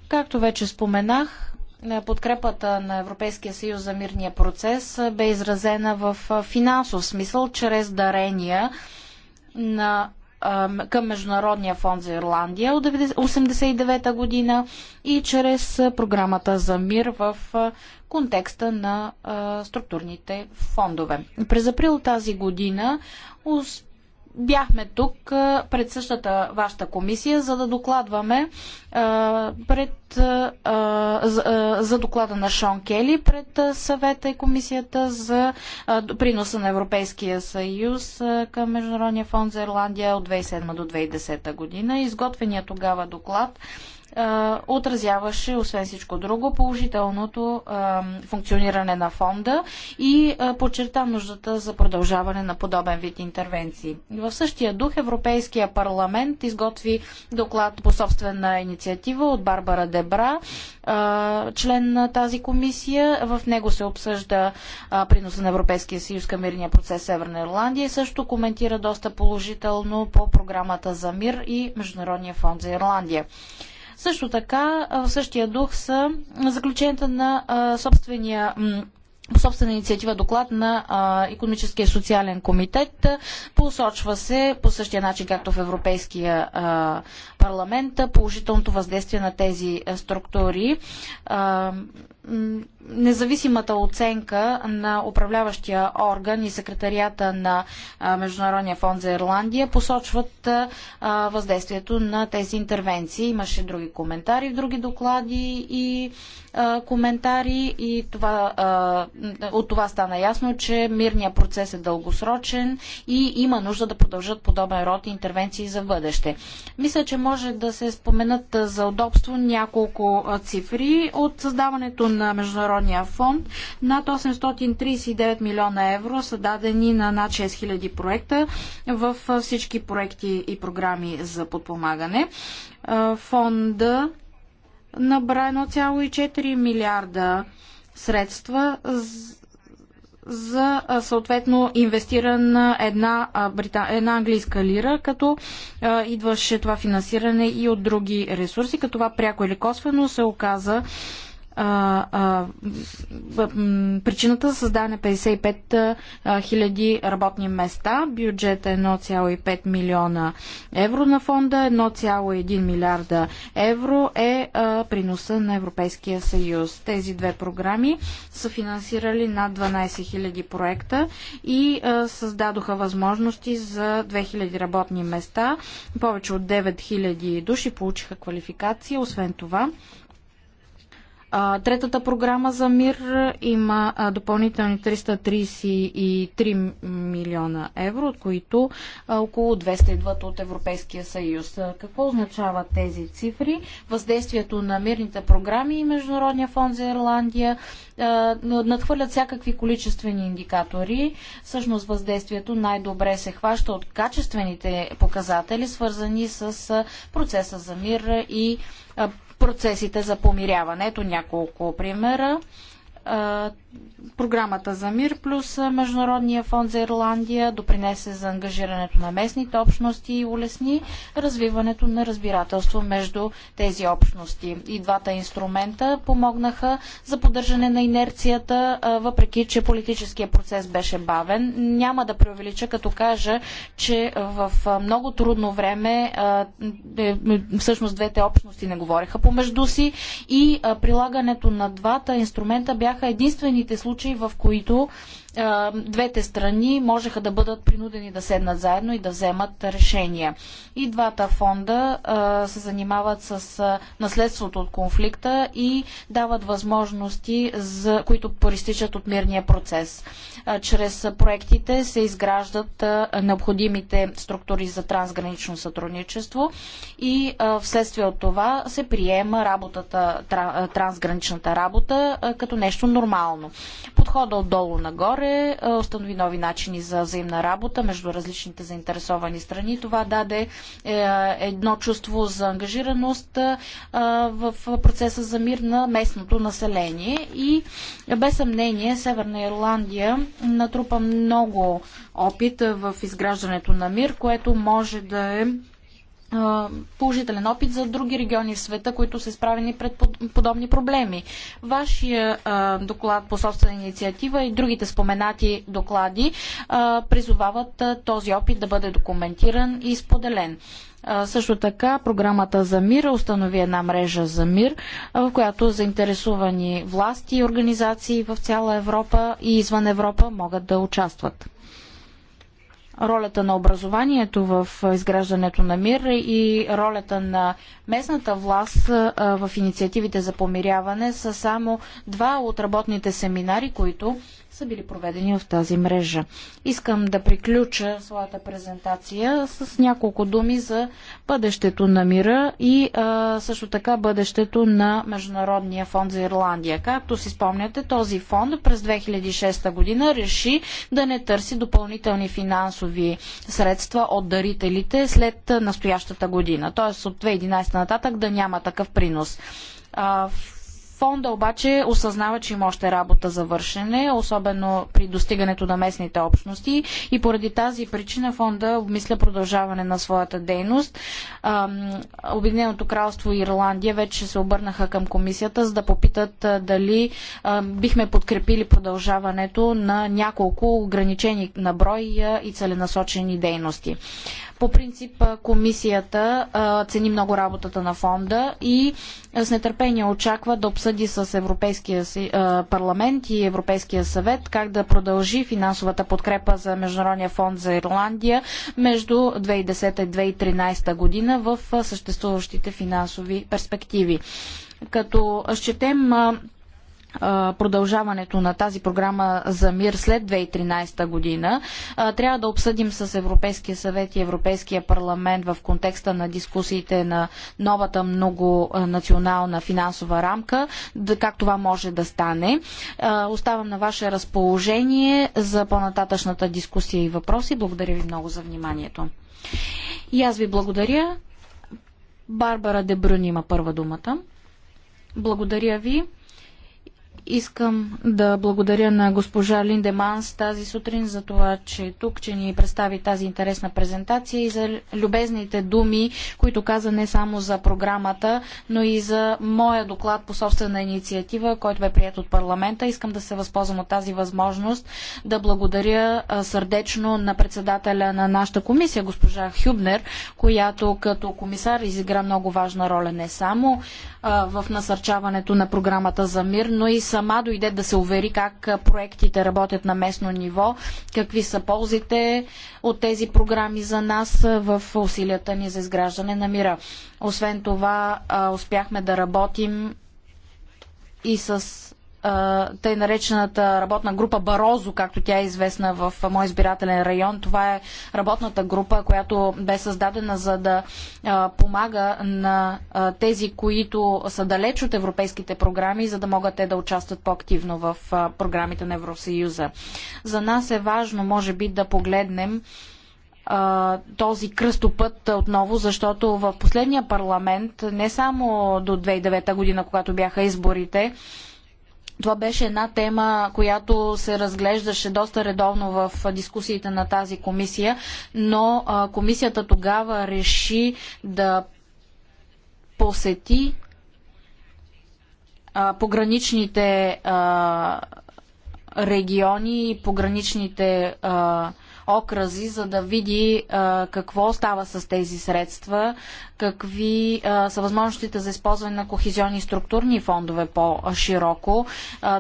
Както вече споменах, е, подкрепата на Европейския съюз за мирния процес бе изразена в финансов смисъл, чрез дарения на към Международния фонд за Ирландия от 1989 година и чрез програмата за мир в контекста на структурните фондове. През април тази година бяхме тук пред същата вашата комисия, за да докладваме пред, за, за доклада на Шон Кели пред съвета и комисията за приноса на Европейския съюз към Международния фонд за Ирландия от 2007 до 2010 година. Изготвения тогава доклад отразяваше, освен всичко друго, положителното функциониране на фонда и подчерта нуждата за продължаване на подобен вид интервенции. В същия дух Европейския парламент изготви доклад по собствена инициатива от Барбара Дебра, член на тази комисия. В него се обсъжда приноса на Европейския съюз към мирния процес в Северна Ирландия и също коментира доста положително по програмата за мир и Международния фонд за Ирландия. Също така, в същия дух са заключенията на собствения по собствена инициатива доклад на а, Економическия и социален комитет. Посочва се по същия начин, както в Европейския а, парламент, положителното въздействие на тези структури. А, независимата оценка на управляващия орган и секретарията на Международния фонд за Ирландия посочват въздействието на тези интервенции. Имаше други коментари в други доклади и коментари и това, от това стана ясно, че мирният процес е дългосрочен и има нужда да продължат подобен род интервенции за бъдеще. Мисля, че може да се споменат за удобство няколко цифри от създаването на Международния сградния фонд. Над 839 милиона евро са дадени на над 6000 проекта в всички проекти и програми за подпомагане. Фонда набра 1,4 милиарда средства за съответно инвестирана една, една английска лира, като а, идваше това финансиране и от други ресурси, като това пряко или косвено се оказа а, а, причината за създаване 55 000 работни места. Бюджет е 1,5 милиона евро на фонда, 1,1 милиарда евро е а, приноса на Европейския съюз. Тези две програми са финансирали над 12 000 проекта и а, създадоха възможности за 2000 работни места. Повече от 9 000 души получиха квалификация. Освен това, Третата програма за мир има допълнителни 333 милиона евро, от които около 200 идват от Европейския съюз. Какво означават тези цифри? Въздействието на мирните програми и Международния фонд за Ирландия надхвърлят всякакви количествени индикатори. Всъщност въздействието най-добре се хваща от качествените показатели, свързани с процеса за мир и процесите за помиряването. Няколко примера програмата за мир плюс Международния фонд за Ирландия допринесе за ангажирането на местните общности и улесни развиването на разбирателство между тези общности. И двата инструмента помогнаха за поддържане на инерцията, въпреки че политическия процес беше бавен. Няма да преувелича, като кажа, че в много трудно време е, всъщност двете общности не говореха помежду си и прилагането на двата инструмента бяха единствените случаи, в които е, двете страни можеха да бъдат принудени да седнат заедно и да вземат решения. И двата фонда е, се занимават с е, наследството от конфликта и дават възможности, за, които пористичат от мирния процес. Чрез проектите се изграждат необходимите структури за трансгранично сътрудничество и вследствие от това се приема работата, трансграничната работа като нещо нормално. Подхода отдолу нагоре договаряне, установи нови начини за взаимна работа между различните заинтересовани страни. Това даде е, едно чувство за ангажираност в процеса за мир на местното население и без съмнение Северна Ирландия натрупа много опит в изграждането на мир, което може да е положителен опит за други региони в света, които са изправени пред подобни проблеми. Вашия доклад по собствена инициатива и другите споменати доклади призовават този опит да бъде документиран и споделен. Също така програмата за мир установи една мрежа за мир, в която заинтересувани власти и организации в цяла Европа и извън Европа могат да участват ролята на образованието в изграждането на мир и ролята на местната власт в инициативите за помиряване са само два от работните семинари, които са били проведени в тази мрежа. Искам да приключа своята презентация с няколко думи за бъдещето на мира и а, също така бъдещето на Международния фонд за Ирландия. Както си спомняте, този фонд през 2006 година реши да не търси допълнителни финансови средства от дарителите след настоящата година. Тоест от 2011 нататък да няма такъв принос. А, Фонда обаче осъзнава, че има още работа за вършене, особено при достигането на местните общности и поради тази причина фонда обмисля продължаване на своята дейност. Обединеното кралство и Ирландия вече се обърнаха към комисията, за да попитат дали бихме подкрепили продължаването на няколко ограничени на брой и целенасочени дейности. По принцип комисията цени много работата на фонда и с нетърпение очаква да обсъжда обсъди с Европейския парламент и Европейския съвет как да продължи финансовата подкрепа за Международния фонд за Ирландия между 2010 и 2013 година в съществуващите финансови перспективи. Като счетем продължаването на тази програма за мир след 2013 година, трябва да обсъдим с Европейския съвет и Европейския парламент в контекста на дискусиите на новата многонационална финансова рамка, как това може да стане. Оставам на ваше разположение за по-нататъчната дискусия и въпроси. Благодаря ви много за вниманието. И аз ви благодаря. Барбара Дебрюн има първа думата. Благодаря ви. Искам да благодаря на госпожа Линде Манс тази сутрин за това, че е тук, че ни представи тази интересна презентация и за любезните думи, които каза не само за програмата, но и за моя доклад по собствена инициатива, който бе прият от парламента. Искам да се възползвам от тази възможност да благодаря сърдечно на председателя на нашата комисия, госпожа Хюбнер, която като комисар изигра много важна роля не само в насърчаването на програмата за мир, но и сама дойде да се увери как проектите работят на местно ниво, какви са ползите от тези програми за нас в усилията ни за изграждане на мира. Освен това, успяхме да работим и с тъй наречената работна група Барозо, както тя е известна в мой избирателен район. Това е работната група, която бе създадена за да помага на тези, които са далеч от европейските програми, за да могат те да участват по-активно в програмите на Евросъюза. За нас е важно, може би, да погледнем този кръстопът отново, защото в последния парламент, не само до 2009 година, когато бяха изборите, това беше една тема, която се разглеждаше доста редовно в дискусиите на тази комисия, но комисията тогава реши да посети пограничните региони и пограничните окръзи, за да види какво става с тези средства, какви а, са възможностите за използване на кохезионни структурни фондове по-широко.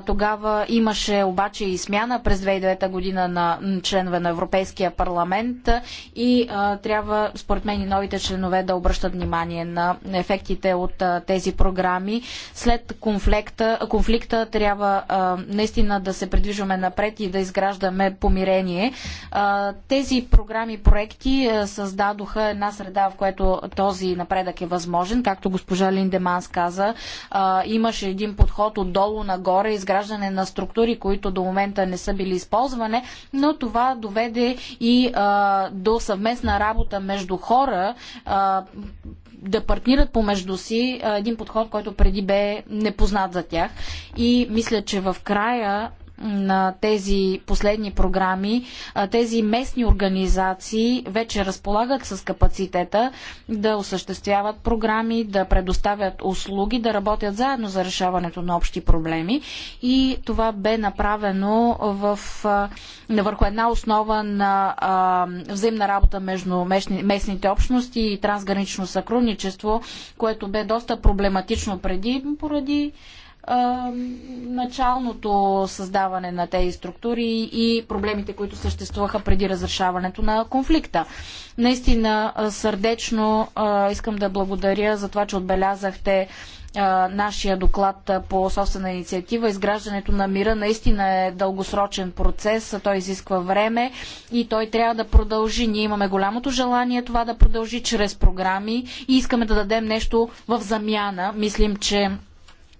тогава имаше обаче и смяна през 2009 година на членове на Европейския парламент и а, трябва, според мен, и новите членове да обръщат внимание на ефектите от а, тези програми. След конфликта, конфликта трябва а, наистина да се придвижваме напред и да изграждаме помирение. тези програми и проекти създадоха една среда, в която този този напредък е възможен. Както госпожа Линдеманс каза, имаше един подход отдолу нагоре, изграждане на структури, които до момента не са били използване, но това доведе и до съвместна работа между хора, да партнират помежду си един подход, който преди бе непознат за тях. И мисля, че в края на тези последни програми, тези местни организации вече разполагат с капацитета да осъществяват програми, да предоставят услуги, да работят заедно за решаването на общи проблеми. И това бе направено в, върху една основа на взаимна работа между местните общности и трансгранично сътрудничество, което бе доста проблематично преди поради началното създаване на тези структури и проблемите, които съществуваха преди разрешаването на конфликта. Наистина сърдечно искам да благодаря за това, че отбелязахте нашия доклад по собствена инициатива. Изграждането на мира наистина е дългосрочен процес, той изисква време и той трябва да продължи. Ние имаме голямото желание това да продължи чрез програми и искаме да дадем нещо в замяна. Мислим, че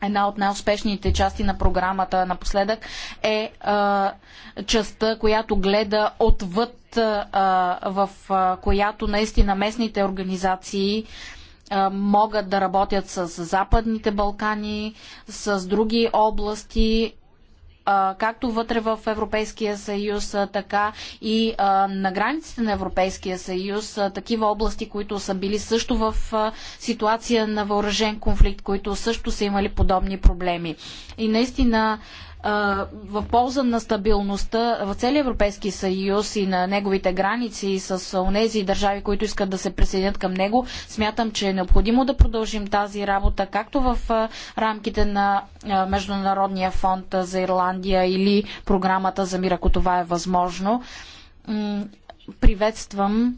Една от най-успешните части на програмата напоследък е а, частта, която гледа отвъд, а, в а, която наистина местните организации могат да работят с Западните Балкани, с други области както вътре в Европейския съюз, така и на границите на Европейския съюз, такива области, които са били също в ситуация на въоръжен конфликт, които също са имали подобни проблеми. И наистина в полза на стабилността в целия Европейски съюз и на неговите граници с онези държави, които искат да се присъединят към него, смятам, че е необходимо да продължим тази работа, както в рамките на Международния фонд за Ирландия или програмата за мир, ако това е възможно. Приветствам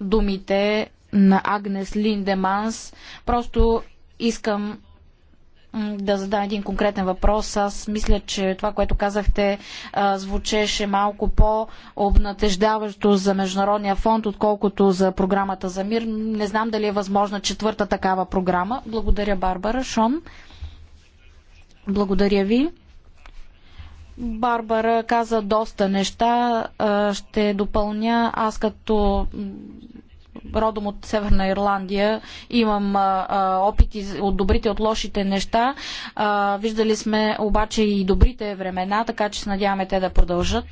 думите на Агнес Линдеманс. Просто искам да задам един конкретен въпрос. Аз мисля, че това, което казахте, звучеше малко по-обнатеждаващо за Международния фонд, отколкото за програмата за мир. Не знам дали е възможна четвърта такава програма. Благодаря, Барбара. Шон. Благодаря ви. Барбара каза доста неща. Ще допълня аз като родом от Северна Ирландия. Имам а, а, опити от добрите, от лошите неща. А, виждали сме обаче и добрите времена, така че се надяваме те да продължат.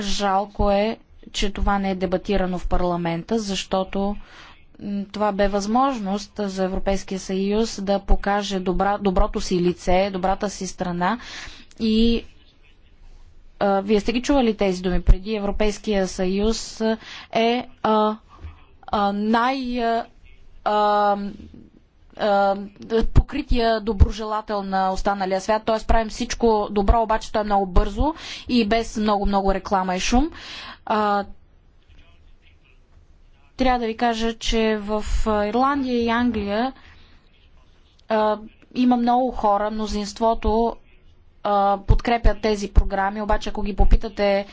Жалко е, че това не е дебатирано в парламента, защото това бе възможност за Европейския съюз да покаже добра, доброто си лице, добрата си страна и а, вие сте ги чували тези думи преди. Европейския съюз е а, най- покрития доброжелател на останалия свят. Тоест правим всичко добро, обаче то е много бързо и без много-много реклама и шум. Трябва да ви кажа, че в Ирландия и Англия има много хора, мнозинството подкрепят тези програми, обаче ако ги попитате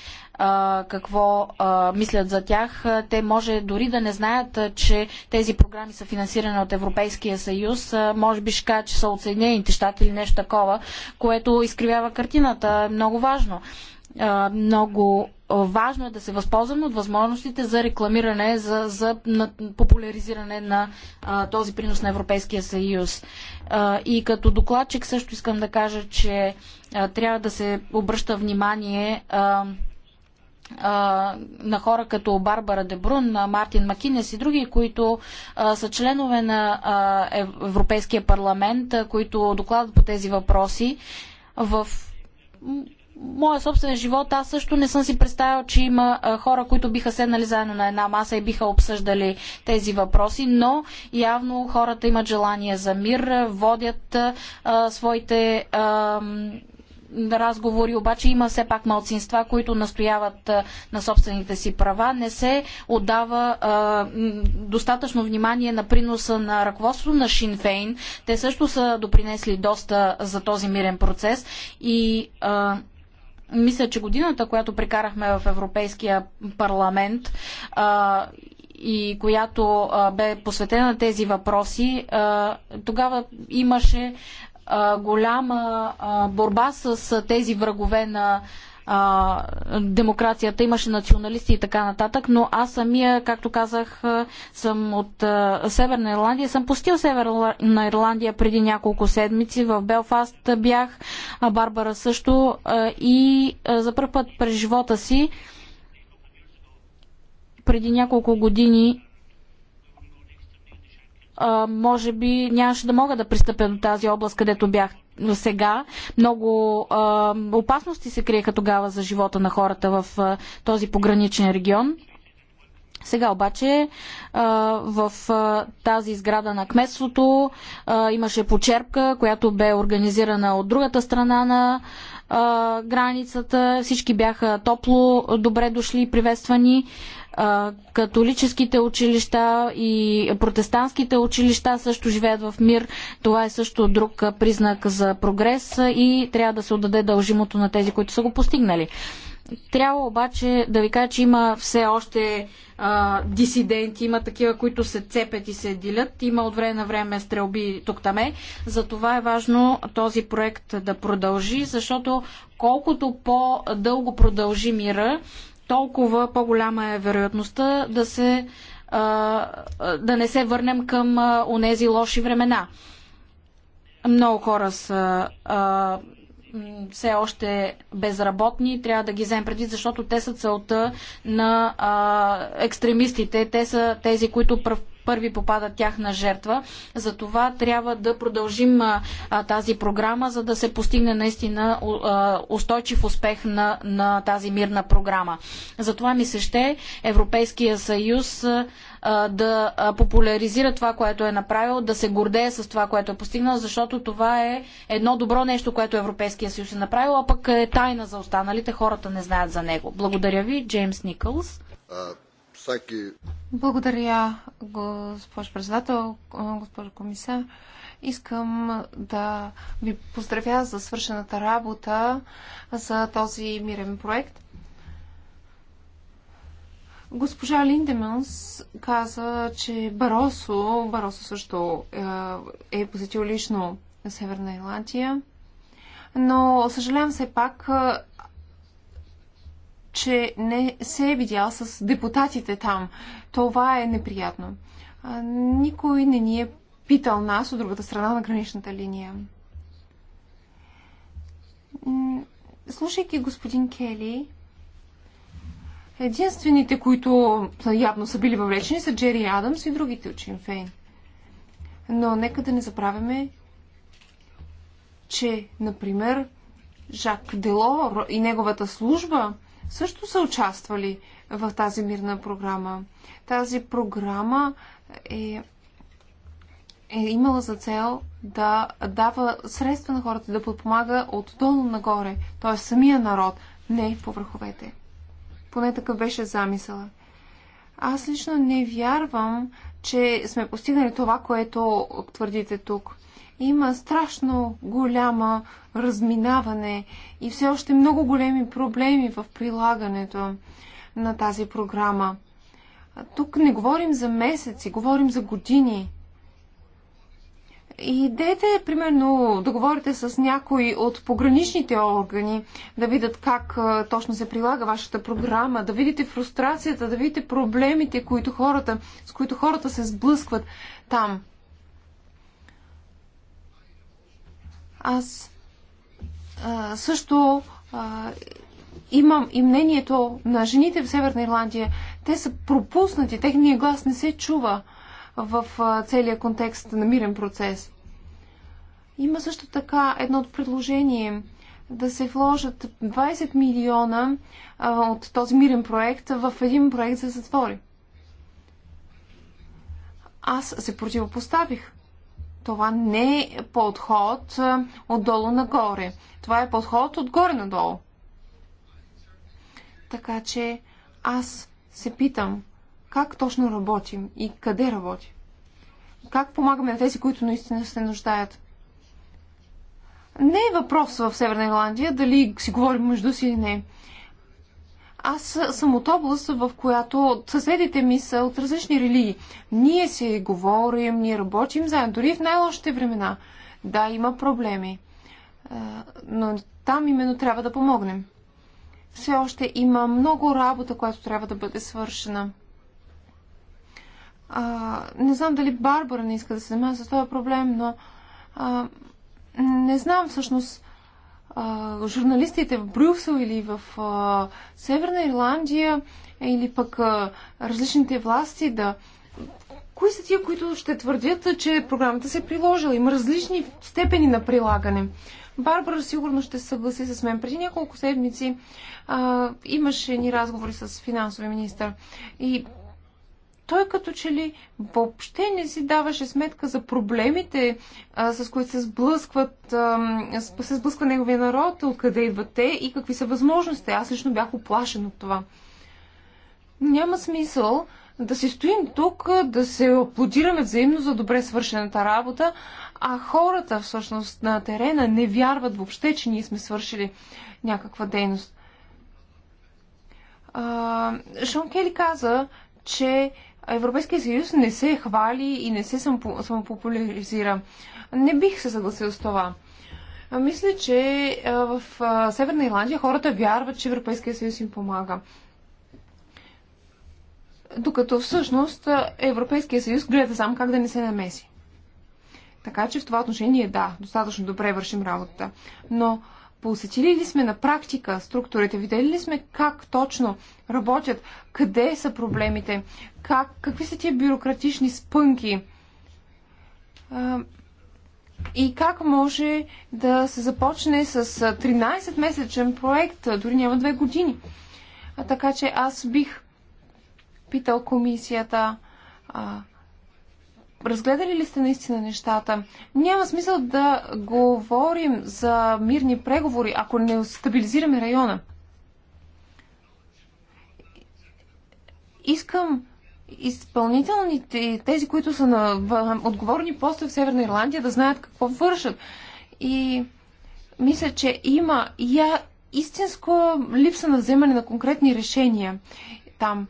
какво мислят за тях. Те може дори да не знаят, че тези програми са финансирани от Европейския съюз. Може би ще кажа, че са от Съединените щати или нещо такова, което изкривява картината. Много важно. Много важно е да се възползваме от възможностите за рекламиране, за, за на, популяризиране на а, този принос на Европейския съюз. А, и като докладчик също искам да кажа, че а, трябва да се обръща внимание. А, на хора като Барбара Дебрун, Мартин Макинес и други, които а, са членове на а, Европейския парламент, а, които докладват по тези въпроси. В моя собствен живот аз също не съм си представял, че има хора, които биха седнали заедно на една маса и биха обсъждали тези въпроси, но явно хората имат желание за мир, водят своите разговори, обаче има все пак малцинства, които настояват на собствените си права. Не се отдава а, достатъчно внимание на приноса на ръководството на Шинфейн. Те също са допринесли доста за този мирен процес и а, мисля, че годината, която прекарахме в Европейския парламент а, и която а, бе посветена на тези въпроси, а, тогава имаше голяма борба с тези врагове на демокрацията, имаше националисти и така нататък, но аз самия, както казах, съм от Северна Ирландия, съм посетил Северна Ирландия преди няколко седмици, в Белфаст бях, Барбара също и за първ път през живота си преди няколко години а, може би нямаше да мога да пристъпя до тази област, където бях сега. Много а, опасности се криеха тогава за живота на хората в а, този пограничен регион. Сега обаче в тази изграда на кметството имаше почерпка, която бе организирана от другата страна на границата. Всички бяха топло, добре дошли и приветствани. католическите училища и протестантските училища също живеят в мир. Това е също друг признак за прогрес и трябва да се отдаде дължимото на тези, които са го постигнали. Трябва обаче да ви кажа, че има все още а, дисиденти, има такива, които се цепят и се делят, има от време на време стрелби тук-таме. Затова е важно този проект да продължи, защото колкото по-дълго продължи мира, толкова по-голяма е вероятността да, се, а, да не се върнем към а, унези лоши времена. Много хора са а, все още безработни, трябва да ги вземем предвид, защото те са целта на а, екстремистите. Те са тези, които пръв първи попадат тяхна жертва. Затова трябва да продължим а, тази програма, за да се постигне наистина а, устойчив успех на, на тази мирна програма. Затова ми се ще Европейския съюз а, да популяризира това, което е направил, да се гордее с това, което е постигнал, защото това е едно добро нещо, което Европейския съюз е направил, а пък е тайна за останалите, хората не знаят за него. Благодаря ви, Джеймс Никълс. Благодаря, госпожо председател, госпожо комисар. Искам да ви поздравя за свършената работа за този мирен проект. Госпожа Линдеманс каза, че Баросо, Баросо също е, е посетил лично Северна Ирландия, но съжалявам все пак, е, че не се е видял с депутатите там. Това е неприятно. Никой не ни е питал нас от другата страна на граничната линия. Слушайки господин Кели, Единствените, които явно са били въвлечени, са Джери Адамс и другите от Шинфейн. Но нека да не забравяме, че, например, Жак Делор и неговата служба също са участвали в тази мирна програма. Тази програма е, е имала за цел да дава средства на хората, да подпомага отдолу нагоре, т.е. самия народ, не по върховете. Поне такъв беше замисъла. Аз лично не вярвам, че сме постигнали това, което твърдите тук. Има страшно голяма разминаване и все още много големи проблеми в прилагането на тази програма. Тук не говорим за месеци, говорим за години – Идете, примерно, да говорите с някой от пограничните органи, да видят как точно се прилага вашата програма, да видите фрустрацията, да видите проблемите, които хората, с които хората се сблъскват там. Аз а, също а, имам и мнението на жените в Северна Ирландия. Те са пропуснати, техния глас не се чува. А, в целия контекст на мирен процес. Има също така едно от предложение да се вложат 20 милиона от този мирен проект в един проект за затвори. Аз се противопоставих. Това не е подход отдолу нагоре. Това е подход отгоре надолу. Така че аз се питам, как точно работим и къде работим. Как помагаме на тези, които наистина се нуждаят. Не е въпрос в Северна Ирландия дали си говорим между си или не. Аз съм от област, в която съседите ми са от различни религии. Ние си говорим, ние работим заедно, дори в най-лошите времена. Да, има проблеми. Но там именно трябва да помогнем. Все още има много работа, която трябва да бъде свършена. А, не знам дали Барбара не иска да се занимава с този проблем, но а, не знам всъщност а, журналистите в Брюксел или в а, Северна Ирландия или пък а, различните власти да. Кои са тия, които ще твърдят, че програмата се е приложила? Има различни степени на прилагане. Барбара сигурно ще се съгласи с мен. Преди няколко седмици а, имаше ни разговори с финансовия министр и той като че ли въобще не си даваше сметка за проблемите, а, с които се сблъскват, а, се сблъсква неговия народ, откъде идват те и какви са възможностите. Аз лично бях оплашен от това. Няма смисъл да си стоим тук, да се аплодираме взаимно за добре свършената работа, а хората всъщност на терена не вярват въобще, че ние сме свършили някаква дейност. Шон Кели каза, че Европейския съюз не се хвали и не се самопопуляризира. Не бих се съгласил с това. Мисля, че в Северна Ирландия хората вярват, че Европейския съюз им помага. Докато всъщност Европейския съюз гледа сам как да не се намеси. Така че в това отношение да, достатъчно добре вършим работата. Но посетили ли сме на практика структурите, видели ли сме как точно работят, къде са проблемите, как, какви са тия бюрократични спънки и как може да се започне с 13-месечен проект, дори няма две години. А, така че аз бих питал комисията а, Разгледали ли сте наистина нещата? Няма смисъл да говорим за мирни преговори, ако не стабилизираме района. Искам изпълнителните, тези, които са на в, отговорни постове в Северна Ирландия, да знаят какво вършат. И мисля, че има я истинско липса на вземане на конкретни решения там.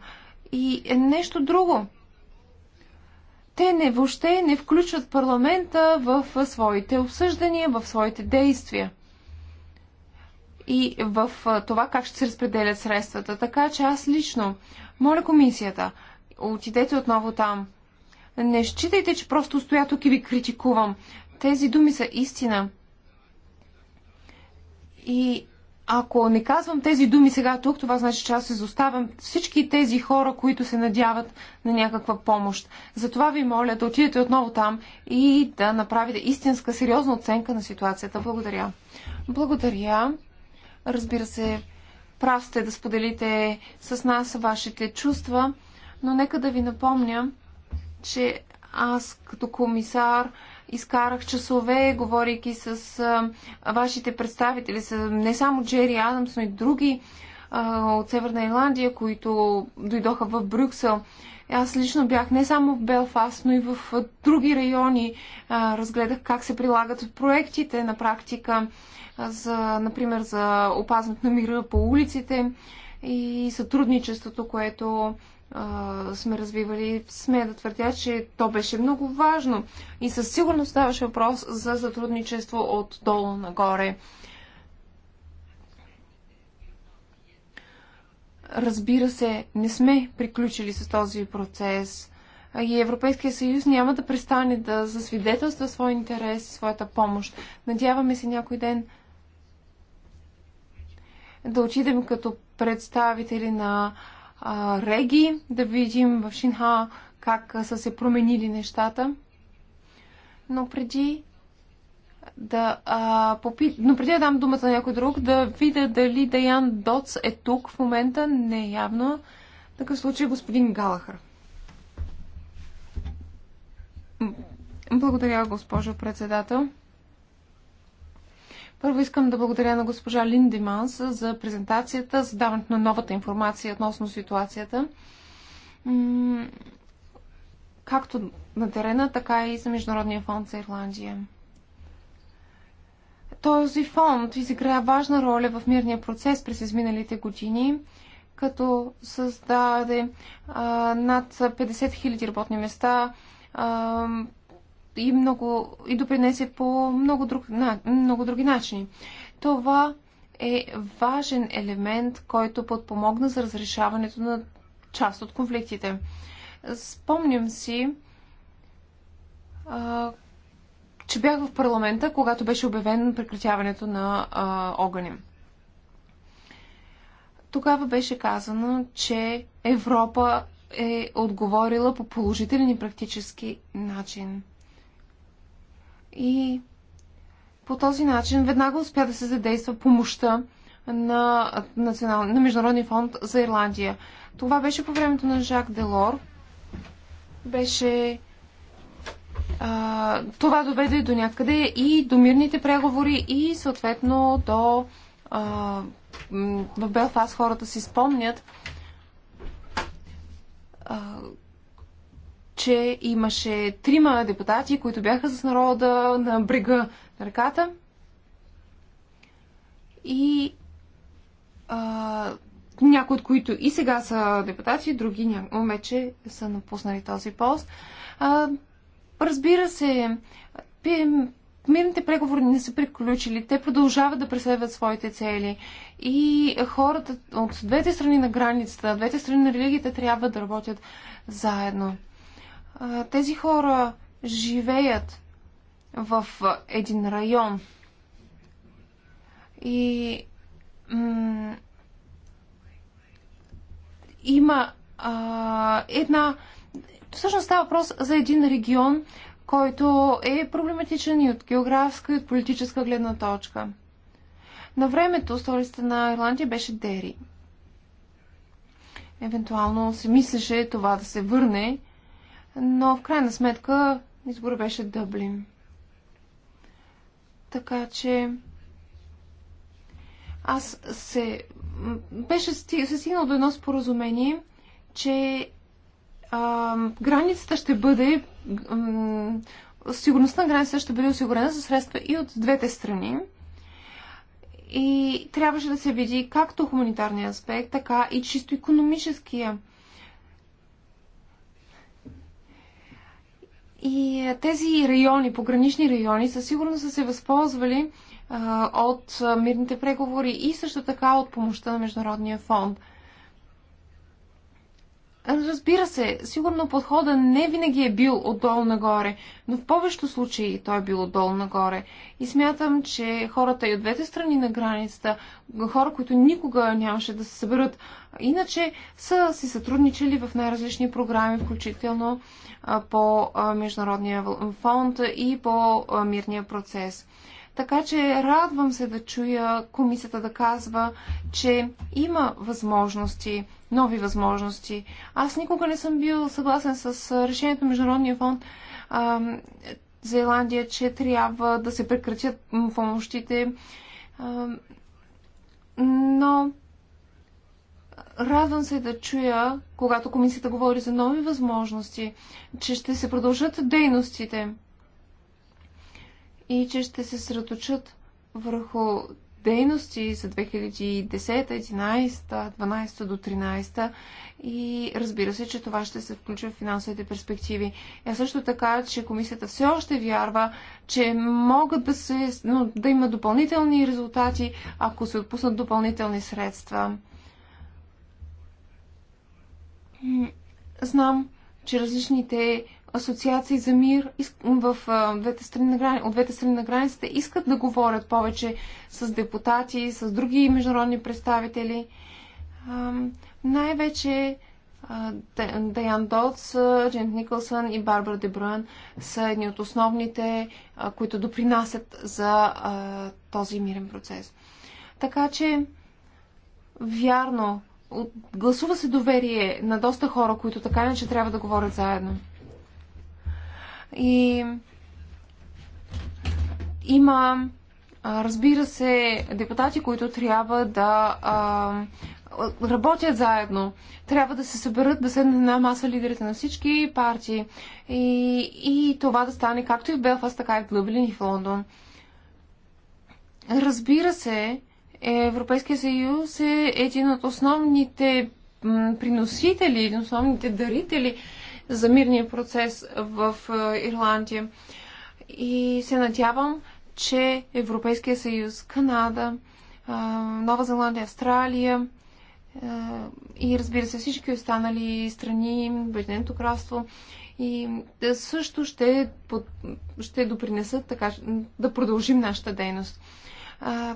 И е нещо друго те не въобще не включват парламента в своите обсъждания, в своите действия и в това как ще се разпределят средствата. Така че аз лично моля комисията, отидете отново там. Не считайте, че просто стоя тук и ви критикувам. Тези думи са истина. И ако не казвам тези думи сега тук, това значи, че аз изоставям всички тези хора, които се надяват на някаква помощ. Затова ви моля да отидете отново там и да направите истинска, сериозна оценка на ситуацията. Благодаря. Благодаря. Разбира се, прав сте да споделите с нас вашите чувства, но нека да ви напомня, че аз като комисар изкарах часове, говорейки с а, вашите представители, с, не само Джери Адамс, но и други а, от Северна Ирландия, които дойдоха в Брюксел. Аз лично бях не само в Белфаст, но и в други райони. А, разгледах как се прилагат от проектите на практика, а, за, например, за опазването на мира по улиците и сътрудничеството, което а, сме развивали, смея да твърдя, че то беше много важно и със сигурност ставаше въпрос за сътрудничество от долу нагоре. Разбира се, не сме приключили с този процес и Европейския съюз няма да престане да засвидетелства своя интерес, своята помощ. Надяваме се някой ден да отидем като представители на а, Реги, да видим в Шинха как са се променили нещата. Но преди да а, попи... Но преди да дам думата на някой друг, да видя дали Даян Доц е тук в момента, не е явно. Така случай господин Галахър. Благодаря, госпожо председател. Първо искам да благодаря на госпожа Линдеманс за презентацията, за даването на новата информация относно ситуацията. Както на терена, така и за Международния фонд за Ирландия. Този фонд изиграя важна роля в мирния процес през изминалите години, като създаде а, над 50 000 работни места, а, и, много, и допринесе по много, друг, много други начини. Това е важен елемент, който подпомогна за разрешаването на част от конфликтите. Спомням си, а, че бях в парламента, когато беше обявен прекратяването на а, огъня. Тогава беше казано, че Европа е отговорила по положителен и практически начин. И по този начин веднага успя да се задейства помощта на, национал... на Международния фонд за Ирландия. Това беше по времето на Жак Делор. Беше. А, това доведе до някъде и до мирните преговори, и съответно до. А, в Белфаст хората си спомнят а, че имаше трима депутати, които бяха с народа на брега на реката. И а, някои от които и сега са депутати, други ня... са напуснали този пост. А, разбира се, мирните преговори не са приключили. Те продължават да преследват своите цели. И хората от двете страни на границата, двете страни на религията трябва да работят заедно тези хора живеят в един район и има а, една. Всъщност става въпрос за един регион, който е проблематичен и от географска, и от политическа гледна точка. На времето столицата на Ирландия беше Дери. Евентуално се мислеше това да се върне, но в крайна сметка избор беше Дъблин. Така че аз се беше се стигнал до едно споразумение, че а, границата ще бъде а, сигурността на границата ще бъде осигурена със средства и от двете страни. И трябваше да се види както хуманитарния аспект, така и чисто економическия И е, тези райони, погранични райони, със сигурност са се възползвали от мирните преговори и също така от помощта на Международния фонд. Разбира се, сигурно подхода не винаги е бил отдолу нагоре, но в повечето случаи той е бил отдолу нагоре. И смятам, че хората и от двете страни на границата, хора, които никога нямаше да се съберат, иначе са си сътрудничали в най-различни програми, включително по Международния фонд и по мирния процес. Така че радвам се да чуя комисията да казва, че има възможности, нови възможности. Аз никога не съм бил съгласен с решението на Международния фонд а, за Ирландия, че трябва да се прекратят помощите. А, но радвам се да чуя, когато комисията говори за нови възможности, че ще се продължат дейностите и че ще се средочат върху дейности за 2010, 2011, 2012 до 2013 и разбира се, че това ще се включва в финансовите перспективи. А е, също така, че комисията все още вярва, че могат да, се, ну, да има допълнителни резултати, ако се отпуснат допълнителни средства. Знам, че различните асоциации за мир в двете страни на грани, от двете страни на границата искат да говорят повече с депутати, с други международни представители. Най-вече Даян Дотс, Джент Никълсън и Барбара Дебруан са едни от основните, които допринасят за този мирен процес. Така че, вярно, гласува се доверие на доста хора, които така иначе трябва да говорят заедно. И има, разбира се, депутати, които трябва да а, работят заедно. Трябва да се съберат, да седнат на маса лидерите на всички партии. И, и това да стане както и в Белфаст, така и в Дъблин и в Лондон. Разбира се, Европейския съюз е един от основните приносители, един от основните дарители за мирния процес в е, Ирландия. И се надявам, че Европейския съюз, Канада, е, Нова Зеландия, Австралия е, и разбира се всички останали страни, Обединеното кралство и също ще, под, ще допринесат така, да продължим нашата дейност.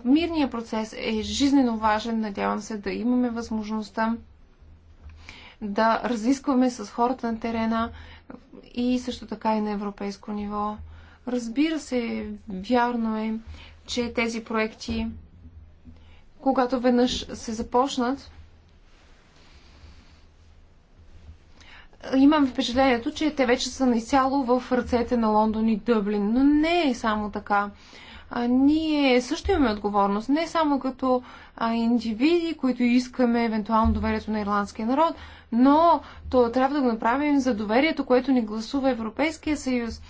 Мирният процес е жизненно важен. Надявам се да имаме възможността да разискваме с хората на терена и също така и на европейско ниво. Разбира се, вярно е, че тези проекти, когато веднъж се започнат, имам впечатлението, че те вече са наисяло в ръцете на Лондон и Дъблин. Но не е само така а, ние също имаме отговорност, не само като а, индивиди, които искаме евентуално доверието на ирландския народ, но то трябва да го направим за доверието, което ни гласува Европейския съюз.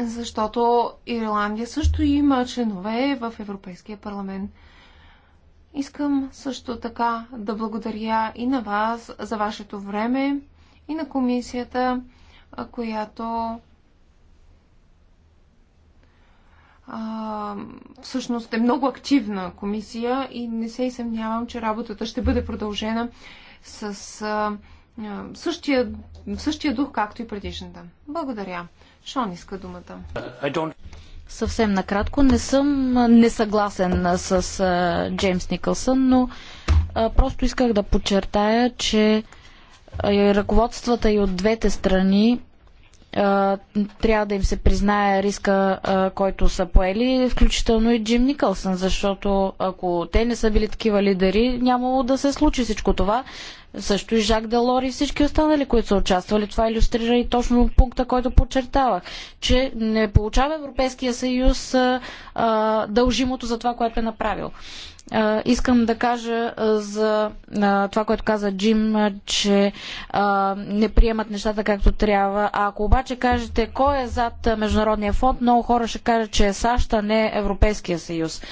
Защото Ирландия също има членове в Европейския парламент. Искам също така да благодаря и на вас за вашето време и на комисията, която а, всъщност е много активна комисия и не се и съмнявам, че работата ще бъде продължена с а, същия, същия дух, както и предишната. Благодаря. Шон иска думата. Съвсем накратко, не съм несъгласен с а, Джеймс Никълсън, но а, просто исках да подчертая, че ръководствата и от двете страни трябва да им се признае риска, който са поели, включително и Джим Никълсън, защото ако те не са били такива лидери, нямало да се случи всичко това също и Жак Делор и всички останали, които са участвали. Това иллюстрира и точно пункта, който подчертавах, че не получава Европейския съюз а, а, дължимото за това, което е направил. А, искам да кажа за това, което каза Джим, че не приемат нещата както трябва. А ако обаче кажете кой е зад Международния фонд, много хора ще кажат, че е САЩ, а не Европейския съюз.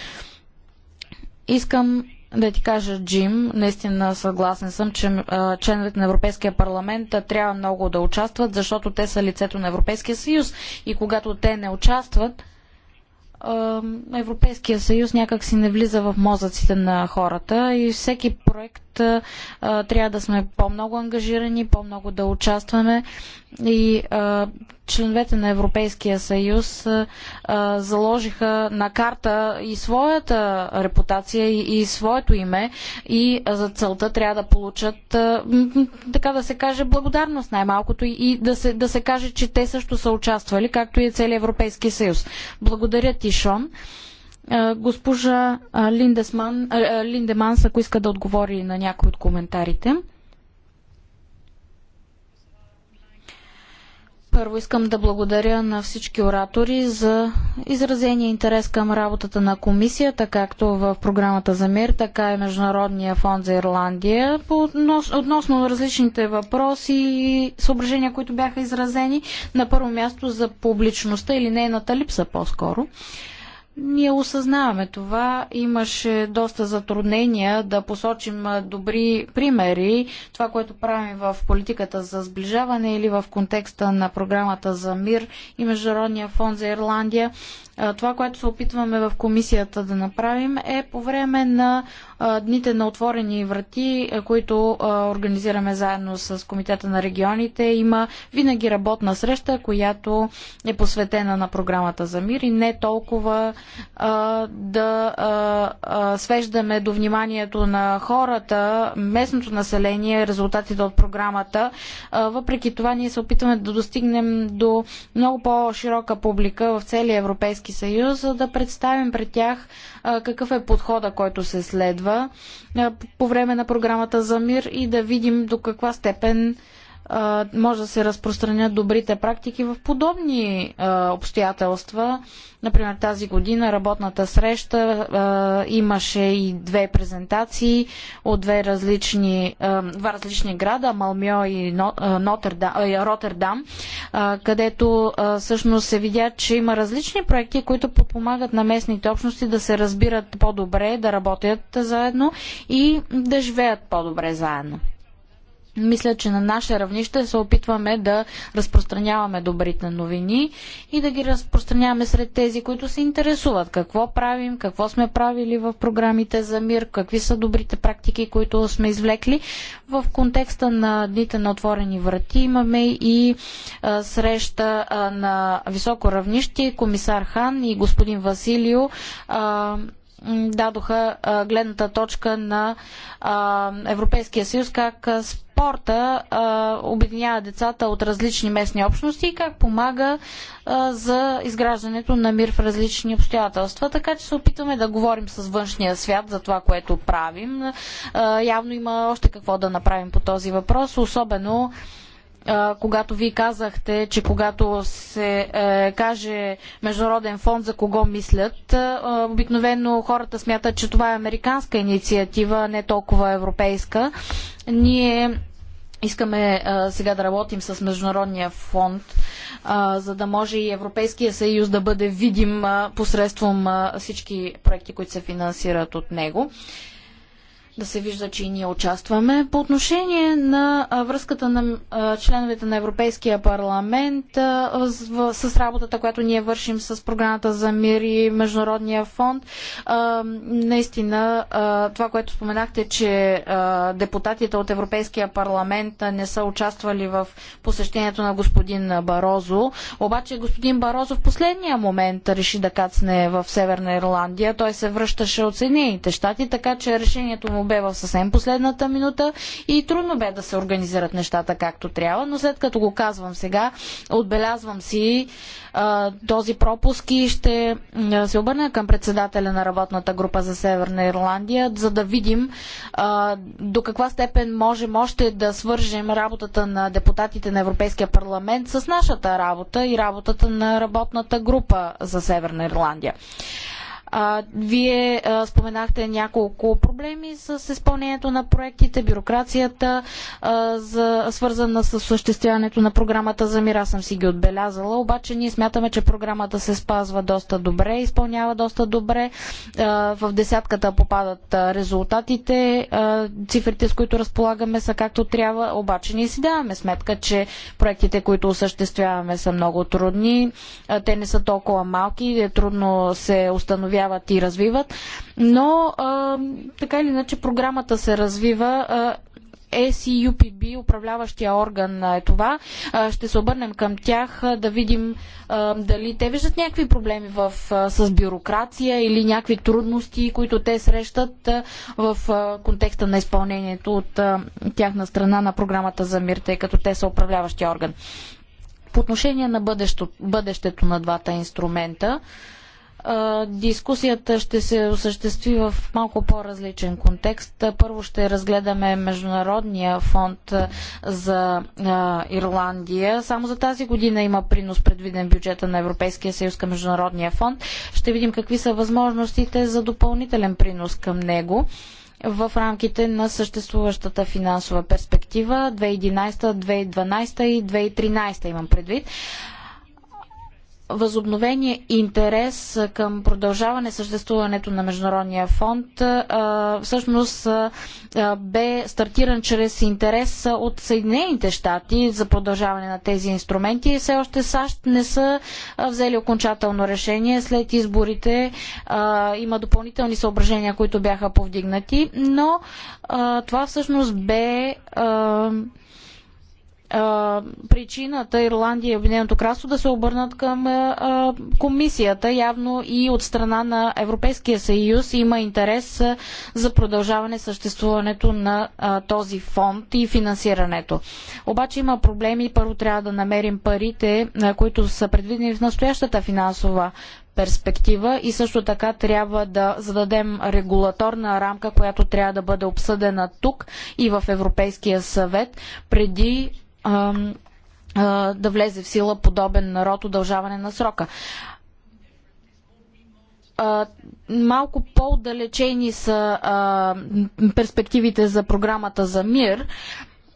Искам да ти кажа, Джим, наистина съгласен съм, че членовете на Европейския парламент трябва много да участват, защото те са лицето на Европейския съюз и когато те не участват, Европейския съюз някак си не влиза в мозъците на хората и всеки проект трябва да сме по-много ангажирани, по-много да участваме и а, членовете на Европейския съюз а, заложиха на карта и своята репутация и, и своето име и за целта трябва да получат, а, така да се каже, благодарност най-малкото и, и да, се, да се каже, че те също са участвали, както и целият Европейски съюз. Благодаря ти, Шон. Госпожа Линдеманс, ако иска да отговори на някои от коментарите. Първо искам да благодаря на всички оратори за изразения интерес към работата на комисията, както в програмата за мир, така и Международния фонд за Ирландия, относно различните въпроси и съображения, които бяха изразени. На първо място за публичността или нейната липса по-скоро. Ние осъзнаваме това. Имаше доста затруднения да посочим добри примери. Това, което правим в политиката за сближаване или в контекста на програмата за мир и Международния фонд за Ирландия. Това, което се опитваме в комисията да направим е по време на дните на отворени врати, които организираме заедно с Комитета на регионите. Има винаги работна среща, която е посветена на програмата за мир и не толкова а, да а, а, свеждаме до вниманието на хората, местното население, резултатите от програмата. А, въпреки това ние се опитваме да достигнем до много по-широка публика в целия Европейски съюз, за да представим пред тях а, какъв е подхода, който се следва а, по време на програмата за мир и да видим до каква степен може да се разпространят добрите практики в подобни обстоятелства. Например, тази година работната среща имаше и две презентации от две различни, два различни града, Малмьо и Ротердам, където всъщност се видя, че има различни проекти, които подпомагат на местните общности да се разбират по-добре, да работят заедно и да живеят по-добре заедно. Мисля, че на наше равнище се опитваме да разпространяваме добрите новини и да ги разпространяваме сред тези, които се интересуват какво правим, какво сме правили в програмите за мир, какви са добрите практики, които сме извлекли. В контекста на дните на отворени врати имаме и а, среща а, на високо равнище комисар Хан и господин Василио. А, дадоха гледната точка на Европейския съюз, как спорта обединява децата от различни местни общности и как помага за изграждането на мир в различни обстоятелства. Така че се опитваме да говорим с външния свят за това, което правим. Явно има още какво да направим по този въпрос, особено когато ви казахте, че когато се е, каже Международен фонд за кого мислят, е, обикновено хората смятат, че това е американска инициатива, не толкова европейска. Ние Искаме е, сега да работим с Международния фонд, за да може и Европейския съюз да бъде видим посредством всички проекти, които се финансират от него да се вижда, че и ние участваме. По отношение на връзката на членовете на Европейския парламент с работата, която ние вършим с програмата за мир и Международния фонд, наистина това, което споменахте, че депутатите от Европейския парламент не са участвали в посещението на господин Барозо, обаче господин Барозо в последния момент реши да кацне в Северна Ирландия. Той се връщаше от Съединените щати, така че решението му бе в съвсем последната минута и трудно бе да се организират нещата както трябва, но след като го казвам сега, отбелязвам си а, този пропуск и ще се обърна към председателя на работната група за Северна Ирландия, за да видим а, до каква степен можем още да свържем работата на депутатите на Европейския парламент с нашата работа и работата на работната група за Северна Ирландия вие споменахте няколко проблеми с изпълнението на проектите, бюрокрацията, свързана с осъществяването на програмата за мира. Съм си ги отбелязала, обаче ние смятаме, че програмата се спазва доста добре, изпълнява доста добре. В десятката попадат резултатите, цифрите, с които разполагаме са както трябва, обаче ние си даваме сметка, че проектите, които осъществяваме са много трудни, те не са толкова малки, трудно се установява подобряват и развиват, но а, така или иначе програмата се развива. А, SEUPB, управляващия орган е това. Ще се обърнем към тях да видим дали те виждат някакви проблеми в, с бюрокрация или някакви трудности, които те срещат в контекста на изпълнението от тяхна страна на програмата за мир, тъй като те са управляващия орган. По отношение на бъдещето, бъдещето на двата инструмента, Дискусията ще се осъществи в малко по-различен контекст. Първо ще разгледаме Международния фонд за Ирландия. Само за тази година има принос предвиден бюджета на Европейския съюз към Международния фонд. Ще видим какви са възможностите за допълнителен принос към него в рамките на съществуващата финансова перспектива 2011, 2012 и 2013 имам предвид възобновения интерес към продължаване съществуването на Международния фонд всъщност бе стартиран чрез интерес от Съединените щати за продължаване на тези инструменти и все още САЩ не са взели окончателно решение. След изборите има допълнителни съображения, които бяха повдигнати, но това всъщност бе причината Ирландия и Обединеното кралство да се обърнат към комисията. Явно и от страна на Европейския съюз има интерес за продължаване съществуването на този фонд и финансирането. Обаче има проблеми. Първо трябва да намерим парите, които са предвидени в настоящата финансова перспектива и също така трябва да зададем регулаторна рамка, която трябва да бъде обсъдена тук и в Европейския съвет преди а, да влезе в сила подобен народ удължаване на срока малко по отдалечени са перспективите за програмата за мир.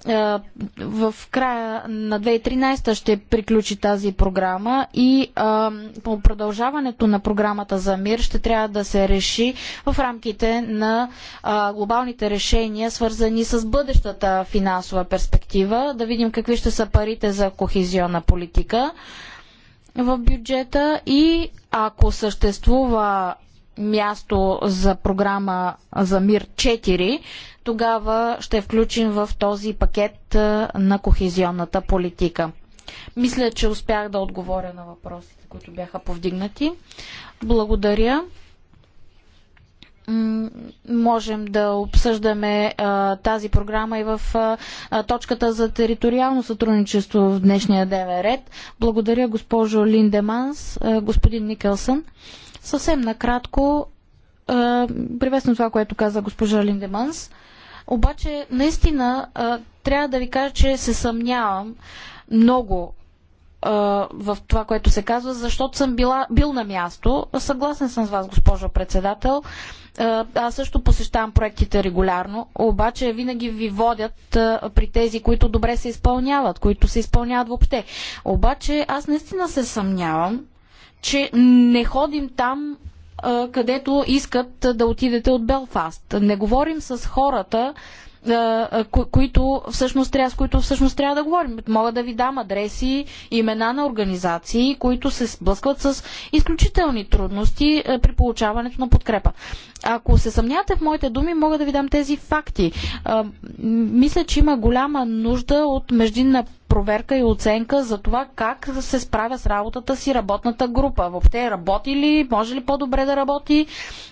Е, в края на 2013 ще приключи тази програма и а, е, по продължаването на програмата за мир ще трябва да се реши в рамките на а, е, глобалните решения, свързани с бъдещата финансова перспектива. Да видим какви ще са парите за кохезионна политика в бюджета и ако съществува място за програма за мир 4, тогава ще включим в този пакет на кохезионната политика. Мисля, че успях да отговоря на въпросите, които бяха повдигнати. Благодаря можем да обсъждаме а, тази програма и в а, точката за териториално сътрудничество в днешния дневен ред. Благодаря госпожо Линдеманс, а, господин Никълсън. Съвсем накратко, а, приветствам това, което каза госпожа Линдеманс. А, обаче, наистина, трябва да ви кажа, че се съмнявам много в това, което се казва, защото съм била, бил на място. Съгласен съм с вас, госпожо председател. Аз също посещавам проектите регулярно, обаче винаги ви водят при тези, които добре се изпълняват, които се изпълняват въобще. Обаче аз наистина се съмнявам, че не ходим там където искат да отидете от Белфаст. Не говорим с хората, които всъщност, с които всъщност трябва да говорим. Мога да ви дам адреси, имена на организации, които се сблъскват с изключителни трудности при получаването на подкрепа. Ако се съмняте в моите думи, мога да ви дам тези факти. Мисля, че има голяма нужда от междинна проверка и оценка за това как се справя с работата си работната група. Въобще работи ли, може ли по-добре да работи.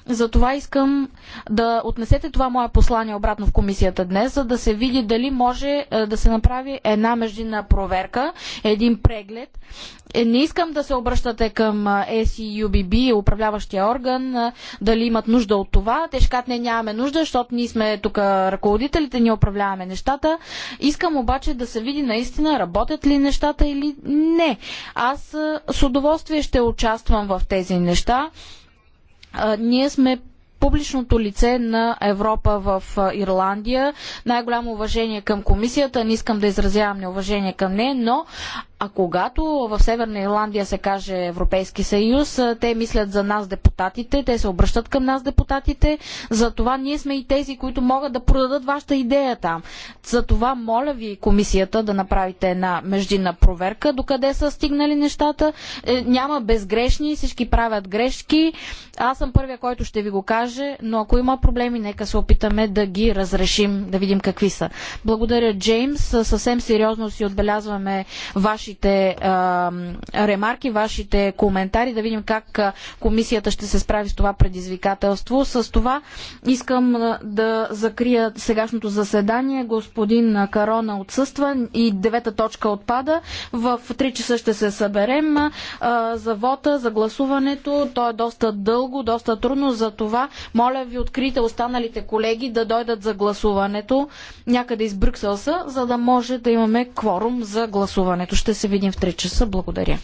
Затова искам да отнесете това мое послание обратно в комисията днес, за да се види дали може е, да се направи една междинна проверка, един преглед. Е, не искам да се обръщате към SEUBB, е, управляващия орган, дали имат нужда от това. Те ще кажат, не, нямаме нужда, защото ние сме тук ръководителите, ние управляваме нещата. Искам обаче да се види наистина работят ли нещата или не. Аз с удоволствие ще участвам в тези неща. Ние сме публичното лице на Европа в Ирландия. Най-голямо уважение към комисията, не искам да изразявам неуважение към нея, но а когато в Северна Ирландия се каже Европейски съюз, те мислят за нас депутатите, те се обръщат към нас депутатите, за това ние сме и тези, които могат да продадат вашата идея там. За това моля ви комисията да направите една междинна проверка, докъде са стигнали нещата. Е, няма безгрешни, всички правят грешки. Аз съм първия, който ще ви го каже, но ако има проблеми, нека се опитаме да ги разрешим, да видим какви са. Благодаря, Джеймс. Съвсем сериозно си отбелязваме ваши вашите а, ремарки, вашите коментари, да видим как комисията ще се справи с това предизвикателство. С това искам да закрия сегашното заседание. Господин Карона отсъства и девета точка отпада. В 3 часа ще се съберем а, за вота, за гласуването. То е доста дълго, доста трудно, за това моля ви открите останалите колеги да дойдат за гласуването някъде из Брюксел са, за да може да имаме кворум за гласуването. Ще се видим в 3 часа. Благодаря.